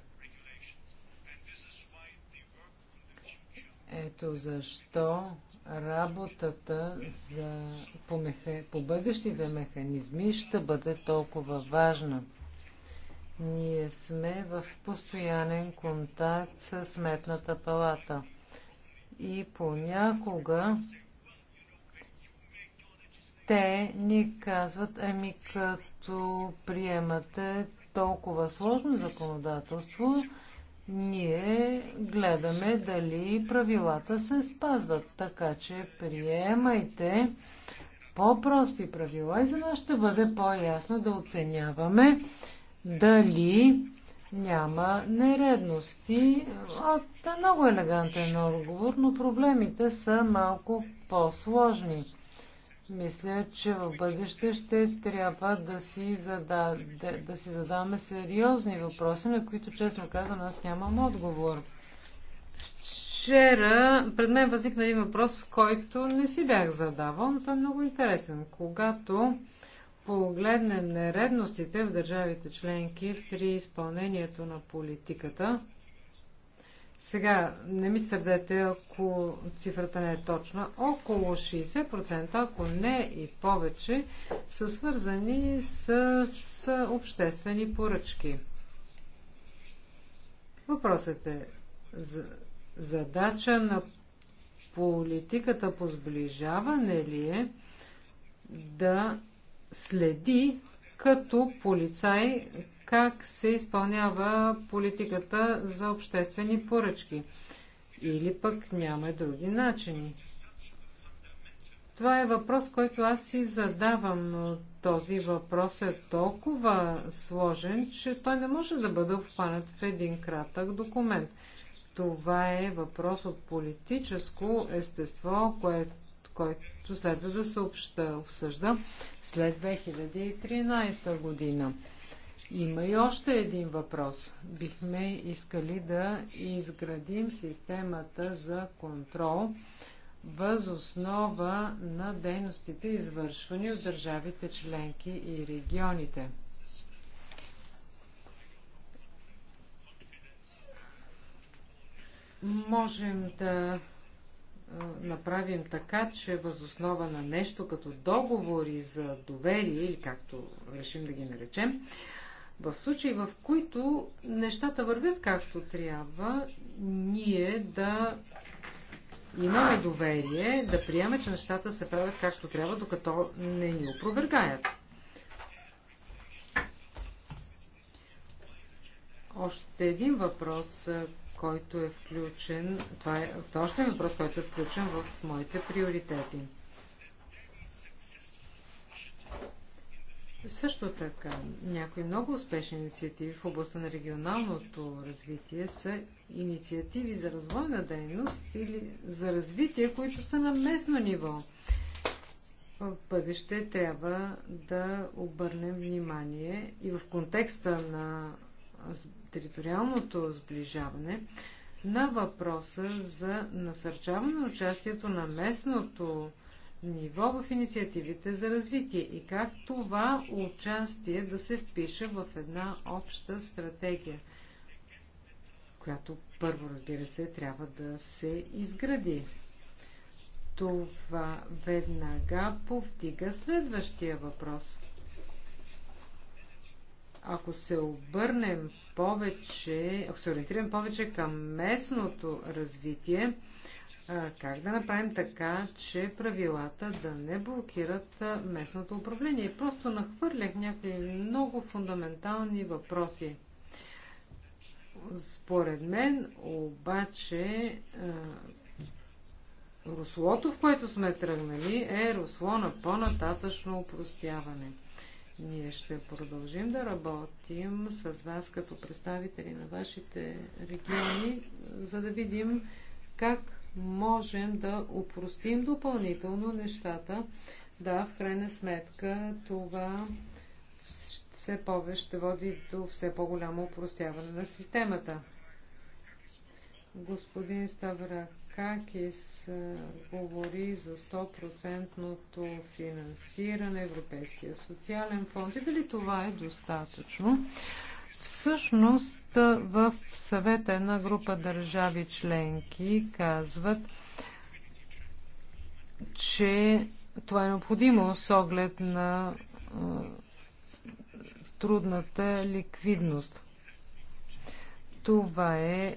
Ето защо работата за, по, меха, по бъдещите механизми ще бъде толкова важна. Ние сме в постоянен контакт с Сметната палата. И понякога те ни казват, ами като приемате толкова сложно законодателство, ние гледаме дали правилата се спазват. Така че приемайте по-прости правила и за нас ще бъде по-ясно да оценяваме дали няма нередности. От много елегантен отговор, но проблемите са малко по-сложни. Мисля, че в бъдеще ще трябва да си, зада, да, да си задаваме сериозни въпроси, на които честно казвам, аз нямам отговор. Вчера пред мен възникна един въпрос, който не си бях задавал, но той е много интересен. Когато погледнем нередностите в държавите членки при изпълнението на политиката, сега, не ми сърдете, ако цифрата не е точна, около 60%, ако не и повече, са свързани с, с обществени поръчки. Въпросът е за, задача на политиката по сближаване ли е да следи като полицай как се изпълнява политиката за обществени поръчки. Или пък няма други начини. Това е въпрос, който аз си задавам, но този въпрос е толкова сложен, че той не може да бъде обхванат в един кратък документ. Това е въпрос от политическо естество, което който следва да се обща, обсъжда след 2013 година. Има и още един въпрос. Бихме искали да изградим системата за контрол въз основа на дейностите, извършвани от държавите членки и регионите. Можем да направим така, че възоснова на нещо като договори за доверие или както решим да ги наречем, в случаи, в които нещата вървят както трябва, ние да имаме доверие, да приемем, че нещата се правят както трябва, докато не ни опровергаят. Още един въпрос, който е включен, това е, е още въпрос, който е включен в моите приоритети. Също така, някои много успешни инициативи в областта на регионалното развитие са инициативи за развойна дейност или за развитие, които са на местно ниво. В бъдеще трябва да обърнем внимание и в контекста на териториалното сближаване на въпроса за насърчаване на участието на местното ниво в инициативите за развитие и как това участие да се впише в една обща стратегия, която първо, разбира се, трябва да се изгради. Това веднага повдига следващия въпрос – ако се обърнем повече, ако се ориентираме повече към местното развитие, как да направим така, че правилата да не блокират местното управление. Просто нахвърлях някакви много фундаментални въпроси. Според мен обаче руслото, в което сме тръгнали, е русло на по-нататъчно упростяване – ние ще продължим да работим с вас като представители на вашите региони, за да видим как можем да упростим допълнително нещата. Да, в крайна сметка това все повече ще води до все по-голямо упростяване на системата. Господин Ставракакис говори за 100 финансиране, Европейския социален фонд и дали това е достатъчно. Всъщност в съвета една група държави членки казват, че това е необходимо с оглед на трудната ликвидност. Това е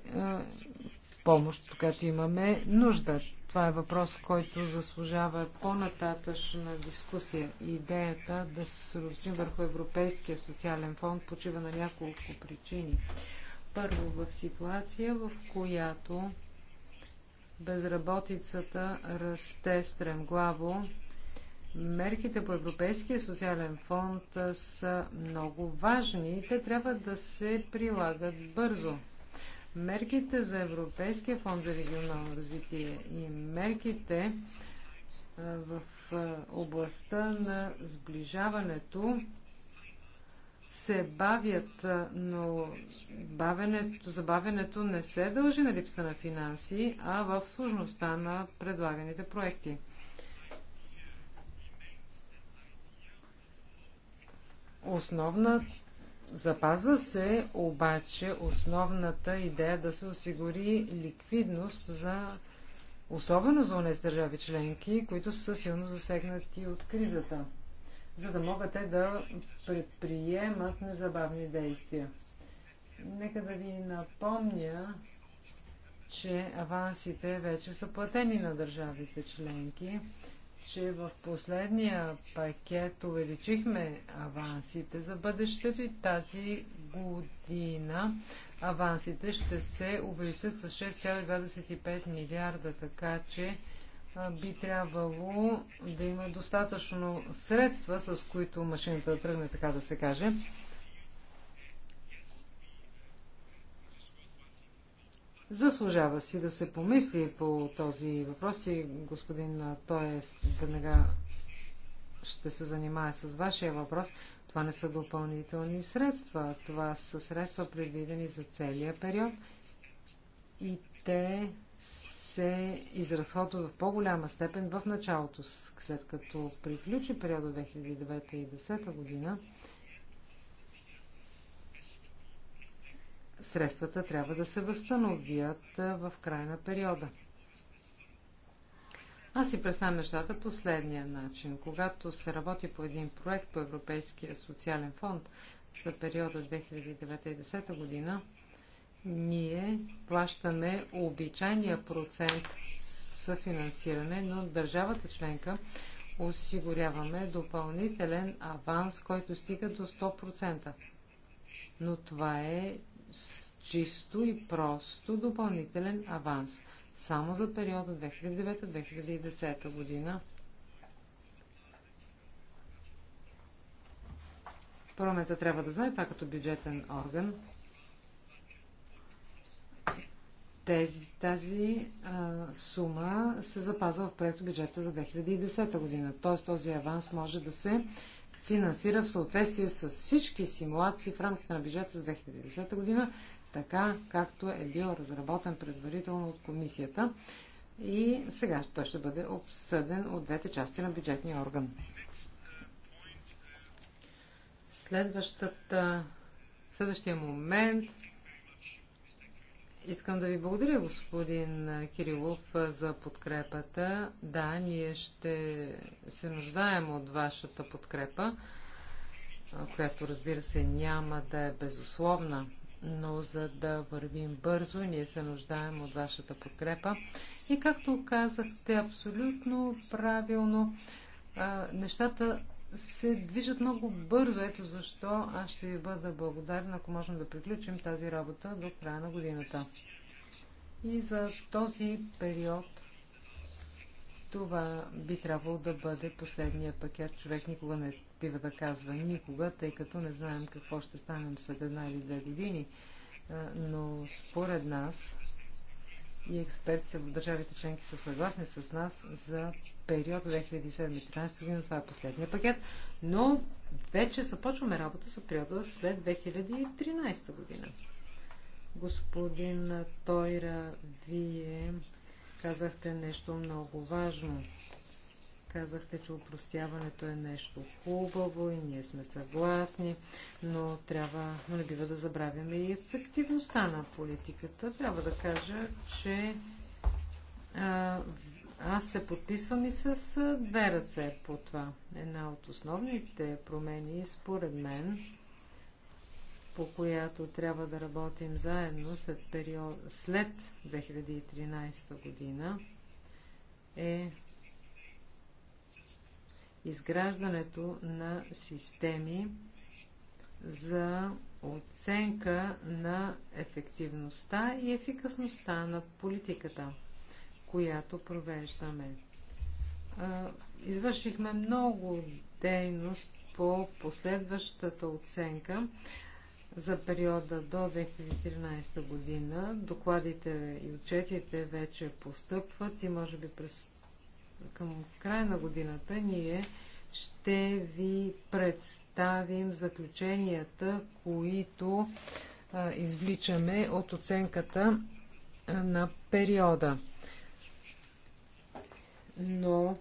помощ, когато имаме нужда. Това е въпрос, който заслужава по-нататъчна дискусия. Идеята да се съсредоточим върху Европейския социален фонд почива на няколко причини. Първо, в ситуация, в която безработицата расте стремглаво, мерките по Европейския социален фонд са много важни и те трябва да се прилагат бързо. Мерките за Европейския фонд за регионално развитие и мерките в областта на сближаването се бавят, но бавенето, забавянето не се дължи на липса на финанси, а в сложността на предлаганите проекти. Основната Запазва се обаче основната идея да се осигури ликвидност за особено за тези държави членки, които са силно засегнати от кризата, за да могат те да предприемат незабавни действия. Нека да ви напомня, че авансите вече са платени на държавите членки че в последния пакет увеличихме авансите за бъдещето и тази година авансите ще се увеличат с 6,25 милиарда, така че би трябвало да има достатъчно средства, с които машината да тръгне, така да се каже. Заслужава си да се помисли по този въпрос и господин Той е веднага ще се занимае с вашия въпрос. Това не са допълнителни средства, това са средства предвидени за целия период и те се изразходват в по-голяма степен в началото, след като приключи периода 2009 и 2010 година. средствата трябва да се възстановят в крайна на периода. Аз си представям нещата последния начин. Когато се работи по един проект по Европейския социален фонд за периода 2009-2010 година, ние плащаме обичайния процент съфинансиране, но държавата членка осигуряваме допълнителен аванс, който стига до 100%. Но това е с чисто и просто допълнителен аванс само за периода 2009-2010 година. Парламента трябва да знае това като бюджетен орган. Тези, тази а, сума се запазва в проекто бюджета за 2010 година. Т.е. този аванс може да се финансира в съответствие с всички симулации в рамките на бюджета за 2010 година, така както е бил разработен предварително от комисията. И сега той ще бъде обсъден от двете части на бюджетния орган. Следващата, следващия момент Искам да ви благодаря, господин Кирилов, за подкрепата. Да, ние ще се нуждаем от вашата подкрепа, която разбира се няма да е безусловна, но за да вървим бързо, ние се нуждаем от вашата подкрепа. И както казахте абсолютно правилно, нещата се движат много бързо. Ето защо аз ще ви бъда благодарен, ако можем да приключим тази работа до края на годината. И за този период това би трябвало да бъде последния пакет. Човек никога не бива да казва никога, тъй като не знаем какво ще станем след една или две години. Но според нас и експертите от държавите членки са съгласни с нас за период 2017 2013 година. Това е последния пакет, но вече започваме работа с периода след 2013 година. Господин Тойра, вие казахте нещо много важно – казахте, че упростяването е нещо хубаво и ние сме съгласни, но трябва, но не бива да забравяме и ефективността на политиката. Трябва да кажа, че а, аз се подписвам и с две ръце по това. Една от основните промени, според мен, по която трябва да работим заедно след, период, след 2013 година, е изграждането на системи за оценка на ефективността и ефикасността на политиката, която провеждаме. Извършихме много дейност по последващата оценка за периода до 2013 година. Докладите и отчетите вече постъпват и може би през към края на годината ние ще ви представим заключенията, които а, извличаме от оценката на периода. Но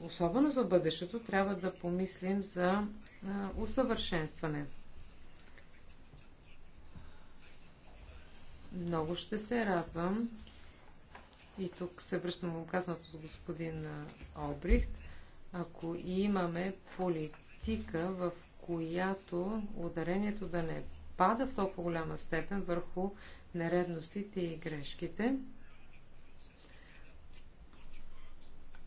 особено за бъдещето трябва да помислим за а, усъвършенстване. Много ще се радвам, и тук се връщам към казаното от господин Обрихт, ако имаме политика, в която ударението да не пада в толкова голяма степен върху нередностите и грешките,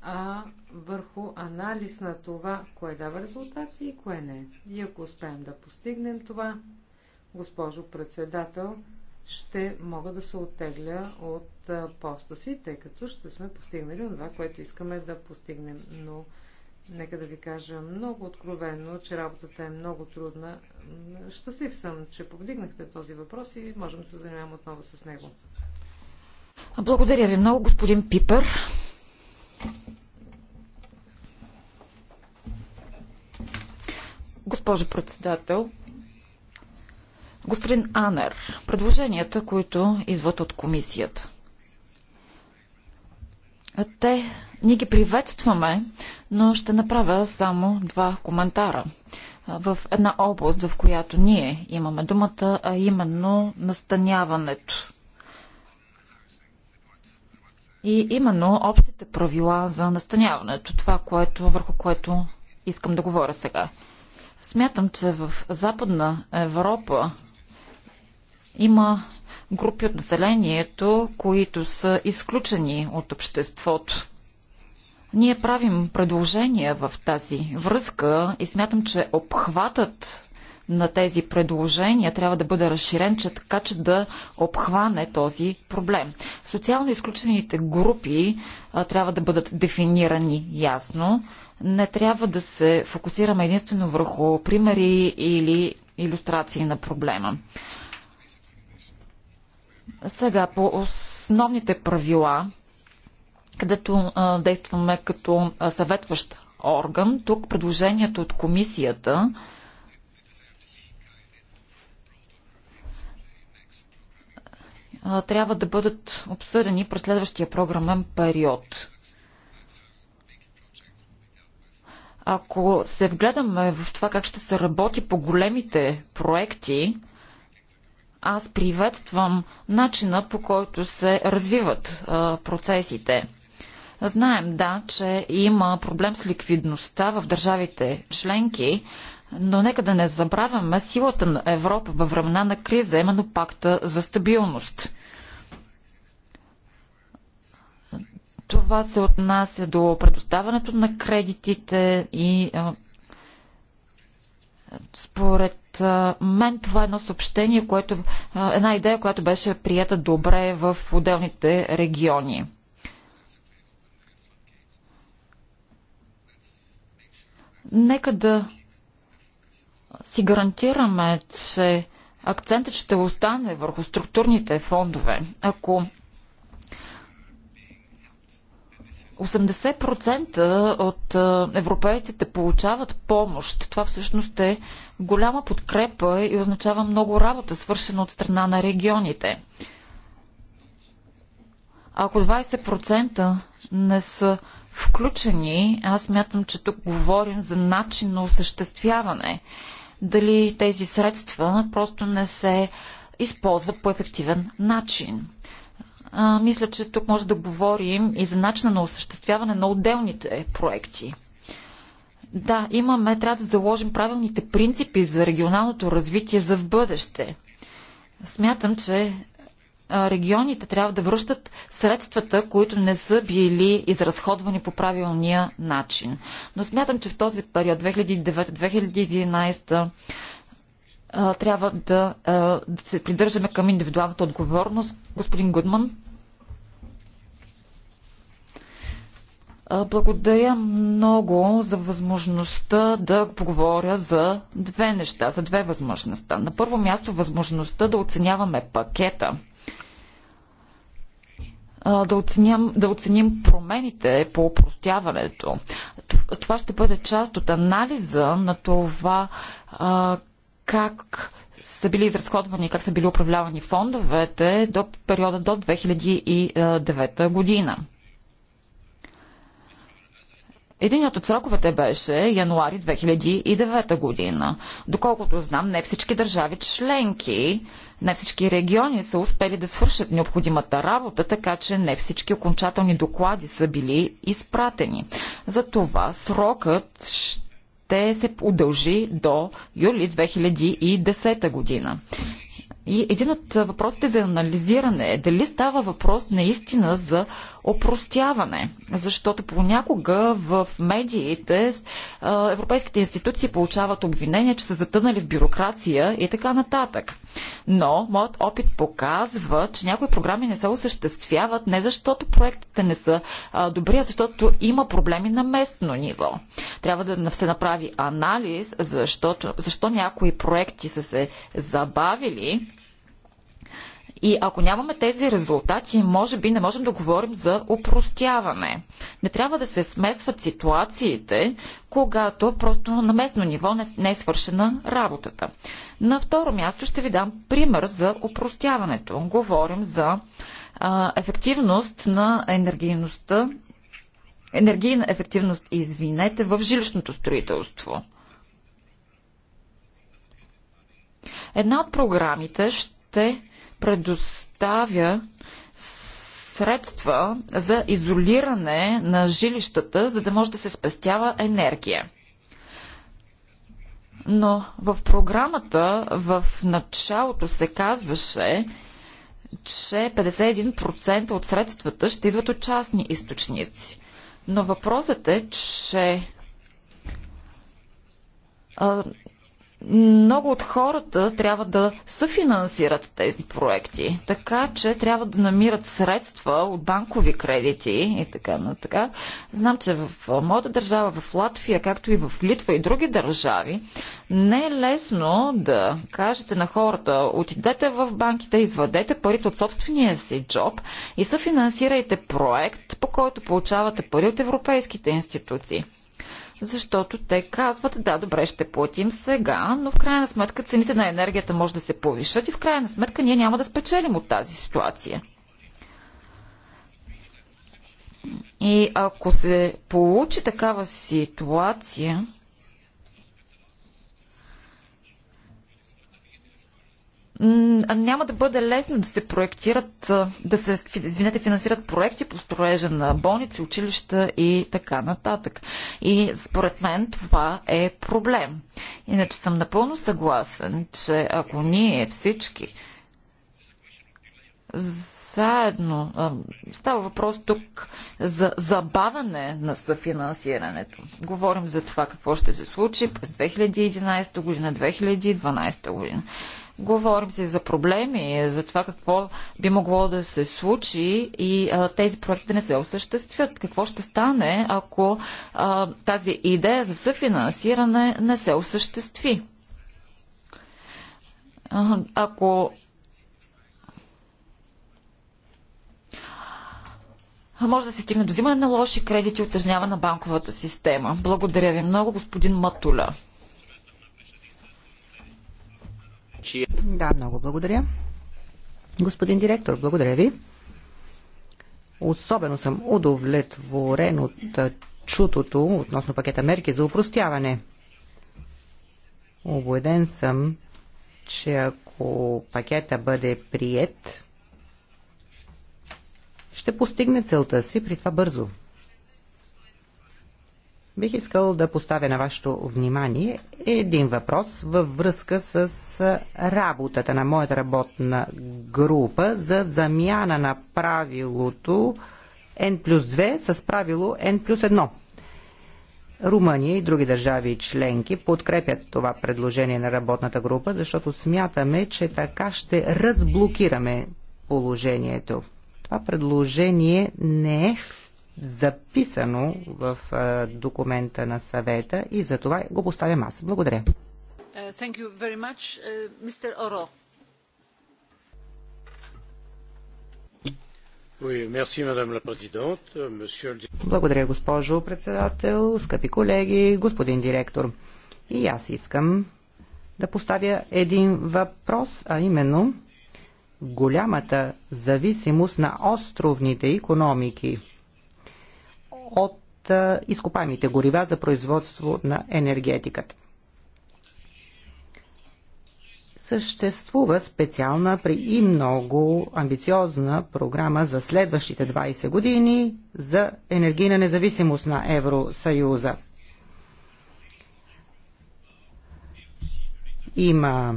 а върху анализ на това, кое дава резултати и кое не. И ако успеем да постигнем това, госпожо председател, ще мога да се оттегля от поста си, тъй като ще сме постигнали това, което искаме да постигнем. Но нека да ви кажа много откровенно, че работата е много трудна. Щастлив съм, че повдигнахте този въпрос и можем да се занимавам отново с него. Благодаря ви много, господин Пипър. Госпожо председател, Господин Анер, предложенията, които идват от комисията. Те, ние ги приветстваме, но ще направя само два коментара в една област, в която ние имаме думата, а именно настаняването. И именно общите правила за настаняването, това, което, върху което искам да говоря сега. Смятам, че в Западна Европа има групи от населението, които са изключени от обществото. Ние правим предложения в тази връзка и смятам, че обхватът на тези предложения трябва да бъде разширен, че така че да обхване този проблем. Социално изключените групи а, трябва да бъдат дефинирани ясно. Не трябва да се фокусираме единствено върху примери или иллюстрации на проблема. Сега по основните правила, където а, действаме като а, съветващ орган, тук предложението от комисията а, трябва да бъдат обсъдени през следващия програмен период. Ако се вгледаме в това как ще се работи по големите проекти, аз приветствам начина по който се развиват а, процесите. Знаем, да, че има проблем с ликвидността в държавите членки, но нека да не забравяме силата на Европа във времена на криза, именно пакта за стабилност. Това се отнася до предоставянето на кредитите и според мен това е едно съобщение, което, една идея, която беше прията добре в отделните региони. Нека да си гарантираме, че акцентът ще остане върху структурните фондове. Ако 80% от европейците получават помощ. Това всъщност е голяма подкрепа и означава много работа, свършена от страна на регионите. Ако 20% не са включени, аз мятам, че тук говорим за начин на осъществяване. Дали тези средства просто не се използват по ефективен начин а, мисля, че тук може да говорим и за начина на осъществяване на отделните проекти. Да, имаме, трябва да заложим правилните принципи за регионалното развитие за в бъдеще. Смятам, че регионите трябва да връщат средствата, които не са били изразходвани по правилния начин. Но смятам, че в този период 2009-2011 трябва да, да се придържаме към индивидуалната отговорност. Господин Гудман. Благодаря много за възможността да поговоря за две неща, за две възможността. На първо място възможността да оценяваме пакета, да, оценим, да оценим промените по упростяването. Това ще бъде част от анализа на това как са били изразходвани, как са били управлявани фондовете до периода до 2009 година. Единият от сроковете беше януари 2009 година. Доколкото знам, не всички държави членки, не всички региони са успели да свършат необходимата работа, така че не всички окончателни доклади са били изпратени. Затова срокът ще се удължи до юли 2010 година. И един от въпросите за анализиране е дали става въпрос наистина за опростяване, защото понякога в медиите е, европейските институции получават обвинения, че са затънали в бюрокрация и така нататък. Но моят опит показва, че някои програми не се осъществяват не защото проектите не са добри, а защото има проблеми на местно ниво. Трябва да се направи анализ, защото, защо някои проекти са се забавили и ако нямаме тези резултати, може би не можем да говорим за упростяване. Не трябва да се смесват ситуациите, когато просто на местно ниво не е свършена работата. На второ място ще ви дам пример за упростяването. Говорим за а, ефективност на енергийността, енергийна ефективност, извинете, в жилищното строителство. Една от програмите ще предоставя средства за изолиране на жилищата, за да може да се спестява енергия. Но в програмата в началото се казваше, че 51% от средствата ще идват от частни източници. Но въпросът е, че много от хората трябва да съфинансират тези проекти, така че трябва да намират средства от банкови кредити и така на така. Знам, че в моята държава, в Латвия, както и в Литва и други държави, не е лесно да кажете на хората, отидете в банките, извадете парите от собствения си джоб и съфинансирайте проект, по който получавате пари от европейските институции. Защото те казват, да, добре, ще платим сега, но в крайна сметка цените на енергията може да се повишат и в крайна сметка ние няма да спечелим от тази ситуация. И ако се получи такава ситуация, няма да бъде лесно да се проектират, да се извинете, финансират проекти по строежа на болници, училища и така нататък. И според мен това е проблем. Иначе съм напълно съгласен, че ако ние всички заедно. Става въпрос тук за забавяне на съфинансирането. Говорим за това какво ще се случи през 2011 година, 2012 година. Говорим се за проблеми, за това какво би могло да се случи и а, тези проекти да не се осъществят. Какво ще стане, ако а, тази идея за съфинансиране не се осъществи? А, ако може да се стигне до взимане на лоши кредити и отъжнява на банковата система. Благодаря ви много, господин Матуля. Да, много благодаря. Господин директор, благодаря ви. Особено съм удовлетворен от чутото относно пакета мерки за упростяване. Обоеден съм, че ако пакета бъде прият, ще постигне целта си, при това бързо. Бих искал да поставя на вашето внимание един въпрос във връзка с работата на моята работна група за замяна на правилото N плюс 2 с правило N плюс 1. Румъния и други държави членки подкрепят това предложение на работната група, защото смятаме, че така ще разблокираме положението. Това предложение не е записано в а, документа на съвета и за това го поставям аз. Благодаря. Uh, Благодаря, госпожо председател, скъпи колеги, господин директор. И аз искам да поставя един въпрос, а именно голямата зависимост на островните економики от изкопаемите горива за производство на енергетиката. Съществува специална при и много амбициозна програма за следващите 20 години за енергийна независимост на Евросъюза. Има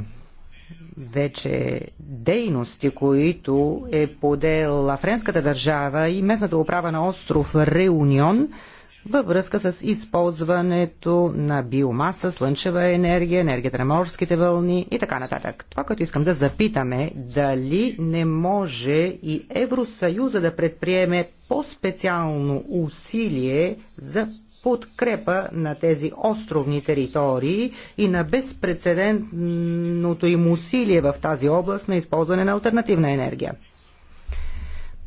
вече дейности, които е подела френската държава и местната управа на остров Реунион във връзка с използването на биомаса, слънчева енергия, енергията на морските вълни и така нататък. Това, което искам да запитаме, дали не може и Евросъюза да предприеме по-специално усилие за подкрепа на тези островни територии и на безпредседентното им усилие в тази област на използване на альтернативна енергия.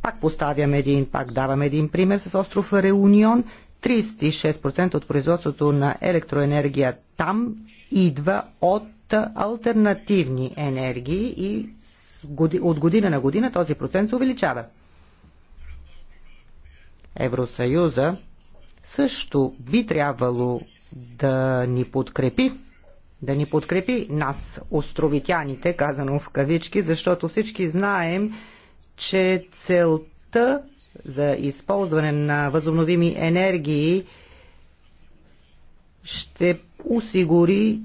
Пак поставям един, пак давам един пример с остров Реунион. 36% от производството на електроенергия там идва от альтернативни енергии и от година на година този процент се увеличава. Евросъюза също би трябвало да ни подкрепи, да ни подкрепи нас, островитяните, казано в кавички, защото всички знаем, че целта за използване на възобновими енергии ще осигури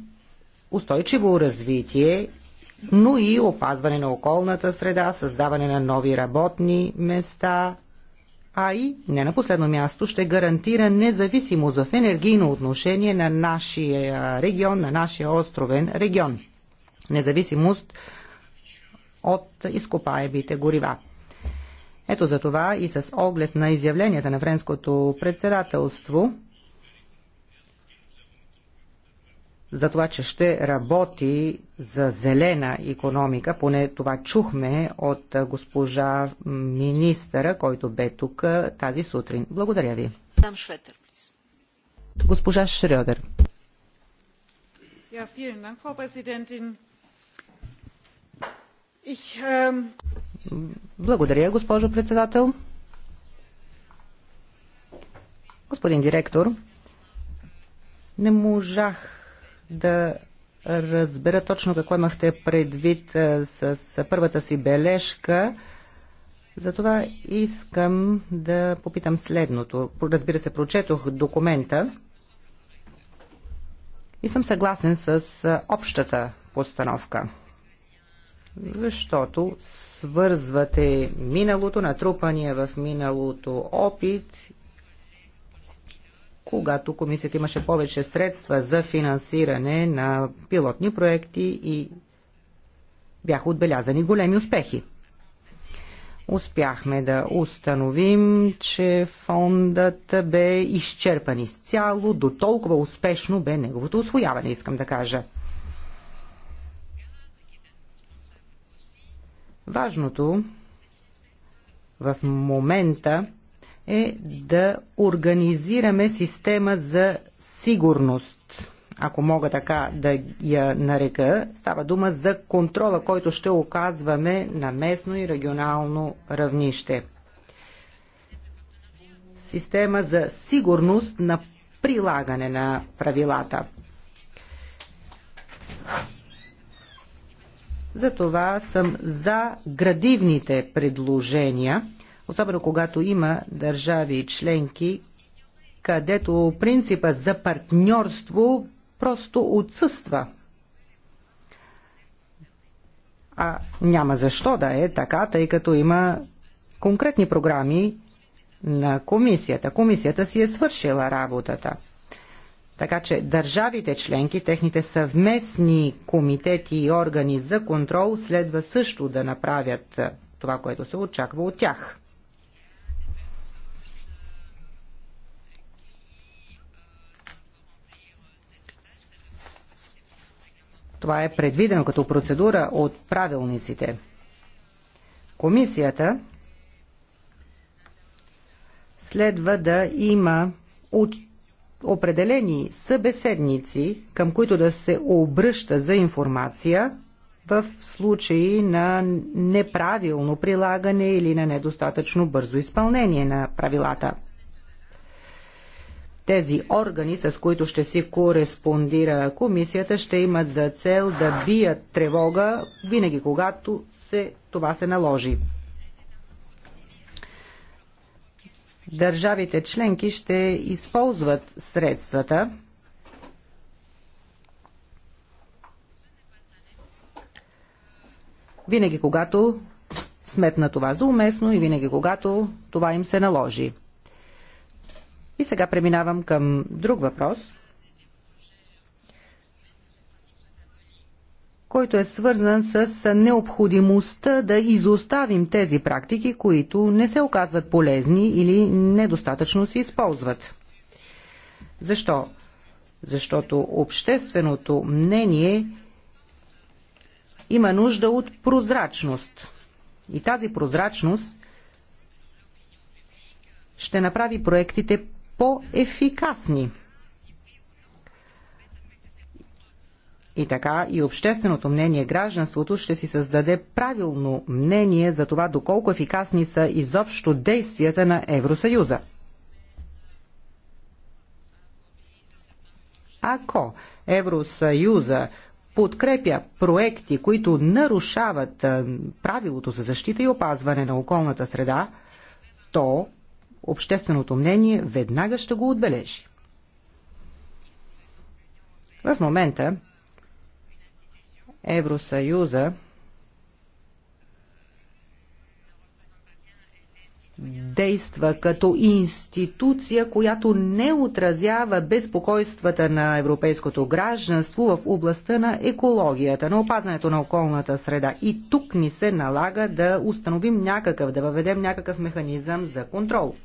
устойчиво развитие, но и опазване на околната среда, създаване на нови работни места а и, не на последно място, ще гарантира независимост в енергийно отношение на нашия регион, на нашия островен регион. Независимост от изкопаебите горива. Ето за това и с оглед на изявленията на френското председателство – за това, че ще работи за зелена економика, поне това чухме от госпожа министъра, който бе тук тази сутрин. Благодаря ви. Госпожа Шрёдер. Ähm, Благодаря, госпожо председател. Господин директор, не можах да разбера точно какво имахте предвид с първата си бележка. Затова искам да попитам следното. Разбира се, прочетох документа и съм съгласен с общата постановка. Защото свързвате миналото, натрупания в миналото опит когато комисията имаше повече средства за финансиране на пилотни проекти и бяха отбелязани големи успехи. Успяхме да установим, че фондът бе изчерпан изцяло, до толкова успешно бе неговото освояване, искам да кажа. Важното в момента е да организираме система за сигурност. Ако мога така да я нарека, става дума за контрола, който ще оказваме на местно и регионално равнище. Система за сигурност на прилагане на правилата. Затова съм за градивните предложения особено когато има държави и членки, където принципа за партньорство просто отсъства. А няма защо да е така, тъй като има конкретни програми на комисията. Комисията си е свършила работата. Така че държавите членки, техните съвместни комитети и органи за контрол следва също да направят това, което се очаква от тях. Това е предвидено като процедура от правилниците. Комисията следва да има определени събеседници, към които да се обръща за информация в случаи на неправилно прилагане или на недостатъчно бързо изпълнение на правилата. Тези органи, с които ще си кореспондира комисията, ще имат за цел да бият тревога винаги, когато се, това се наложи. Държавите членки ще използват средствата, винаги когато сметна това за уместно и винаги когато това им се наложи. И сега преминавам към друг въпрос, който е свързан с необходимостта да изоставим тези практики, които не се оказват полезни или недостатъчно се използват. Защо? Защото общественото мнение има нужда от прозрачност. И тази прозрачност ще направи проектите по-ефикасни. И така и общественото мнение, гражданството ще си създаде правилно мнение за това доколко ефикасни са изобщо действията на Евросъюза. Ако Евросъюза подкрепя проекти, които нарушават правилото за защита и опазване на околната среда, то общественото мнение веднага ще го отбележи. В момента Евросъюза действа като институция, която не отразява безпокойствата на европейското гражданство в областта на екологията, на опазването на околната среда. И тук ни се налага да установим някакъв, да въведем някакъв механизъм за контрол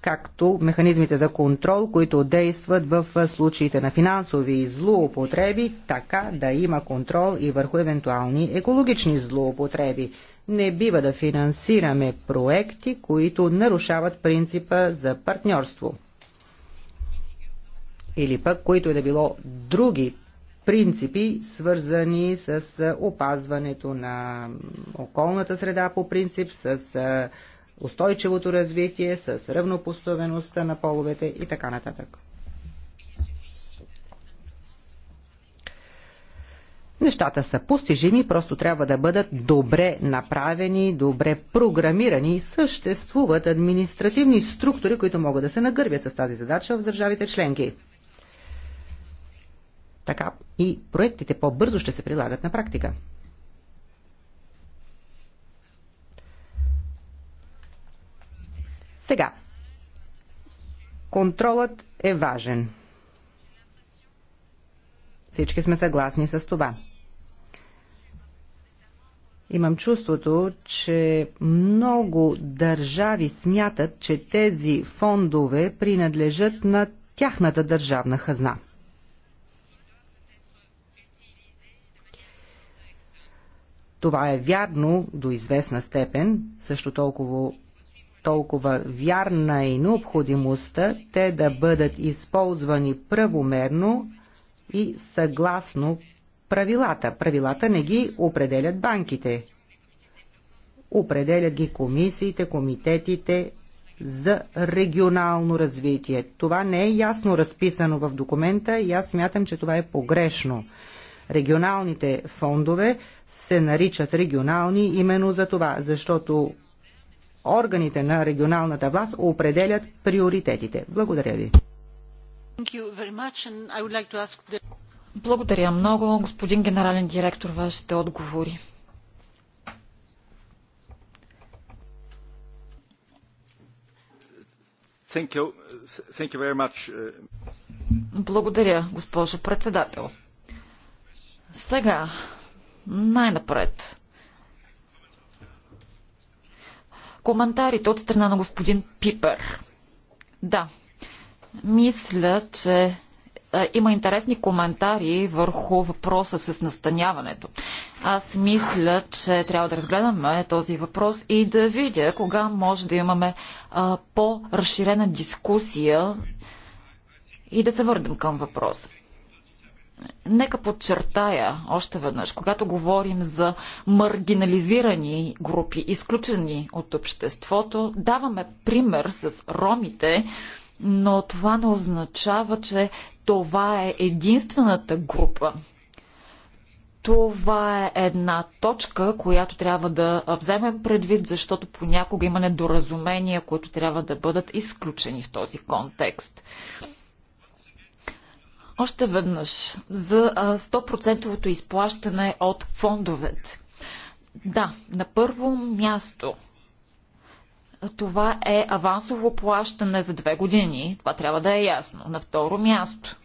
както механизмите за контрол, които действат в случаите на финансови злоупотреби, така да има контрол и върху евентуални екологични злоупотреби. Не бива да финансираме проекти, които нарушават принципа за партньорство. Или пък, които е да било други принципи, свързани с опазването на околната среда по принцип, с устойчивото развитие, с равнопоставеността на половете и така нататък. Нещата са постижими, просто трябва да бъдат добре направени, добре програмирани. и Съществуват административни структури, които могат да се нагърбят с тази задача в държавите членки. Така и проектите по-бързо ще се прилагат на практика. Сега, контролът е важен. Всички сме съгласни с това. Имам чувството, че много държави смятат, че тези фондове принадлежат на тяхната държавна хазна. Това е вярно до известна степен, също толкова толкова вярна е необходимостта те да бъдат използвани правомерно и съгласно правилата. Правилата не ги определят банките. Определят ги комисиите, комитетите за регионално развитие. Това не е ясно разписано в документа и аз смятам, че това е погрешно. Регионалните фондове се наричат регионални именно за това, защото органите на регионалната власт определят приоритетите. Благодаря ви. Благодаря много, господин генерален директор, вашите отговори. Thank you. Thank you Благодаря, госпожо председател. Сега, най-напред, коментарите от страна на господин Пипър. Да, мисля, че има интересни коментари върху въпроса с настаняването. Аз мисля, че трябва да разгледаме този въпрос и да видя кога може да имаме по-разширена дискусия и да се върнем към въпроса. Нека подчертая още веднъж, когато говорим за маргинализирани групи, изключени от обществото, даваме пример с ромите, но това не означава, че това е единствената група. Това е една точка, която трябва да вземем предвид, защото понякога има недоразумения, които трябва да бъдат изключени в този контекст. Още веднъж за 100 изплащане от фондовете. Да, на първо място това е авансово плащане за две години. Това трябва да е ясно. На второ място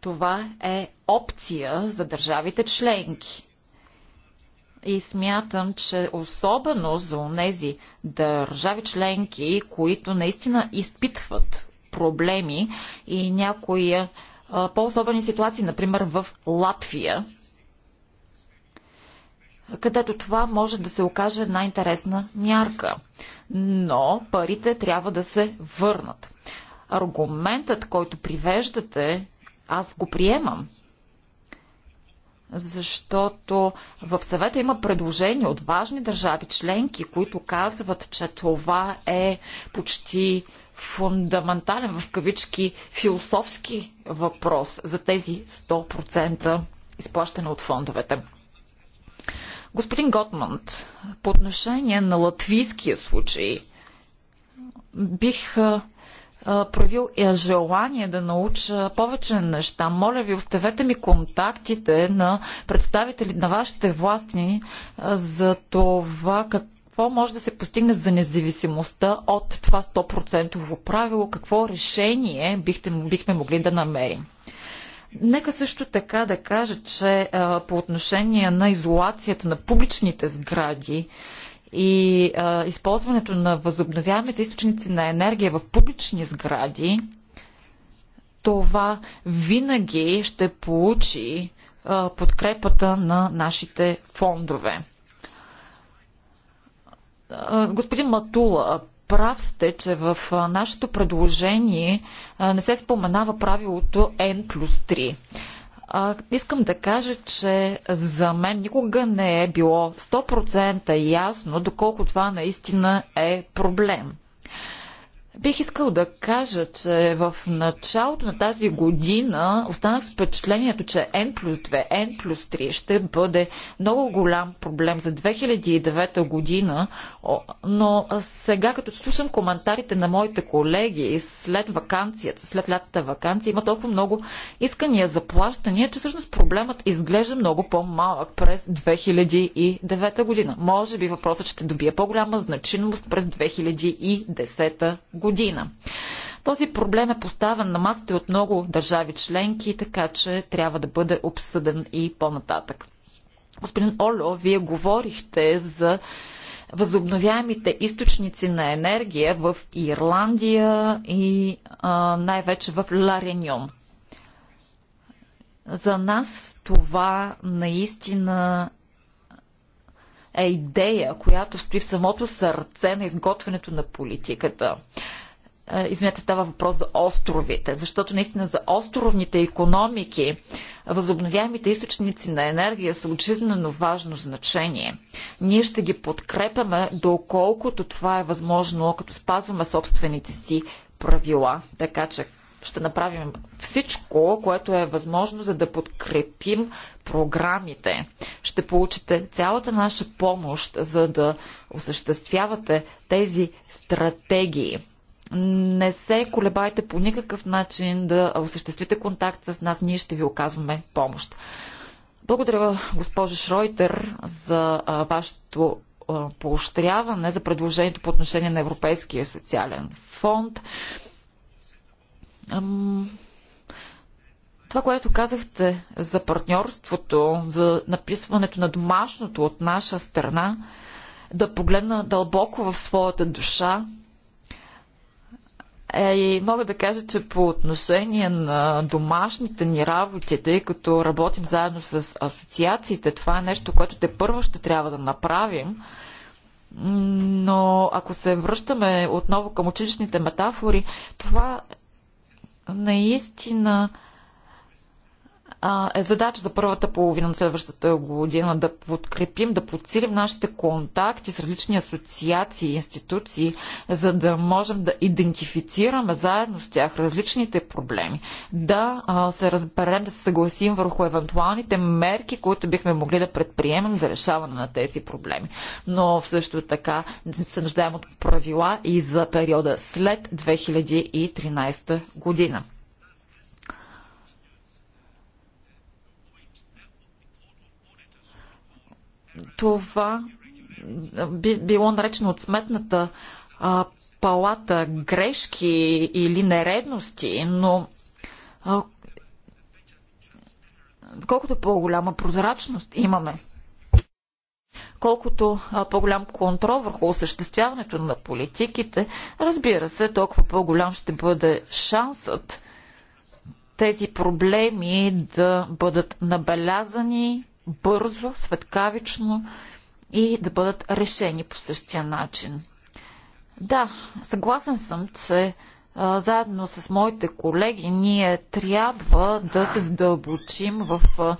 това е опция за държавите членки. И смятам, че особено за тези държави членки, които наистина изпитват проблеми и някоя по-особени ситуации, например в Латвия, където това може да се окаже една интересна мярка. Но парите трябва да се върнат. Аргументът, който привеждате, аз го приемам. Защото в съвета има предложения от важни държави членки, които казват, че това е почти фундаментален в кавички философски въпрос за тези 100% изплащане от фондовете. Господин Готманд, по отношение на латвийския случай, бих а, проявил желание да науча повече неща. Моля ви, оставете ми контактите на представители на вашите власти за това как какво може да се постигне за независимостта от това 100% правило, какво решение бихте, бихме могли да намерим. Нека също така да кажа, че а, по отношение на изолацията на публичните сгради и а, използването на възобновяемите източници на енергия в публични сгради, това винаги ще получи а, подкрепата на нашите фондове. Господин Матула, прав сте, че в нашето предложение не се споменава правилото N плюс 3. искам да кажа, че за мен никога не е било 100% ясно, доколко това наистина е проблем. Бих искал да кажа, че в началото на тази година останах с впечатлението, че N плюс 2, N плюс 3 ще бъде много голям проблем за 2009 година, но сега като слушам коментарите на моите колеги след вакансията, след лятата вакансия, има толкова много искания за плащания, че всъщност проблемът изглежда много по-малък през 2009 година. Може би въпросът ще добие по-голяма значимост през 2010 година година. Този проблем е поставен на масата от много държави членки, така че трябва да бъде обсъден и по-нататък. Господин Оло, вие говорихте за възобновяемите източници на енергия в Ирландия и най-вече в Лареньон. За нас това наистина е, идея, която стои в самото сърце на изготвянето на политиката. Е, извинете, става въпрос за островите, защото наистина за островните економики възобновяемите източници на енергия са очизнено важно значение. Ние ще ги подкрепяме доколкото това е възможно, като спазваме собствените си правила. Така че ще направим всичко, което е възможно, за да подкрепим програмите. Ще получите цялата наша помощ, за да осъществявате тези стратегии. Не се колебайте по никакъв начин да осъществите контакт с нас. Ние ще ви оказваме помощ. Благодаря, госпожа Шройтер, за вашето поощряване за предложението по отношение на Европейския социален фонд. Ам... Това, което казахте за партньорството, за написването на домашното от наша страна, да погледна дълбоко в своята душа, е, и мога да кажа, че по отношение на домашните ни работи, тъй като работим заедно с асоциациите, това е нещо, което те първо ще трябва да направим. Но ако се връщаме отново към училищните метафори, това наистина а, е задача за първата половина на следващата година да подкрепим, да подсилим нашите контакти с различни асоциации и институции, за да можем да идентифицираме заедно с тях различните проблеми, да а, се разберем, да се съгласим върху евентуалните мерки, които бихме могли да предприемем за решаване на тези проблеми. Но също така се нуждаем от правила и за периода след 2013 година. Това би било наречено от сметната а, палата грешки или нередности, но а, колкото по-голяма прозрачност имаме, колкото по-голям контрол върху осъществяването на политиките, разбира се, толкова по-голям ще бъде шансът тези проблеми да бъдат набелязани, бързо, светкавично и да бъдат решени по същия начин. Да, съгласен съм, че а, заедно с моите колеги ние трябва да се задълбочим в а,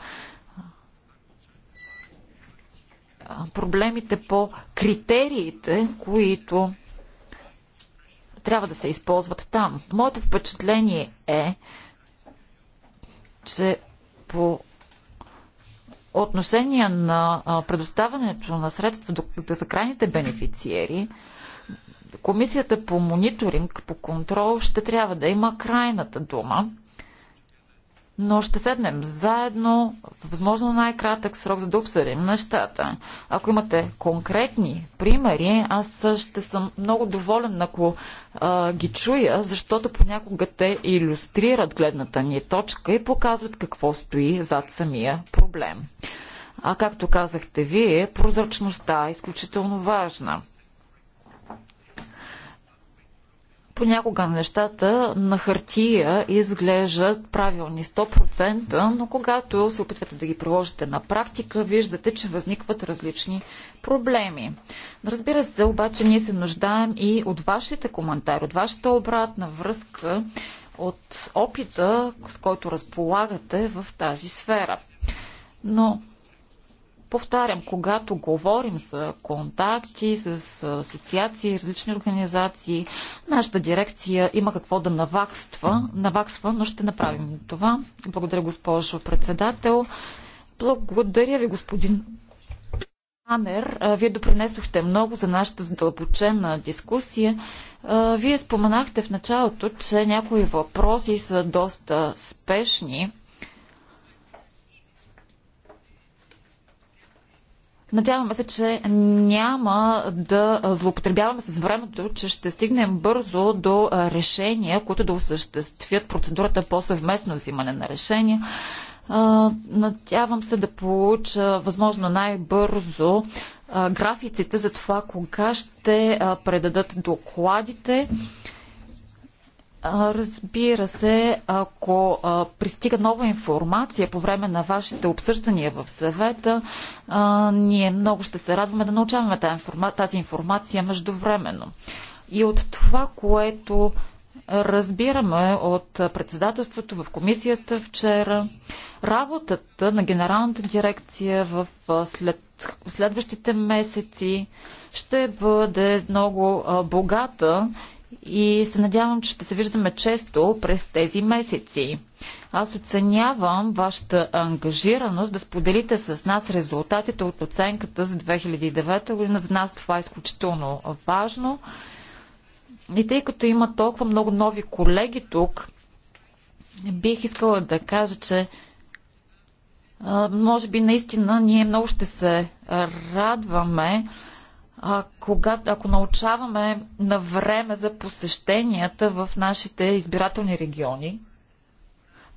проблемите по критериите, които трябва да се използват там. Моето впечатление е, че по отношение на предоставянето на средства за крайните бенефициери, комисията по мониторинг, по контрол ще трябва да има крайната дума но ще седнем заедно възможно най-кратък срок, за да обсъдим нещата. Ако имате конкретни примери, аз ще съм много доволен, ако а, ги чуя, защото понякога те иллюстрират гледната ни точка и показват какво стои зад самия проблем. А както казахте вие, прозрачността е изключително важна. Понякога нещата на хартия изглеждат правилни 100%, но когато се опитвате да ги приложите на практика, виждате, че възникват различни проблеми. Разбира се, обаче ние се нуждаем и от вашите коментари, от вашата обратна връзка, от опита, с който разполагате в тази сфера. Но Повтарям, когато говорим за контакти с асоциации, различни организации, нашата дирекция има какво да наваксва, наваксва, но ще направим това. Благодаря, госпожо председател. Благодаря ви, господин Анер. Вие допринесохте много за нашата задълбочена дискусия. Вие споменахте в началото, че някои въпроси са доста спешни Надяваме се, че няма да злоупотребяваме с времето, че ще стигнем бързо до решения, които да осъществят процедурата по съвместно взимане на решения. Надявам се да получа възможно най-бързо графиците за това кога ще предадат докладите Разбира се, ако пристига нова информация по време на вашите обсъждания в съвета, ние много ще се радваме да научаваме тази информация междувременно. И от това, което разбираме от председателството в комисията вчера, работата на генералната дирекция в след следващите месеци ще бъде много богата и се надявам, че ще се виждаме често през тези месеци. Аз оценявам вашата ангажираност да споделите с нас резултатите от оценката за 2009 година. За нас това е изключително важно. И тъй като има толкова много нови колеги тук, бих искала да кажа, че може би наистина ние много ще се радваме а, кога, ако научаваме на време за посещенията в нашите избирателни региони,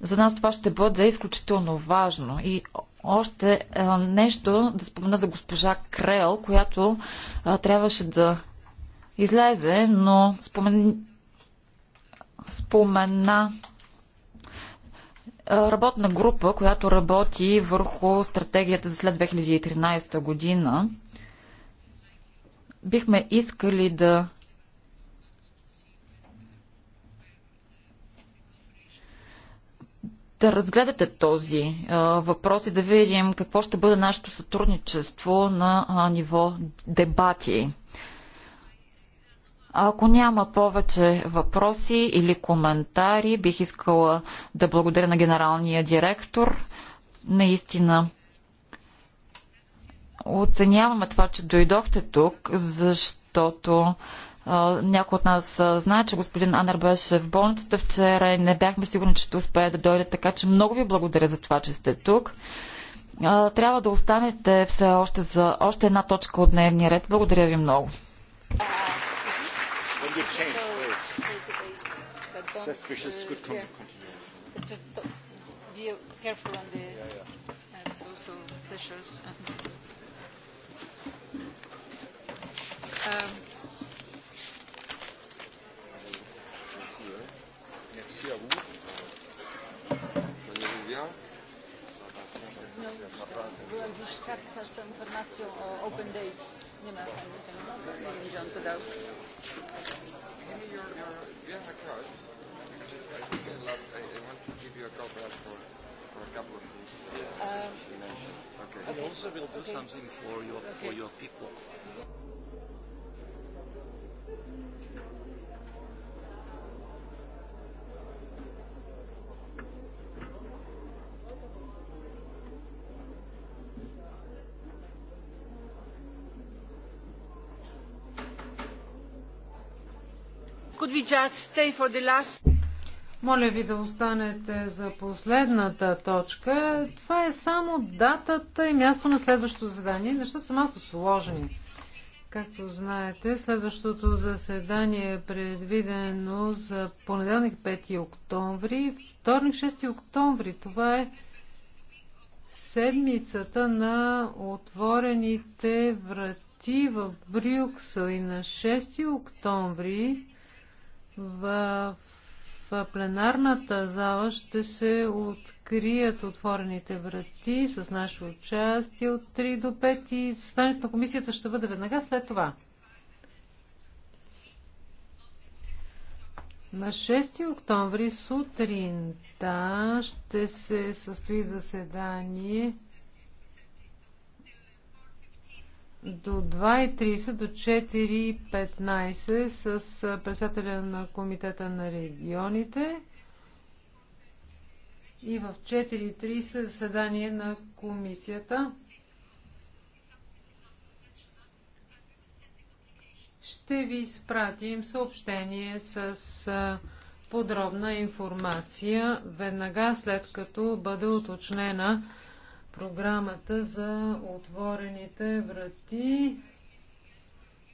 за нас това ще бъде изключително важно. И още а, е, нещо да спомена за госпожа Крел, която а, е, трябваше да излезе, но спомен... спомена е, работна група, която работи върху стратегията за след 2013 година бихме искали да да разгледате този а, въпрос и да видим какво ще бъде нашето сътрудничество на а, ниво дебати. Ако няма повече въпроси или коментари, бих искала да благодаря на генералния директор. Наистина оценяваме това, че дойдохте тук, защото някой от нас знае, че господин Анер беше в болницата вчера и не бяхме сигурни, че ще успее да дойде, така че много ви благодаря за това, че сте тук. Трябва да останете все още за още една точка от дневния ред. Благодаря ви много. Just be careful on the Merci à vous. Panie Lidia. Byłem już tak z Okay. I also will do something for your for your people. Моля ви да останете за последната точка. Това е само датата и място на следващото задание. Нещата са малко сложни. Както знаете, следващото заседание е предвидено за понеделник 5 октомври, вторник 6 октомври. Това е седмицата на отворените врати в Брюксел и на 6 октомври в пленарната зала ще се открият отворените врати с наше участие от 3 до 5 и състанието на комисията ще бъде веднага след това. На 6 октомври сутринта ще се състои заседание до 2.30 до 4.15 с председателя на Комитета на регионите и в 4.30 заседание на комисията. Ще ви изпратим съобщение с подробна информация веднага след като бъде уточнена програмата за отворените врати.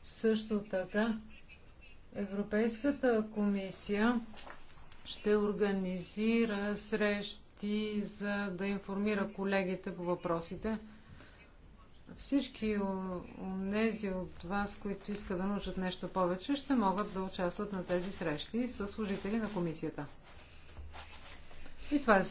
Също така Европейската комисия ще организира срещи, за да информира колегите по въпросите. Всички тези от вас, които искат да научат нещо повече, ще могат да участват на тези срещи с служители на комисията. И това е